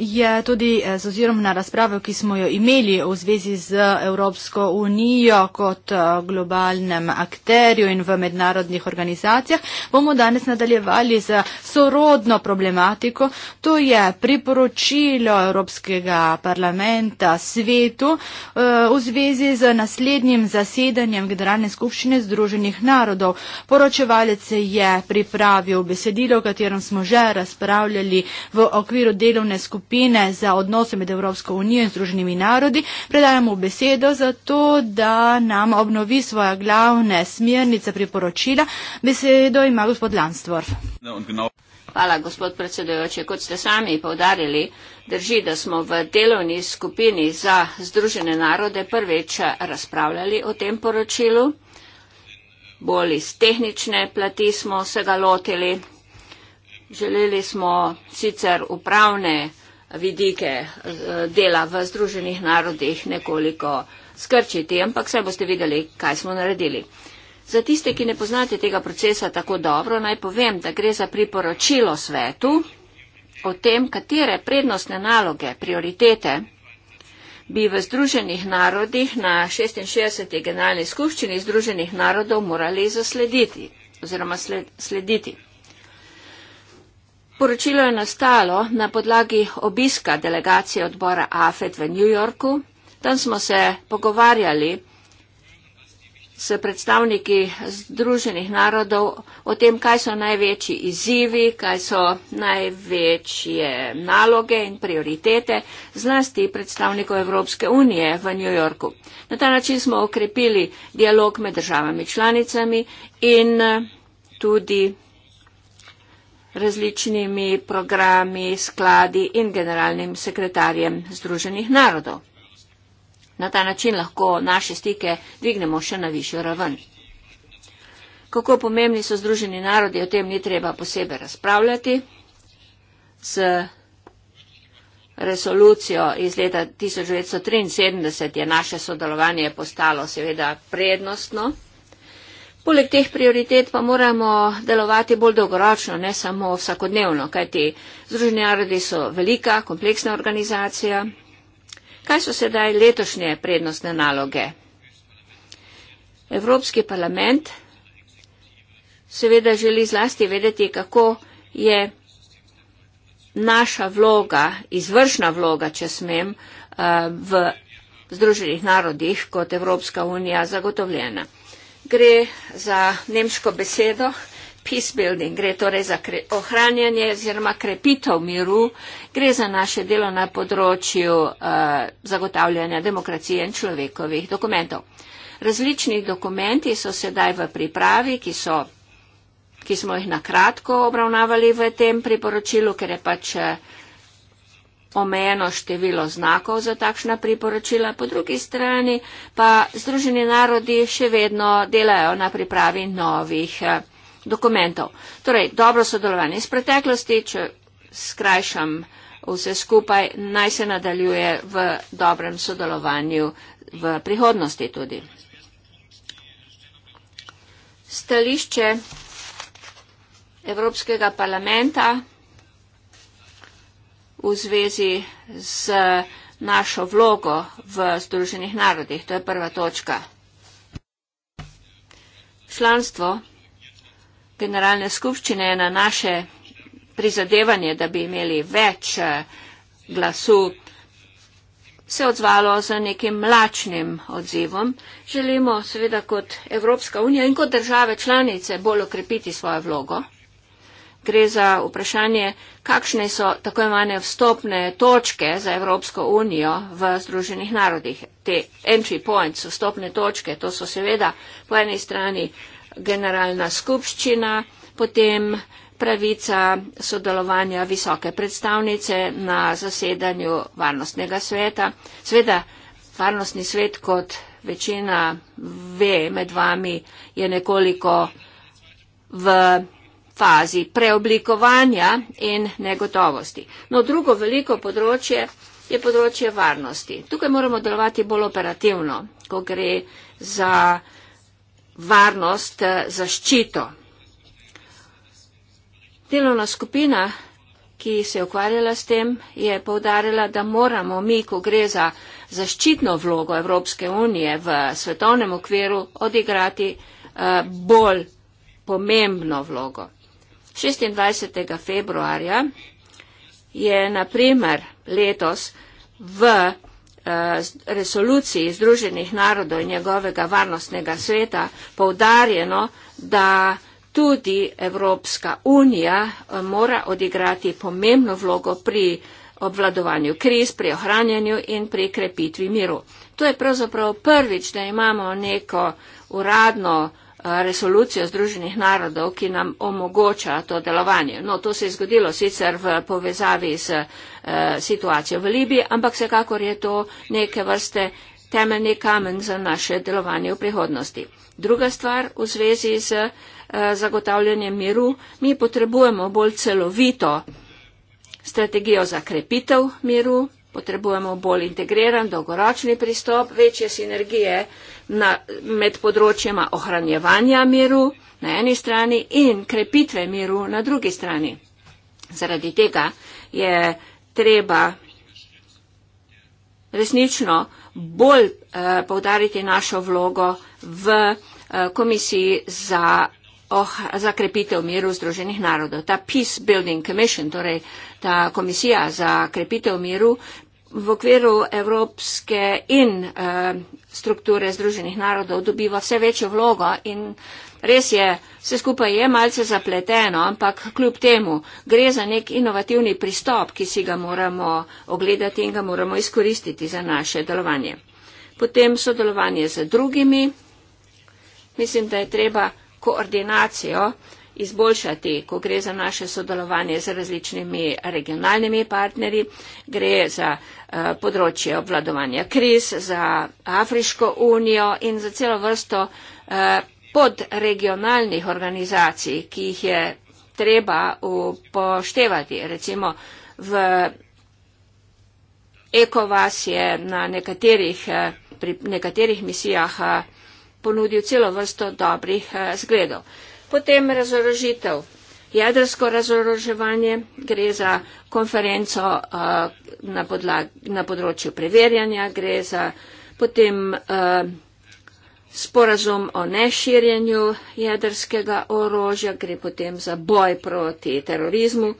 je tudi eh, z ozirom na razpravo, ki smo jo imeli v zvezi z Evropsko unijo kot eh, globalnem akterju in v mednarodnih organizacijah, bomo danes nadaljevali z sorodno problematiko. To je priporočilo Evropskega parlamenta svetu eh, v zvezi z naslednjim zasedanjem Generalne skupščine Združenih narodov. Poročevalec je pripravil besedilo, o katerem smo že razpravljali v okviru delovne skupine skupine za odnose med Evropsko unijo in Združenimi narodi, predajamo besedo za to, da nam obnovi svoje glavne smernice priporočila. Besedo ima gospod Lansdorf. Hvala, gospod predsedujoči. Kot ste sami povdarili, drži, da smo v delovni skupini za Združene narode prvič razpravljali o tem poročilu. Bolj iz tehnične plati smo se ga lotili. Želeli smo sicer upravne vidike eh, dela v Združenih narodih nekoliko skrčiti, ampak vse boste videli, kaj smo naredili. Za tiste, ki ne poznate tega procesa tako dobro, naj povem, da gre za priporočilo svetu o tem, katere prednostne naloge, prioritete bi v Združenih narodih na 66. generalni skupščini Združenih narodov morali zaslediti oziroma slediti. Poročilo je nastalo na podlagi obiska delegacije odbora AFED v New Yorku. Tam smo se pogovarjali s predstavniki Združenih narodov o tem, kaj so največji izzivi, kaj so največje naloge in prioritete, zlasti predstavnikov Evropske unije v New Yorku. Na ta način smo okrepili dialog med državami članicami in tudi različnimi programi, skladi in generalnim sekretarjem Združenih narodov. Na ta način lahko naše stike dvignemo še na višjo raven. Kako pomembni so Združeni narodi, o tem ni treba posebej razpravljati. Z resolucijo iz leta 1973 je naše sodelovanje postalo seveda prednostno. Poleg teh prioritet pa moramo delovati bolj dolgoročno, ne samo vsakodnevno, kajti Združeni narodi so velika, kompleksna organizacija. Kaj so sedaj letošnje prednostne naloge? Evropski parlament seveda želi zlasti vedeti, kako je naša vloga, izvršna vloga, če smem, eh, v Združenih narodih kot Evropska unija zagotovljena gre za nemško besedo peacebuilding, gre torej za kre, ohranjanje oziroma krepitev miru, gre za naše delo na področju uh, zagotavljanja demokracije in človekovih dokumentov. Različni dokumenti so sedaj v pripravi, ki, so, ki smo jih nakratko obravnavali v tem priporočilu, ker je pač uh, omejeno število znakov za takšna priporočila, po drugi strani pa Združeni narodi še vedno delajo na pripravi novih eh, dokumentov. Torej, dobro sodelovanje iz preteklosti, če skrajšam vse skupaj, naj se nadaljuje v dobrem sodelovanju v prihodnosti tudi. Stališče Evropskega parlamenta v zvezi z našo vlogo v Združenih narodih. To je prva točka. Članstvo Generalne skupščine je na naše prizadevanje, da bi imeli več eh, glasu, se odzvalo z nekim mlačnim odzivom. Želimo seveda kot Evropska unija in kot države članice bolj okrepiti svojo vlogo gre za vprašanje, kakšne so tako imane vstopne točke za Evropsko unijo v Združenih narodih. Te entry points, vstopne točke, to so seveda po eni strani generalna skupščina, potem pravica sodelovanja visoke predstavnice na zasedanju varnostnega sveta. Sveda, varnostni svet, kot večina ve med vami, je nekoliko v fazi preoblikovanja in negotovosti. No, drugo veliko področje je področje varnosti. Tukaj moramo delovati bolj operativno, ko gre za varnost, zaščito. Delovna skupina, ki se je ukvarjala s tem, je povdarjala, da moramo mi, ko gre za zaščitno vlogo Evropske unije v svetovnem okviru, odigrati eh, bolj pomembno vlogo. 26. februarja je naprimer letos v eh, resoluciji Združenih narodov in njegovega varnostnega sveta povdarjeno, da tudi Evropska unija eh, mora odigrati pomembno vlogo pri obvladovanju kriz, pri ohranjanju in pri krepitvi miru. To je pravzaprav prvič, da imamo neko uradno uh, resolucijo Združenih narodov, ki nam omogoča to delovanje. No, to se je zgodilo sicer v povezavi z e, situacijo v Libiji, ampak vsekakor je to neke vrste temeljni kamen za naše delovanje v prihodnosti. Druga stvar v zvezi z e, zagotavljanjem miru, mi potrebujemo bolj celovito strategijo za krepitev miru, Potrebujemo bolj integriran, dolgoročni pristop, večje sinergije na, med področjema ohranjevanja miru na eni strani in krepitve miru na drugi strani. Zaradi tega je treba resnično bolj eh, povdariti našo vlogo v eh, komisiji za, oh, za krepitev miru Združenih narodov, ta Peace Building Commission, torej eh, ta komisija za krepitev miru v okviru evropske in uh, strukture Združenih narodov dobiva vse večjo vlogo in res je, vse skupaj je malce zapleteno, ampak kljub temu gre za nek inovativni pristop, ki si ga moramo ogledati in ga moramo izkoristiti za naše delovanje. Potem sodelovanje z drugimi. Mislim, da je treba koordinacijo uh, izboljšati, ko gre za naše sodelovanje z različnimi regionalnimi partnerji, gre za eh, področje obvladovanja kriz, za Afriško unijo in za celo vrsto eh, podregionalnih organizacij, ki jih je treba upoštevati. Recimo v ECOVAS je na nekaterih, eh, pri nekaterih misijah ponudil celo vrsto dobrih zgledov. Potem razorožitev. Jedrsko razoroževanje gre za konferenco uh, na, podlag, na področju preverjanja, gre za potem uh, sporazum o neširjenju jedrskega orožja, gre potem za boj proti terorizmu.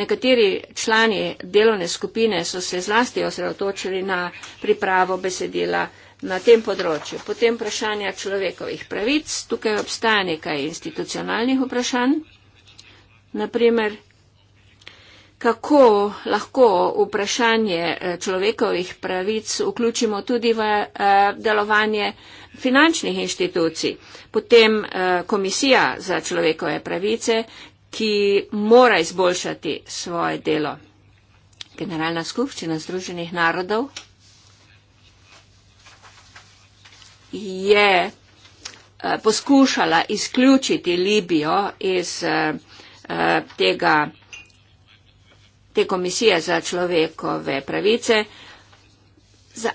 Nekateri člani delovne skupine so se zlasti osredotočili na pripravo besedila na tem področju. Potem vprašanja človekovih pravic. Tukaj obstaja nekaj institucionalnih vprašanj. Naprimer, kako lahko vprašanje eh, človekovih pravic vključimo tudi v eh, delovanje finančnih inštitucij. Potem eh, komisija za človekove pravice, ki mora izboljšati svoje delo. Generalna skupščina Združenih narodov je eh, poskušala izključiti Libijo iz eh, eh, tega, te komisije za človekove pravice. Za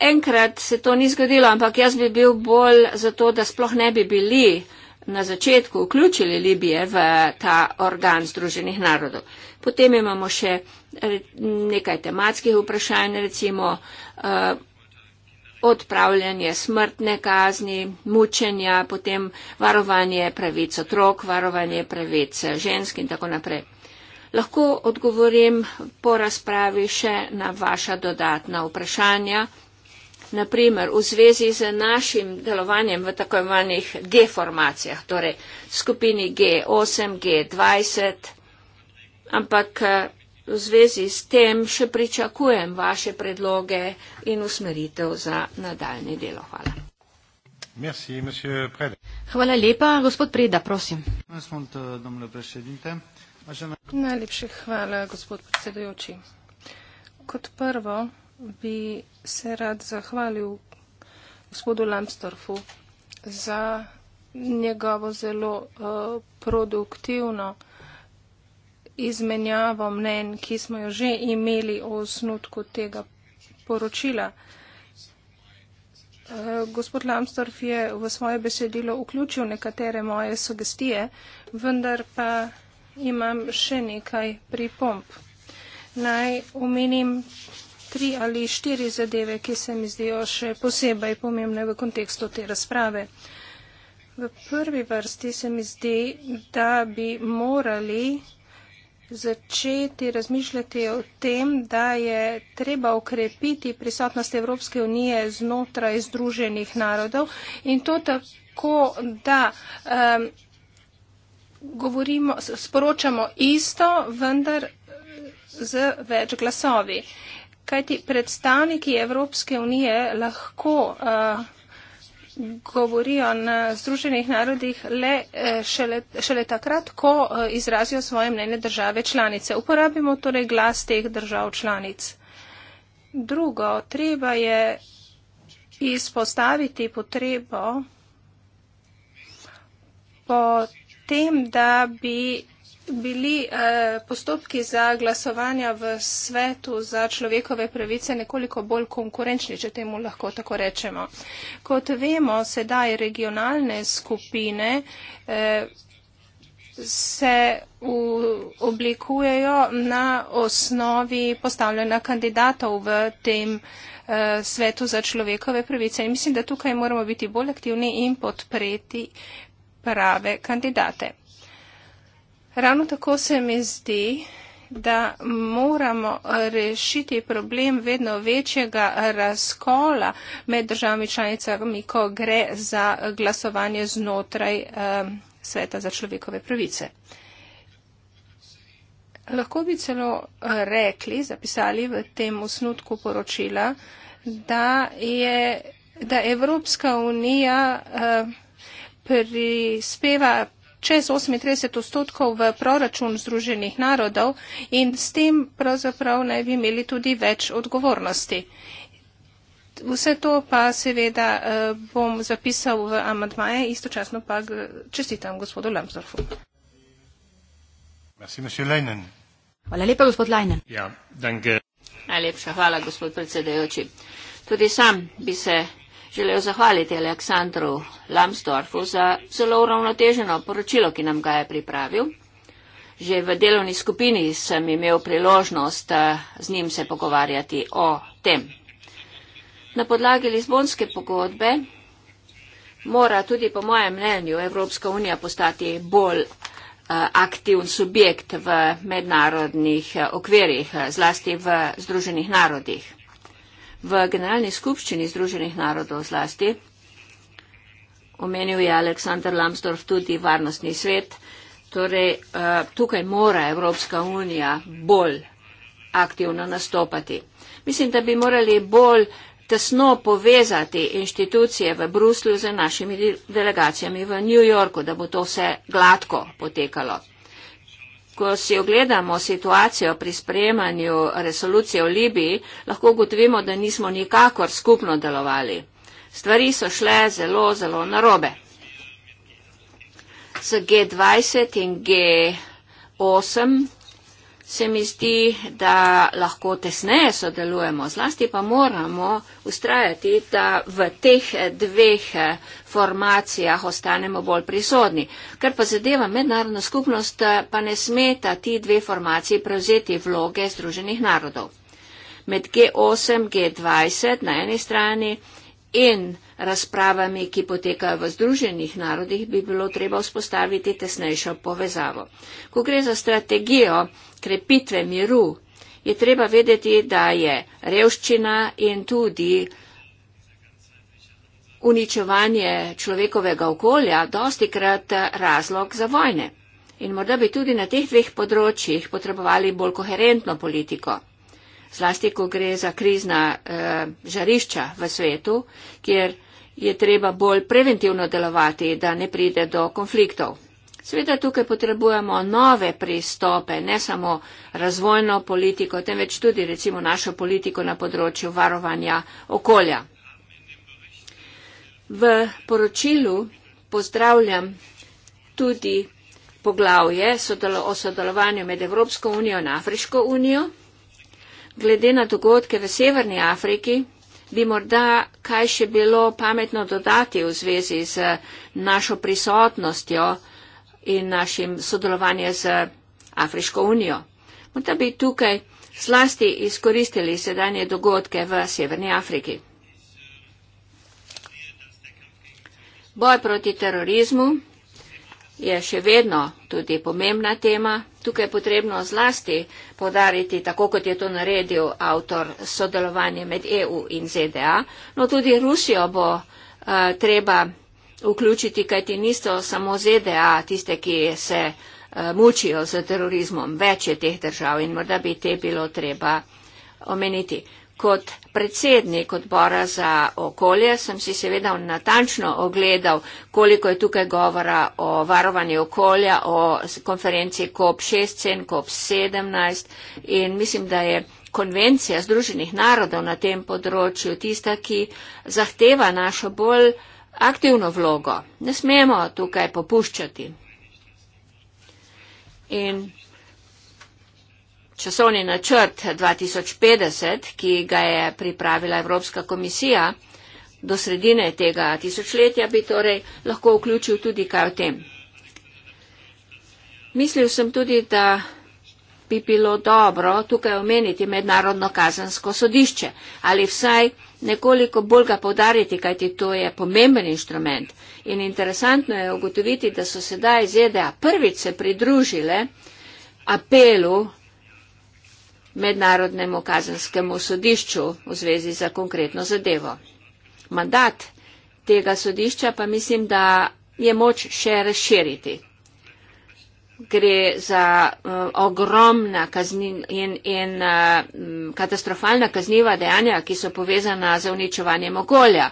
enkrat se to ni zgodilo, ampak jaz bi bil bolj zato, da sploh ne bi bili na začetku vključili Libije v ta organ Združenih narodov. Potem imamo še nekaj tematskih vprašanj, recimo odpravljanje smrtne kazni, mučenja, potem varovanje pravic otrok, varovanje pravic žensk in tako naprej. Lahko odgovorim po razpravi še na vaša dodatna vprašanja. Naprimer, v zvezi z našim delovanjem v tako imenih G-formacijah, torej skupini G8, G20, ampak v zvezi s tem še pričakujem vaše predloge in usmeritev za nadaljne delo. Hvala. Merci, Hvala lepa, gospod Preda, prosim. Eh, Najlepše hvala, gospod predsedujoči. Kot prvo bi se rad zahvalil gospodu Lamstorfu za njegovo zelo uh, produktivno izmenjavo mnen, ki smo jo že imeli o osnutku tega poročila. Eh, gospod Lamstorf je v svoje besedilo vključil nekatere moje sugestije, vendar pa imam še nekaj pripomp. Naj omenim tri ali štiri zadeve, ki se mi zdijo še posebej pomembne v kontekstu te razprave. V prvi vrsti se mi zdi, da bi morali začeti razmišljati o tem, da je treba ukrepiti prisotnost Evropske unije znotraj Združenih narodov in to tako, da um, govorimo, sporočamo isto, vendar z več glasovi. Kajti predstavniki Evropske unije lahko uh, govorijo na Združenih narodih le, eh, šele, šele takrat, ko eh, izrazijo svoje mnenje države članice. Uporabimo torej glas teh držav članic. Drugo, treba je izpostaviti potrebo po tem, da bi bili eh, postopki za glasovanja v svetu za človekove pravice nekoliko bolj konkurenčni, če temu lahko tako rečemo. Kot vemo, sedaj regionalne skupine eh, se v, oblikujejo na osnovi postavljena kandidatov v tem eh, svetu za človekove pravice. In mislim, da tukaj moramo biti bolj aktivni in podpreti prave kandidate. Ravno tako se mi zdi, da moramo rešiti problem vedno večjega razkola med državami članicami, ko gre za glasovanje znotraj eh, sveta za človekove pravice. Lahko bi celo eh, rekli, zapisali v tem osnutku poročila, da je da Evropska unija eh, prispeva čez 38 odstotkov v proračun Združenih narodov in s tem pravzaprav naj bi imeli tudi več odgovornosti. Vse to pa seveda eh, bom zapisal v amadmaje, istočasno pa čestitam gospodu Lambsdorfu. Hvala lepa, gospod Leinen. Ja, Najlepša hvala, gospod predsedajoči. Tudi sam bi se želel zahvaliti Aleksandru Lamstorfu za zelo uravnoteženo poročilo, ki nam ga je pripravil. Že v delovni skupini sem imel priložnost eh, z njim se pogovarjati o tem. Na podlagi Lizbonske pogodbe mora tudi po mojem mnenju Evropska unija postati bolj eh, aktivn subjekt v mednarodnih eh, okvirih, zlasti v Združenih narodih v generalni skupščini Združenih narodov zlasti. Omenil je Aleksandr Lambsdorff tudi varnostni svet. Torej, eh, tukaj mora Evropska unija bolj aktivno nastopati. Mislim, da bi morali bolj tesno povezati inštitucije v Bruslju z našimi delegacijami v New Yorku, da bo to vse gladko potekalo. Ko si ogledamo situacijo pri sprejemanju resolucije v Libiji, lahko ugotovimo, da nismo nikakor skupno delovali. Stvari so šle zelo, zelo narobe. Z G20 in G8 se mi zdi, da lahko tesneje sodelujemo, zlasti pa moramo ustrajati, da v teh dveh formacijah ostanemo bolj prisodni. Ker pa zadeva mednarodna skupnost, pa ne smeta ti dve formaciji prevzeti vloge Združenih narodov. Med G8, G20 na eni strani in razpravami, ki potekajo v Združenih narodih, bi bilo treba vzpostaviti tesnejšo povezavo. Ko gre za strategijo, krepitve miru, je treba vedeti, da je revščina in tudi uničevanje človekovega okolja dosti krat razlog za vojne. In morda bi tudi na teh dveh področjih potrebovali bolj koherentno politiko. Zlasti, ko gre za krizna eh, žarišča v svetu, kjer je treba bolj preventivno delovati, da ne pride do konfliktov. Sveda tukaj potrebujemo nove pristope, ne samo razvojno politiko, temveč tudi recimo našo politiko na področju varovanja okolja. V poročilu pozdravljam tudi poglavje o sodelovanju med Evropsko unijo in Afriško unijo. Glede na dogodke v Severni Afriki bi morda kaj še bilo pametno dodati v zvezi z našo prisotnostjo in našim sodelovanjem z Afriško unijo. Morda bi tukaj zlasti izkoristili sedanje dogodke v Severni Afriki. Boj proti terorizmu je še vedno tudi pomembna tema. Tukaj je potrebno zlasti podariti, tako kot je to naredil avtor, sodelovanje med EU in ZDA. No tudi Rusijo bo uh, treba vključiti, kajti niso samo ZDA tiste, ki se eh, mučijo z terorizmom, več je teh držav in morda bi te bilo treba omeniti. Kot predsednik odbora za okolje sem si seveda natančno ogledal, koliko je tukaj govora o varovanju okolja, o konferenci COP16, COP17 in mislim, da je konvencija Združenih narodov na tem področju tista, ki zahteva našo bolj uh, aktivno vlogo. Ne smemo tukaj popuščati. In časovni načrt 2050, ki ga je pripravila Evropska komisija, do sredine tega tisočletja bi torej lahko vključil tudi kaj o tem. Mislil sem tudi, da bi bilo dobro tukaj omeniti mednarodno kazansko sodišče ali vsaj nekoliko bolj ga povdariti, kajti to je pomemben inštrument. In interesantno je ugotoviti, da so sedaj ZDA prvič se pridružile apelu mednarodnemu kazanskemu sodišču v zvezi za konkretno zadevo. Mandat tega sodišča pa mislim, da je moč še razširiti gre za uh, ogromna kaznin in, in uh, katastrofalna kazniva dejanja, ki so povezana z uničevanjem okolja.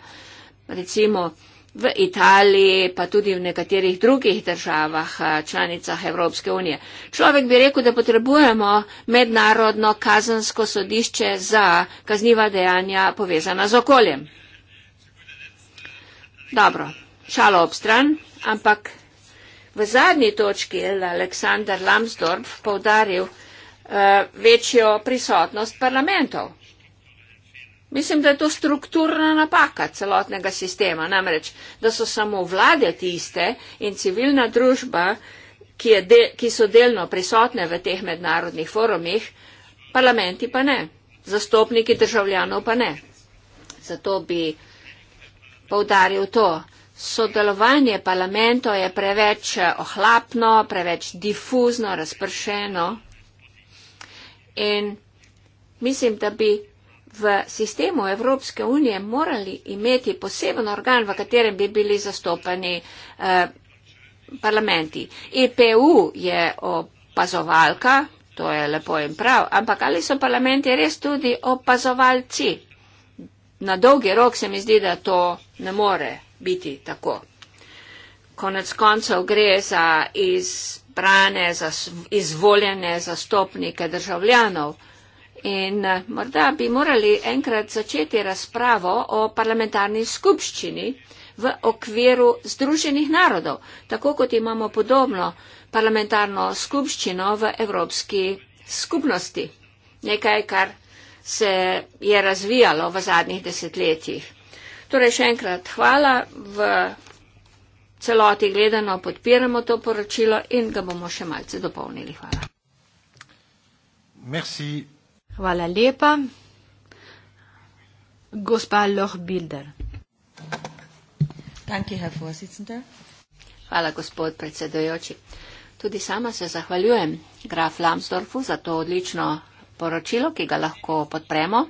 Recimo v Italiji, pa tudi v nekaterih drugih državah, uh, članicah Evropske unije. Človek bi rekel, da potrebujemo mednarodno kazansko sodišče za kazniva dejanja povezana z okoljem. Dobro, šalo ob stran, ampak. V zadnji točki je Aleksandar Lambsdorff povdaril uh, eh, večjo prisotnost parlamentov. Mislim, da je to strukturna napaka celotnega sistema, namreč, da so samo vlade tiste in civilna družba, ki, de, ki so delno prisotne v teh mednarodnih forumih, parlamenti pa ne, zastopniki državljanov pa ne. Zato bi povdaril to. Sodelovanje parlamentov je preveč eh, ohlapno, preveč difuzno, razpršeno. In mislim, da bi v sistemu Evropske unije morali imeti poseben organ, v katerem bi bili zastopani eh, parlamenti. EPU je opazovalka, to je lepo in prav, ampak ali so parlamenti res tudi opazovalci? Na dolgi rok se mi zdi, da to ne more biti tako. Konec koncev gre za izbrane, za izvoljene zastopnike državljanov in eh, morda bi morali enkrat začeti razpravo o parlamentarni skupščini v okviru Združenih narodov, tako kot imamo podobno parlamentarno skupščino v Evropski skupnosti. Nekaj, kar se je razvijalo v zadnjih desetletjih. Torej, še enkrat hvala, v celoti gledano podpiramo to poročilo in ga bomo še malce dopolnili. Hvala. Merci. Hvala lepa. Gospa Loh Bilder. Hvala, gospod predsedojoči. Tudi sama se zahvaljujem graf Lambsdorfu za to odlično poročilo, ki ga lahko podpremo.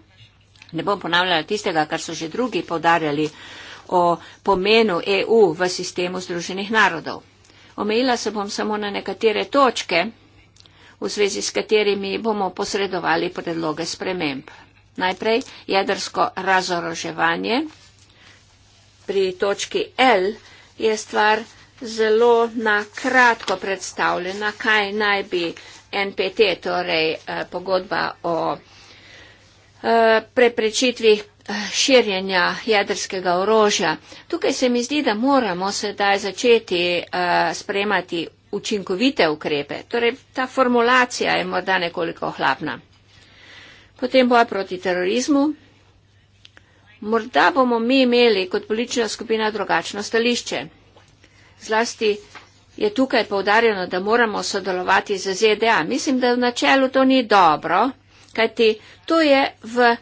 Ne bom ponavljala tistega, kar so že drugi podarjali o pomenu EU v sistemu Združenih narodov. Omejila se bom samo na nekatere točke, v zvezi s katerimi bomo posredovali predloge sprememb. Najprej jedrsko razoroževanje pri točki L je stvar zelo nakratko predstavljena, kaj naj bi NPT, torej eh, pogodba o Eh, preprečitvi eh, širjenja jedrskega orožja. Tukaj se mi zdi, da moramo sedaj začeti eh, sprejemati učinkovite ukrepe. Torej, ta formulacija je morda nekoliko ohlapna. Potem boj proti terorizmu. Morda bomo mi imeli kot politična skupina drugačno stališče. Zlasti je tukaj povdarjeno, da moramo sodelovati z ZDA. Mislim, da v načelu to ni dobro, kajti to je v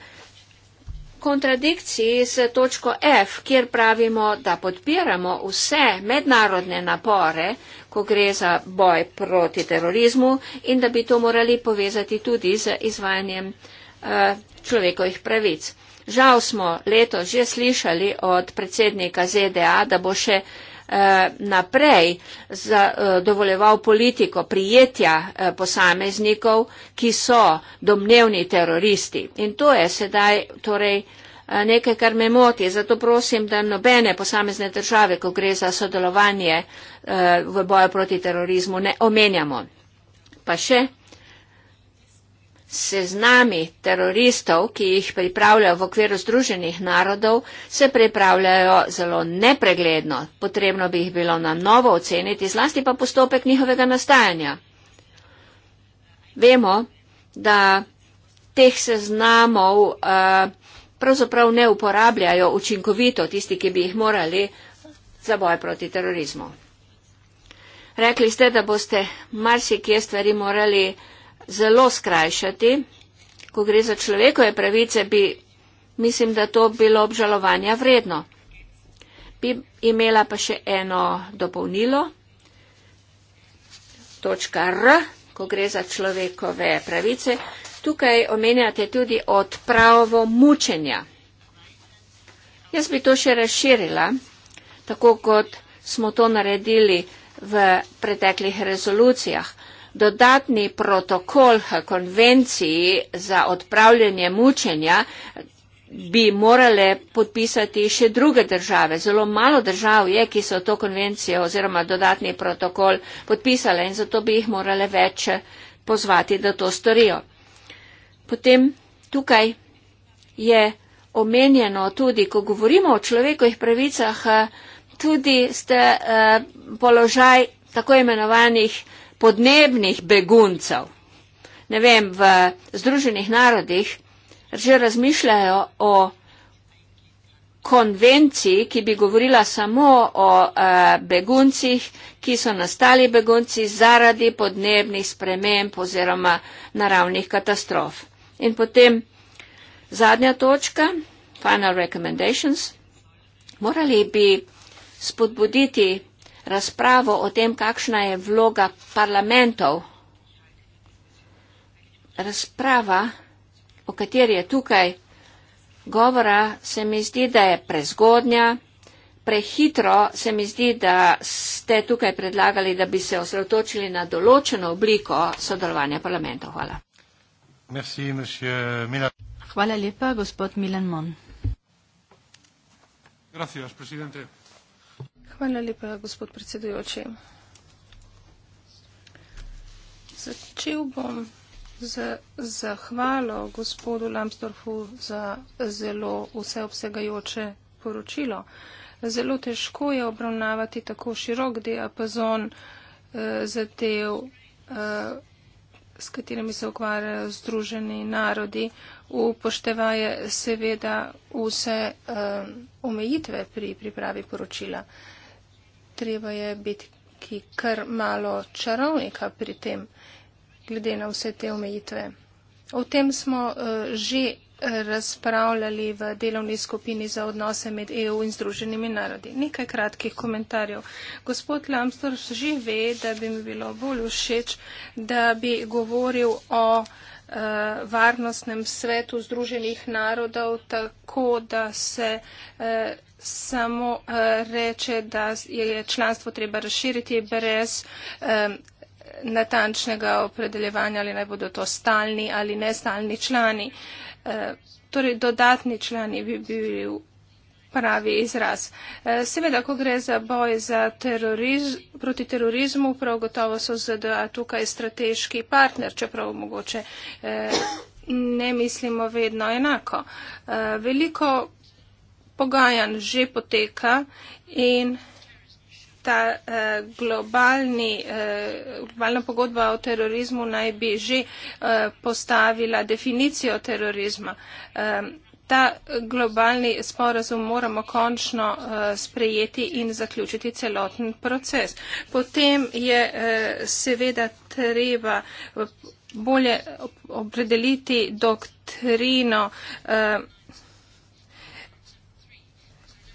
kontradikciji z točko F, kjer pravimo, da podpiramo vse mednarodne napore, ko gre za boj proti terorizmu in da bi to morali povezati tudi z izvajanjem uh, človekovih pravic. Žal smo letos že slišali od predsednika ZDA, da bo še Eh, naprej zadovoljeval eh, politiko prijetja eh, posameznikov, ki so domnevni teroristi. In to je sedaj torej nekaj, kar me moti. Zato prosim, da nobene posamezne države, ko gre za sodelovanje v boju proti terorizmu, ne omenjamo. Pa še seznami teroristov, ki jih pripravljajo v okviru Združenih narodov, se pripravljajo zelo nepregledno. Potrebno bi jih bilo na novo oceniti, zlasti pa postopek njihovega nastajanja. Vemo, da teh seznamov uh, pravzaprav ne uporabljajo učinkovito tisti, ki bi jih morali za boj proti terorizmu. Rekli ste, da boste marsikje stvari morali uh, zelo skrajšati. Ko gre za človekove pravice, bi, mislim, da to bilo obžalovanja vredno. Bi imela pa še eno dopolnilo. Točka R, ko gre za človekove pravice. Tukaj omenjate tudi odpravo mučenja. Jaz bi to še razširila, tako kot smo to naredili v preteklih rezolucijah dodatni protokol konvenciji za odpravljanje mučenja bi morale podpisati še druge države. Zelo malo držav je, ki so to konvencijo oziroma dodatni protokol podpisale in zato bi jih morale več pozvati, da to storijo. Potem tukaj je omenjeno tudi, ko govorimo o človekovih pravicah, tudi ste eh, položaj tako imenovanih eh, podnebnih beguncev. Ne vem, v Združenih narodih že razmišljajo o konvenciji, ki bi govorila samo o uh, beguncih, ki so nastali begunci zaradi podnebnih sprememb oziroma naravnih katastrof. In potem zadnja točka, final recommendations, morali bi spodbuditi razpravo o tem, kakšna je vloga parlamentov. Razprava, o kateri je tukaj govora, se mi zdi, da je prezgodnja. Prehitro se mi zdi, da ste tukaj predlagali, da bi se osredotočili na določeno obliko sodelovanja parlamentov. Hvala. Merci, Hvala lepa, gospod Milan Mon. Gracias, presidente. Hvala lepa, gospod predsedujoči. Začel bom z zahvalo gospodu Lambsdorfu za zelo vseobsegajoče poročilo. Zelo težko je obravnavati tako širok diapazon eh, zadev, eh, s katerimi se ukvarjajo združeni narodi, upoštevaje seveda vse eh, omejitve pri pripravi poročila. Eh, treba je biti ki kar malo čarovnika pri tem, glede na vse te omejitve. O tem smo uh, že razpravljali v delovni skupini za odnose med EU in Združenimi narodi. Nekaj kratkih komentarjev. Gospod Lamstor že ve, da bi mi bilo bolj všeč, da bi govoril o uh, Eh, varnostnem svetu Združenih narodov, tako da se eh, samo eh, reče, da je članstvo treba razširiti brez natančnega opredeljevanja, ali naj bodo to stalni ali nestalni člani. Torej, dodatni člani bi bil pravi izraz. E, seveda, ko gre za boj za teroriz, proti terorizmu, prav gotovo so ZDA tukaj strateški partner, čeprav mogoče e, ne mislimo vedno enako. E, veliko pogajan že poteka in ta globalni, globalna pogodba o terorizmu naj bi že postavila definicijo terorizma ta eh, globalni sporazum moramo končno eh, sprejeti in zaključiti celoten proces. Potem je eh, seveda treba bolje opredeliti doktrino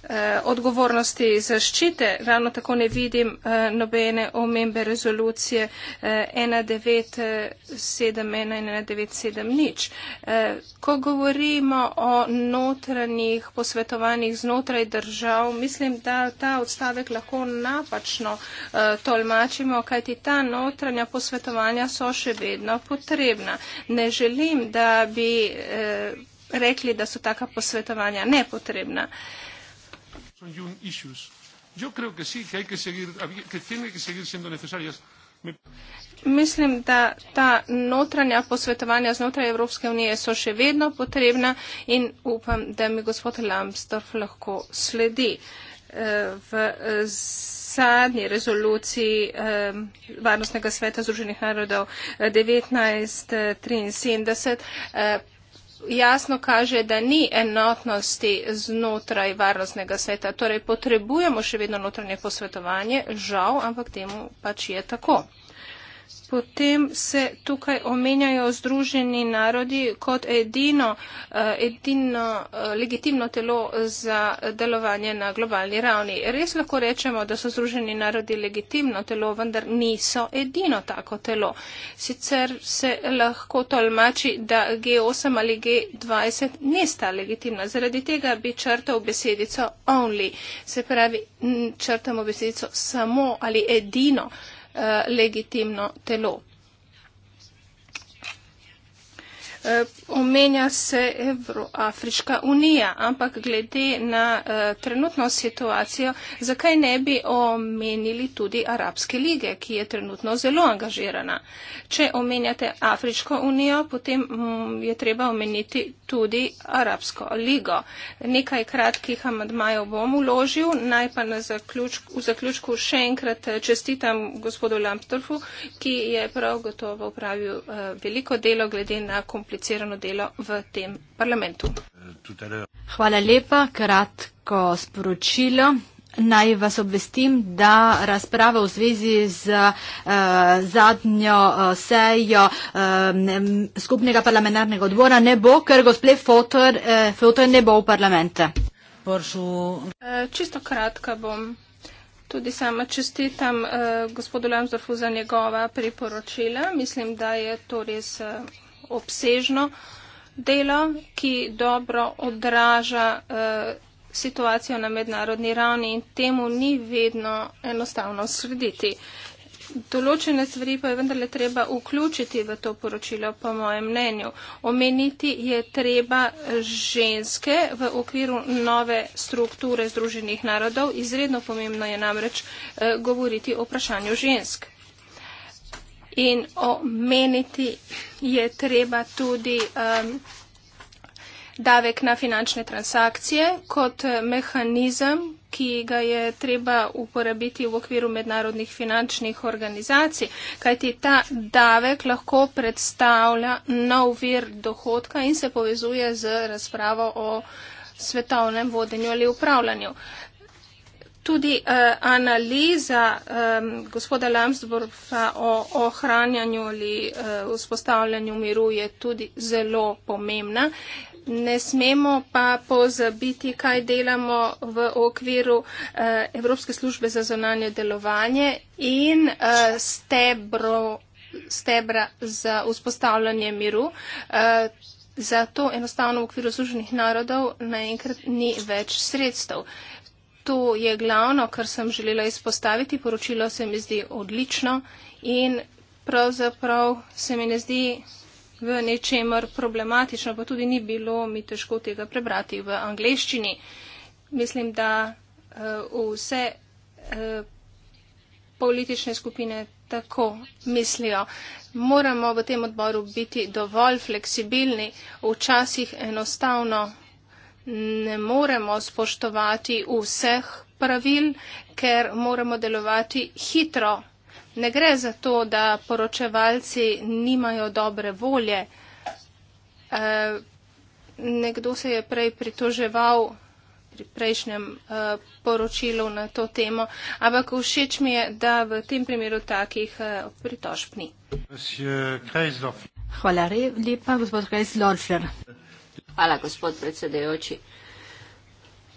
Eh, odgovornosti zaščite, ravno tako ne vidim eh, nobene omembe rezolucije 1971-1970. Eh, ko govorimo o notranjih posvetovanjih znotraj držav, mislim, da ta odstavek lahko napačno tolmačimo, kajti ta notranja posvetovanja so še vedno potrebna. Ne želim, da bi rekli, da so taka posvetovanja nepotrebna son issues. Yo creo que sí, que hay que seguir, que tiene que seguir siendo necesarias. Me... Mislim da ta notranja posvetovanja znotraj Evropske unije so še vedno potrebna in upam, da mi gospod Lambsdorff lahko sledi. Eh, v eh, zadnji rezoluciji eh, Varnostnega sveta Združenih narodov 1973 jasno kaže, da ni enotnosti znotraj varnostnega sveta. Torej, potrebujemo še vedno notranje posvetovanje, žal, ampak temu pač je tako potem se tukaj omenjajo Združeni narodi kot edino, eh, edino eh, legitimno telo za delovanje na globalni ravni. Res lahko rečemo, da so Združeni narodi legitimno telo, vendar niso edino tako telo. Sicer se lahko tolmači, da G8 ali G20 nista legitimna. Zaradi tega bi črtal besedico only, se pravi črtamo besedico samo ali edino. Eh, legitimno telo. Eh, omenja se Evroafriška unija, ampak glede na eh, trenutno situacijo, zakaj ne bi omenili tudi Arabske lige, ki je trenutno zelo angažirana. Če omenjate Afriško unijo, potem mm, je treba omeniti tudi Arabsko ligo. Nekaj kratkih amadmajev bom uložil, naj pa na zaključku, v zaključku še enkrat eh, čestitam gospodu Lamptorfu, ki je prav gotovo upravil veliko delo glede na komponentu komplicirano delo v tem parlamentu. Hvala lepa, kratko sporočilo. Naj vas obvestim, da razprava v zvezi z uh, zadnjo uh, sejo uh, skupnega parlamentarnega odbora ne bo, ker gospod Fotor, uh, Fotor ne bo v parlamente. Čisto kratka bom. Tudi sama čestitam uh, gospodu Lamsdorfu za njegova priporočila. Mislim, da je to res. Uh, obsežno delo, ki dobro odraža eh, situacijo na mednarodni ravni in temu ni vedno enostavno slediti. Določene stvari pa je vendarle treba vključiti v to poročilo, po mojem mnenju. Omeniti je treba ženske v okviru nove strukture Združenih narodov. Izredno pomembno je namreč eh, govoriti o vprašanju žensk in omeniti je treba tudi um, davek na finančne transakcije kot mehanizem, ki ga je treba uporabiti v okviru mednarodnih finančnih organizacij, kajti ta davek lahko predstavlja nov vir dohodka in se povezuje z razpravo o svetovnem vodenju ali upravljanju. Tudi uh, analiza um, gospoda Lambsdorfa o ohranjanju ali uh, vzpostavljanju miru je tudi zelo pomembna. Ne smemo pa pozabiti, kaj delamo v okviru uh, Evropske službe za zonanje delovanje in uh, stebro, stebra za vzpostavljanje miru. Uh, Zato enostavno v okviru služenih narodov naenkrat ni več sredstev. Uh, to je glavno, kar sem želela izpostaviti. Poročilo se mi zdi odlično in pravzaprav se mi ne zdi v nečemer problematično, pa tudi ni bilo mi težko tega prebrati v angleščini. Mislim, da uh, vse uh, politične skupine tako mislijo. Moramo v tem odboru biti dovolj fleksibilni, včasih enostavno ne moremo spoštovati vseh pravil, ker moramo delovati hitro. Ne gre za to, da poročevalci nimajo dobre volje. E, nekdo se je prej pritoževal pri prejšnjem e, poročilu na to temo, ampak všeč mi je, da v tem primeru takih e, pritožb ni. Hvala lepa, gospod Kajzlorfer. Hvala, gospod predsedajoči.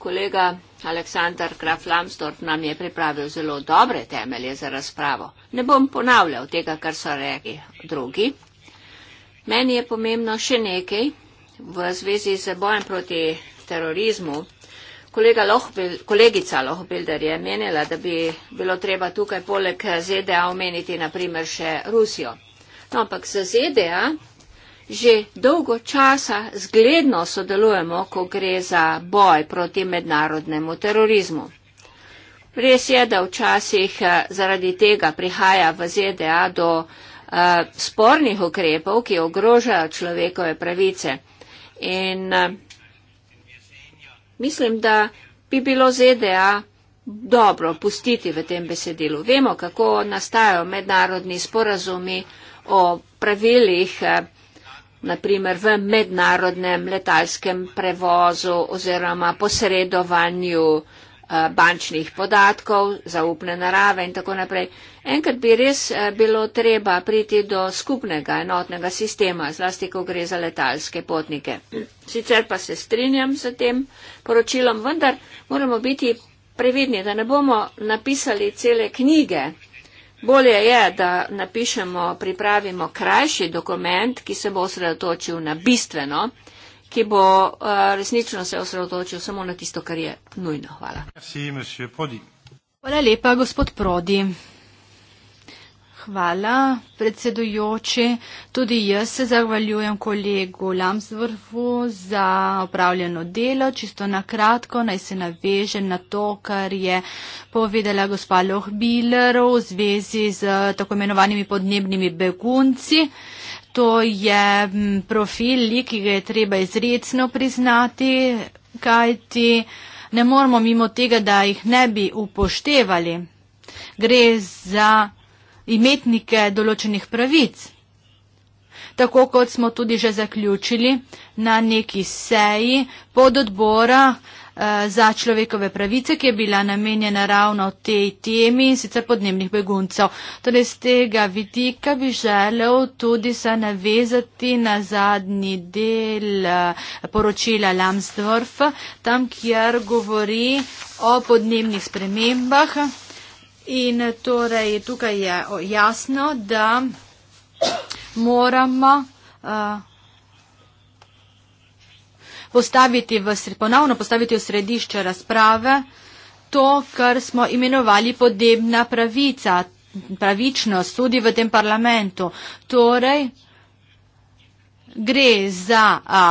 Kolega Aleksandar Graf Lamstorp nam je pripravil zelo dobre temelje za razpravo. Ne bom ponavljal tega, kar so rekli drugi. Meni je pomembno še nekaj v zvezi z bojem proti terorizmu. Kolega Lohbil, kolegica Lohbilder je menila, da bi bilo treba tukaj poleg ZDA omeniti naprimer še Rusijo. No, ampak z ZDA že dolgo časa zgledno sodelujemo, ko gre za boj proti mednarodnemu terorizmu. Res je, da včasih eh, zaradi tega prihaja v ZDA do uh, spornih ukrepov, ki ogrožajo človekove pravice. In uh, mislim, da bi bilo ZDA dobro pustiti v tem besedilu. Vemo, kako nastajajo mednarodni sporazumi o pravilih uh, naprimer v mednarodnem letalskem prevozu oziroma posredovanju eh, bančnih podatkov, zaupne narave in tako naprej. Enkrat bi res eh, bilo treba priti do skupnega enotnega sistema, zlasti ko gre za letalske potnike. Sicer pa se strinjam z tem poročilom, vendar moramo biti previdni, da ne bomo napisali cele knjige Bolje je, da napišemo, pripravimo krajši dokument, ki se bo osredotočil na bistveno, ki bo uh, resnično se osredotočil samo na tisto, kar je nujno. Hvala. Merci, Hvala lepa, gospod Prodi. Hvala, predsedujoči. Tudi jaz se zahvaljujem kolegu Lamsvrhu za opravljeno delo. Čisto na kratko naj se naveže na to, kar je povedala gospa Lohbiler v zvezi z tako imenovanimi podnebnimi begunci. To je profil, ki ga je treba izredno priznati, kajti ne moramo mimo tega, da jih ne bi upoštevali. Gre za imetnike določenih pravic. Tako kot smo tudi že zaključili na neki seji pod odbora eh, za človekove pravice, ki je bila namenjena ravno tej temi in sicer podnebnih beguncev. Torej, z tega vidika bi želel tudi se navezati na zadnji del eh, poročila Lambsdorff, tam, kjer govori o podnebnih spremembah. In torej tukaj je jasno, da moramo postaviti v, ponovno postaviti v središče razprave to, kar smo imenovali podebna pravica, pravičnost tudi v tem parlamentu. Torej, gre za a,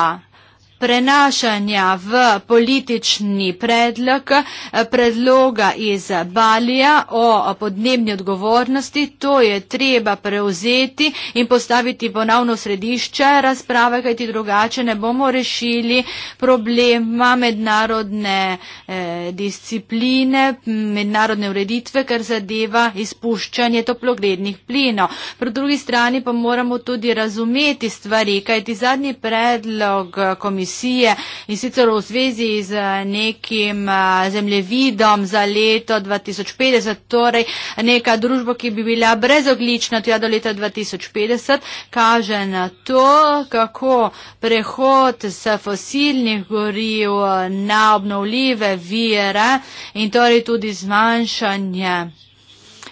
prenašanja v politični predlog eh, predloga iz Balija o podnebni odgovornosti. To je treba prevzeti in postaviti ponovno v središče razprave, kajti drugače ne bomo rešili problema mednarodne eh, discipline, mednarodne ureditve, kar zadeva izpuščanje toplogrednih plinov. Pro drugi strani pa moramo tudi razumeti stvari, kajti zadnji predlog eh, komisije komisije in sicer v zvezi z nekim eh, zemljevidom za leto 2050, torej neka družba, ki bi bila brezoglična tja do leta 2050, kaže na to, kako prehod s fosilnih goriv eh, na obnovljive vire in torej tudi zmanjšanje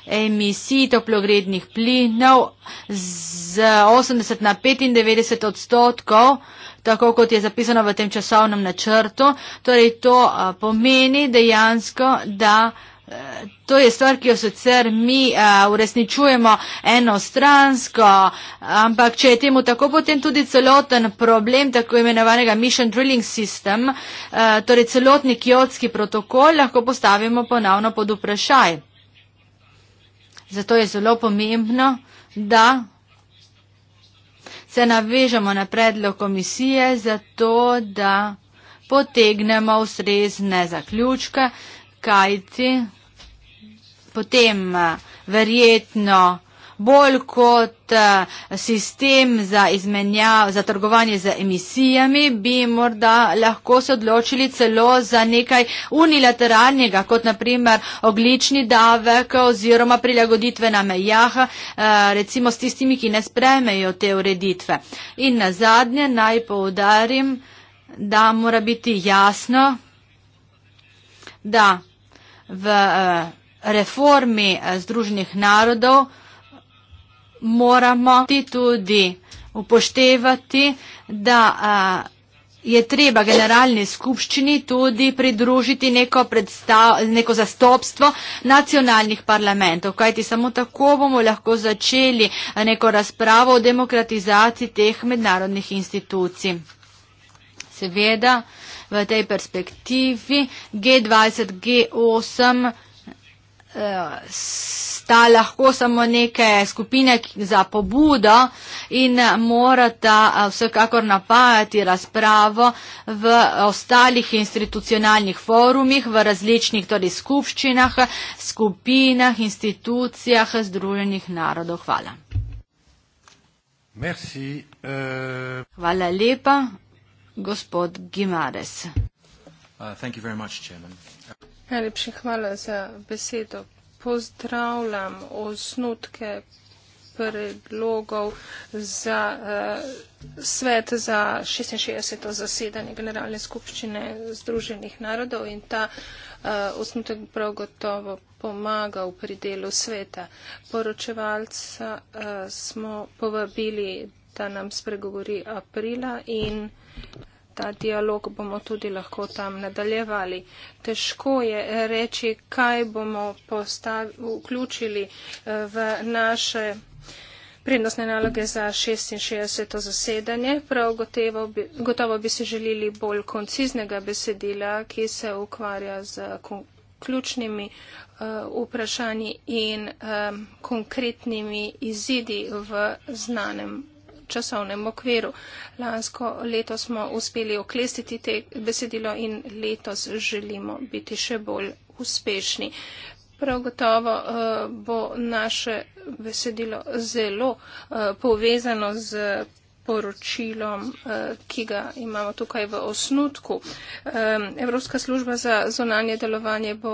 emisij toplogrednih plinov z 80 na 95 odstotkov tako kot je zapisano v tem časovnem načrtu. Torej, to a, pomeni dejansko, da. E, to je stvar, ki jo sicer mi a, uresničujemo enostransko, ampak če je temu tako, potem tudi celoten problem tako imenovanega Mission Drilling System, a, e, torej celotni kiotski protokol, lahko postavimo ponovno pod vprašaj. Zato je zelo pomembno, da se navežemo na predlog komisije zato, da potegnemo ustrezne zaključke, kajti potem eh, verjetno bolj kot eh, sistem za, izmenja, za trgovanje z emisijami, bi morda lahko se odločili celo za nekaj unilateralnega, kot naprimer oglični davek oziroma prilagoditve na mejah, eh, recimo s tistimi, ki ne spremejo te ureditve. In na zadnje naj poudarim, da mora biti jasno, da v eh, reformi Združenih narodov moramo ti tudi upoštevati, da a, je treba generalni skupščini tudi pridružiti neko, predstav, neko zastopstvo nacionalnih parlamentov, kajti samo tako bomo lahko začeli neko razpravo o demokratizaciji teh mednarodnih institucij. Seveda v tej perspektivi G20, G8 eh, sta lahko samo neke skupine za pobudo in morata vsekakor napajati razpravo v ostalih institucionalnih forumih, v različnih torej skupščinah, skupinah, institucijah Združenih narodov. Hvala. Merci, uh... Hvala lepa, gospod Gimares. Uh, thank you very much, Najlepša hvala za besedo pozdravljam osnutke predlogov za uh, svet za 66. zasedanje Generalne skupščine Združenih narodov in ta uh, osnutek prav gotovo pomagal pri delu sveta. Poročevalca uh, smo povabili, da nam spregovori aprila in ta dialog bomo tudi lahko tam nadaljevali. Težko je reči, kaj bomo postavi, vključili eh, v naše prednostne naloge za 66. zasedanje. Prav gotovo bi, gotovo bi si želeli bolj konciznega besedila, ki se ukvarja z ključnimi uh, vprašanji in um, konkretnimi izidi v znanem časovnem okviru. Lansko leto smo uspeli oklestiti te besedilo in letos želimo biti še bolj uspešni. Prav gotovo eh, bo naše besedilo zelo eh, povezano z poročilom, eh, ki ga imamo tukaj v osnutku. Evropska služba za zonanje delovanje bo,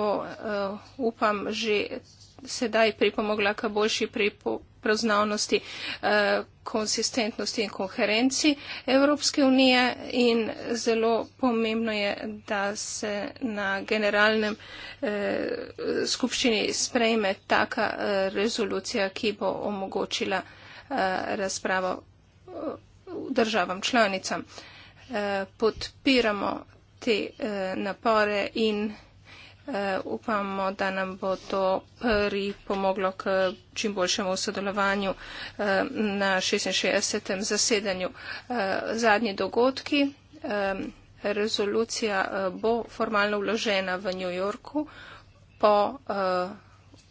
upam, že sedaj pripomogla k boljši pripomogu prepoznavnosti, eh, konsistentnosti in koherenci Evropske unije in zelo pomembno je, da se na generalnem eh, skupščini sprejme taka eh, rezolucija, ki bo omogočila razpravo državam članicam. Podpiramo te napore in Eh, upamo, da nam bo to prvi pomoglo k čim boljšemu sodelovanju eh, na 66. zasedanju. Eh, zadnji dogodki, rezolucija bo formalno vložena v New Yorku po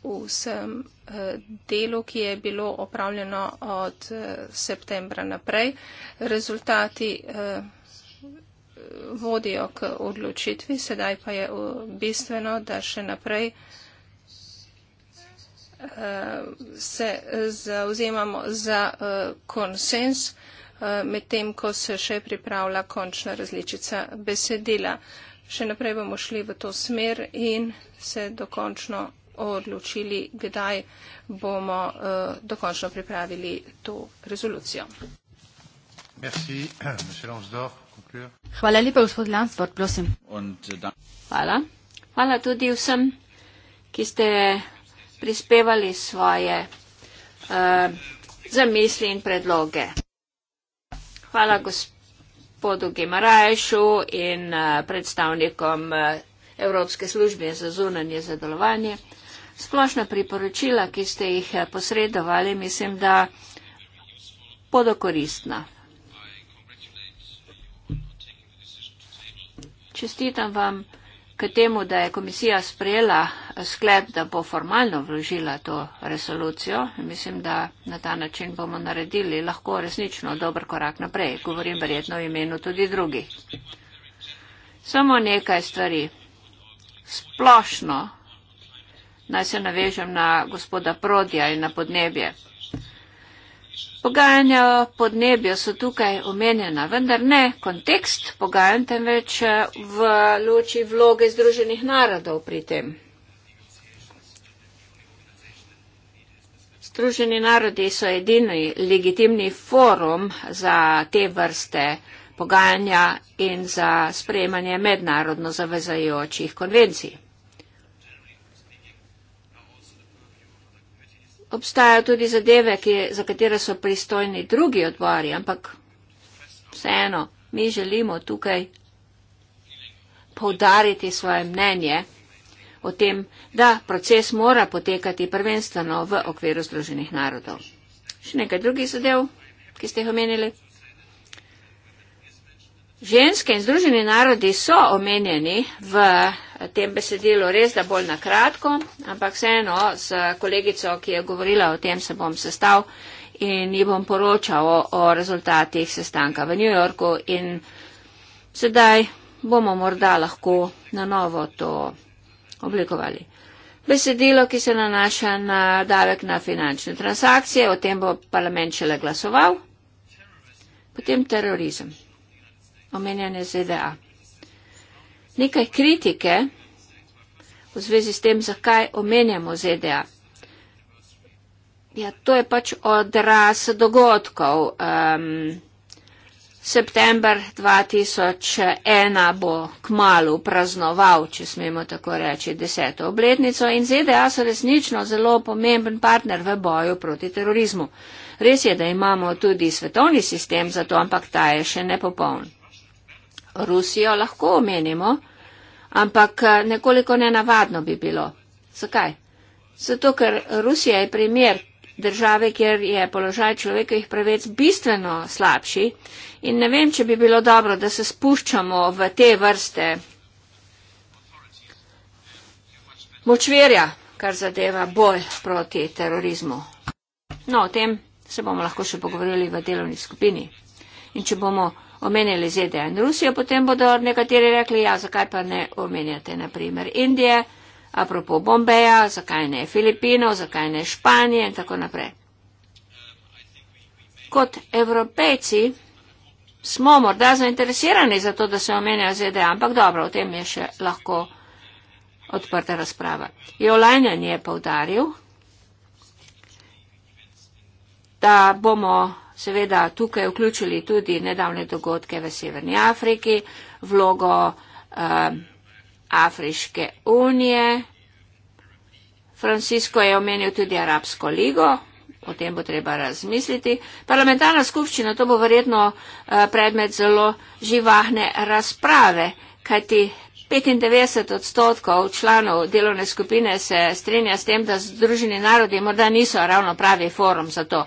vsem delu, ki je bilo opravljeno od septembra naprej. Rezultati vodijo k odločitvi, sedaj pa je eh, bistveno, da še naprej eh, se zauzemamo za eh, konsens, medtem ko se še pripravlja končna različica besedila. Še naprej bomo šli v to smer in se dokončno odločili, kdaj bomo uh, dokončno pripravili to rezolucijo. Merci, Hvala lepa, gospod Lansford, prosim. Äh, Hvala. Hvala tudi vsem, ki ste prispevali svoje uh, zamisli in predloge. Hvala gospodu Gemarajšu in uh, predstavnikom uh, Evropske službe za zunanje za delovanje. Splošna priporočila, ki ste jih posredovali, mislim, da bodo koristna. Čestitam vam k temu, da je komisija sprejela sklep, da bo formalno vložila to resolucijo. Mislim, da na ta način bomo naredili lahko resnično dober korak naprej. Govorim verjetno o imenu tudi drugi. Samo nekaj stvari. Splošno naj se navežem na gospoda Prodja in na podnebje. Pogajanja o podnebju so tukaj omenjena, vendar ne kontekst pogajanj, temveč eh, v luči vloge Združenih narodov pri tem. Združeni narodi so edini legitimni forum za te vrste pogajanja in za sprejemanje mednarodno zavezajočih konvencij. obstajajo tudi zadeve, ki, za katere so pristojni drugi odbori, ampak vseeno, mi želimo tukaj povdariti svoje mnenje o tem, da proces mora potekati prvenstveno v okviru Združenih narodov. Še nekaj drugih zadev, ki ste jih omenili? Ženske in združeni narodi so omenjeni v tem besedilu res, da bolj na kratko, ampak vseeno s kolegico, ki je govorila o tem, se bom sestav in ji bom poročal o, o rezultatih sestanka v New Yorku in sedaj bomo morda lahko na novo to oblikovali. Besedilo, ki se nanaša na davek na finančne transakcije, o tem bo parlament šele glasoval. Potem terorizem omenjene ZDA. Nekaj kritike v zvezi s tem, zakaj omenjamo ZDA. Ja, to je pač odraz dogodkov. Um, september 2001 bo kmalo praznoval, če smemo tako reči, deseto obletnico in ZDA so resnično zelo pomemben partner v boju proti terorizmu. Res je, da imamo tudi svetovni sistem za to, ampak ta je še nepopoln. Rusijo lahko omenimo, ampak eh, nekoliko nenavadno bi bilo. Zakaj? Zato, ker Rusija je primer države, kjer je položaj človekovih pravic bistveno slabši in ne vem, če bi bilo dobro, da se spuščamo v te vrste močverja, kar zadeva boj proti terorizmu. No, o tem se bomo lahko še pogovorili v delovni skupini. In če bomo omenjali ZDA in Rusijo, potem bodo nekateri rekli, ja, zakaj pa ne omenjate naprimer Indije, apropo Bombeja, zakaj ne Filipino, zakaj ne Španije in tako naprej. Kot evropejci smo morda zainteresirani za to, da se omenja ZDA, ampak dobro, o tem je še lahko odprta razprava. Jolajnjan je poudaril, da bomo seveda tukaj vključili tudi nedavne dogodke v Severni Afriki, vlogo eh, Afriške unije. Francisco je omenil tudi Arabsko ligo, o tem bo treba razmisliti. Parlamentarna skupščina, to bo verjetno eh, predmet zelo živahne razprave, kajti 95 odstotkov članov delovne skupine se strinja s tem, da Združeni narodi morda niso ravno pravi forum za to.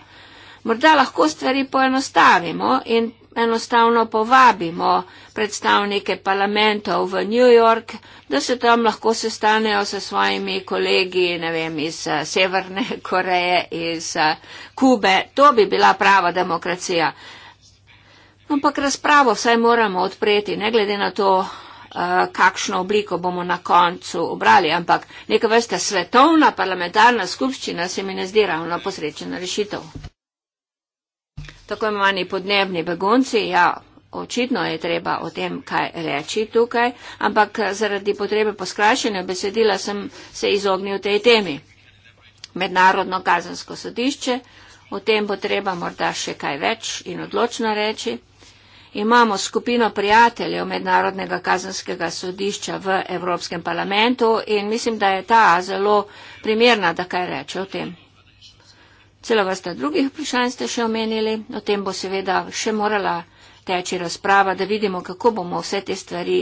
Morda lahko stvari poenostavimo in enostavno povabimo predstavnike parlamentov v New York, da se tam lahko sestanejo s svojimi kolegi vem, iz eh, Severne Koreje, iz eh, Kube. To bi bila prava demokracija. Ampak razpravo vsaj moramo odpreti, ne glede na to, eh, kakšno obliko bomo na koncu obrali, ampak neka vrsta svetovna parlamentarna skupščina se mi ne zdi ravno posrečena rešitev tako imani podnebni begunci, ja, očitno je treba o tem kaj reči tukaj, ampak zaradi potrebe poskrašenja besedila sem se izognil tej temi. Mednarodno kazansko sodišče, o tem bo treba morda še kaj več in odločno reči. Imamo skupino prijateljev Mednarodnega kazanskega sodišča v Evropskem parlamentu in mislim, da je ta zelo primerna, da kaj reče o tem. Celo vrsta drugih vprašanj ste še omenili, o tem bo seveda še morala teči razprava, da vidimo, kako bomo vse te stvari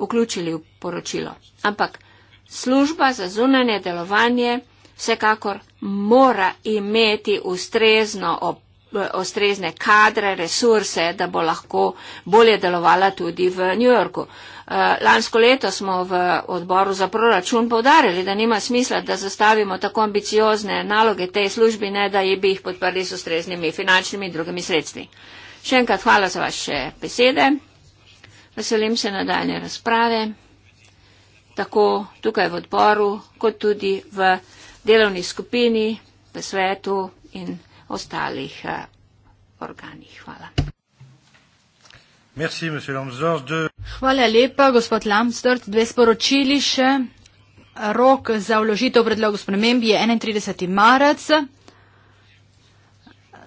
vključili v poročilo. Ampak služba za zunanje delovanje vsekakor mora imeti ustrezno op ustrezne kadre, resurse, da bo lahko bolje delovala tudi v New Yorku. Eh, lansko leto smo v odboru za proračun povdarjali, da nima smisla, da zastavimo tako ambiciozne naloge tej službi, ne da bi jih podprli s ustreznimi finančnimi in drugimi sredstvi. Še enkrat hvala za vaše besede. Veselim se nadaljne razprave, tako tukaj v odboru, kot tudi v delovni skupini, v svetu in ostalih eh, organih. Hvala. Merci, Hvala lepa, gospod Lamsdorf. Dve sporočili še. Rok za vložitev predlogov sprememb je 31. marec.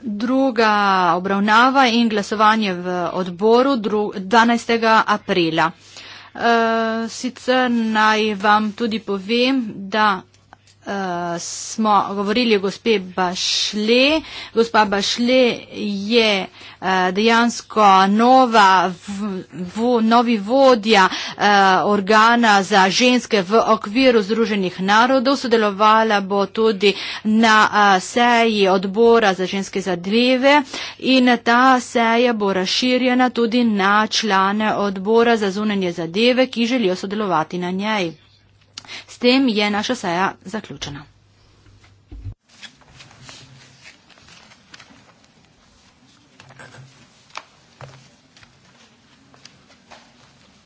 Druga obravnava in glasovanje v odboru 12. aprila. Eh, sicer naj vam tudi povem, da Eh, smo govorili o gospe Bašle. Gospa Bašle je uh, dejansko nova, v, v, novi vodja uh, organa za ženske v okviru Združenih narodov. Sodelovala bo tudi na uh, seji odbora za ženske zadeve in ta seja bo razširjena tudi na člane odbora za zunanje zadeve, ki želijo sodelovati na njej. S tem je naša seja zaključena.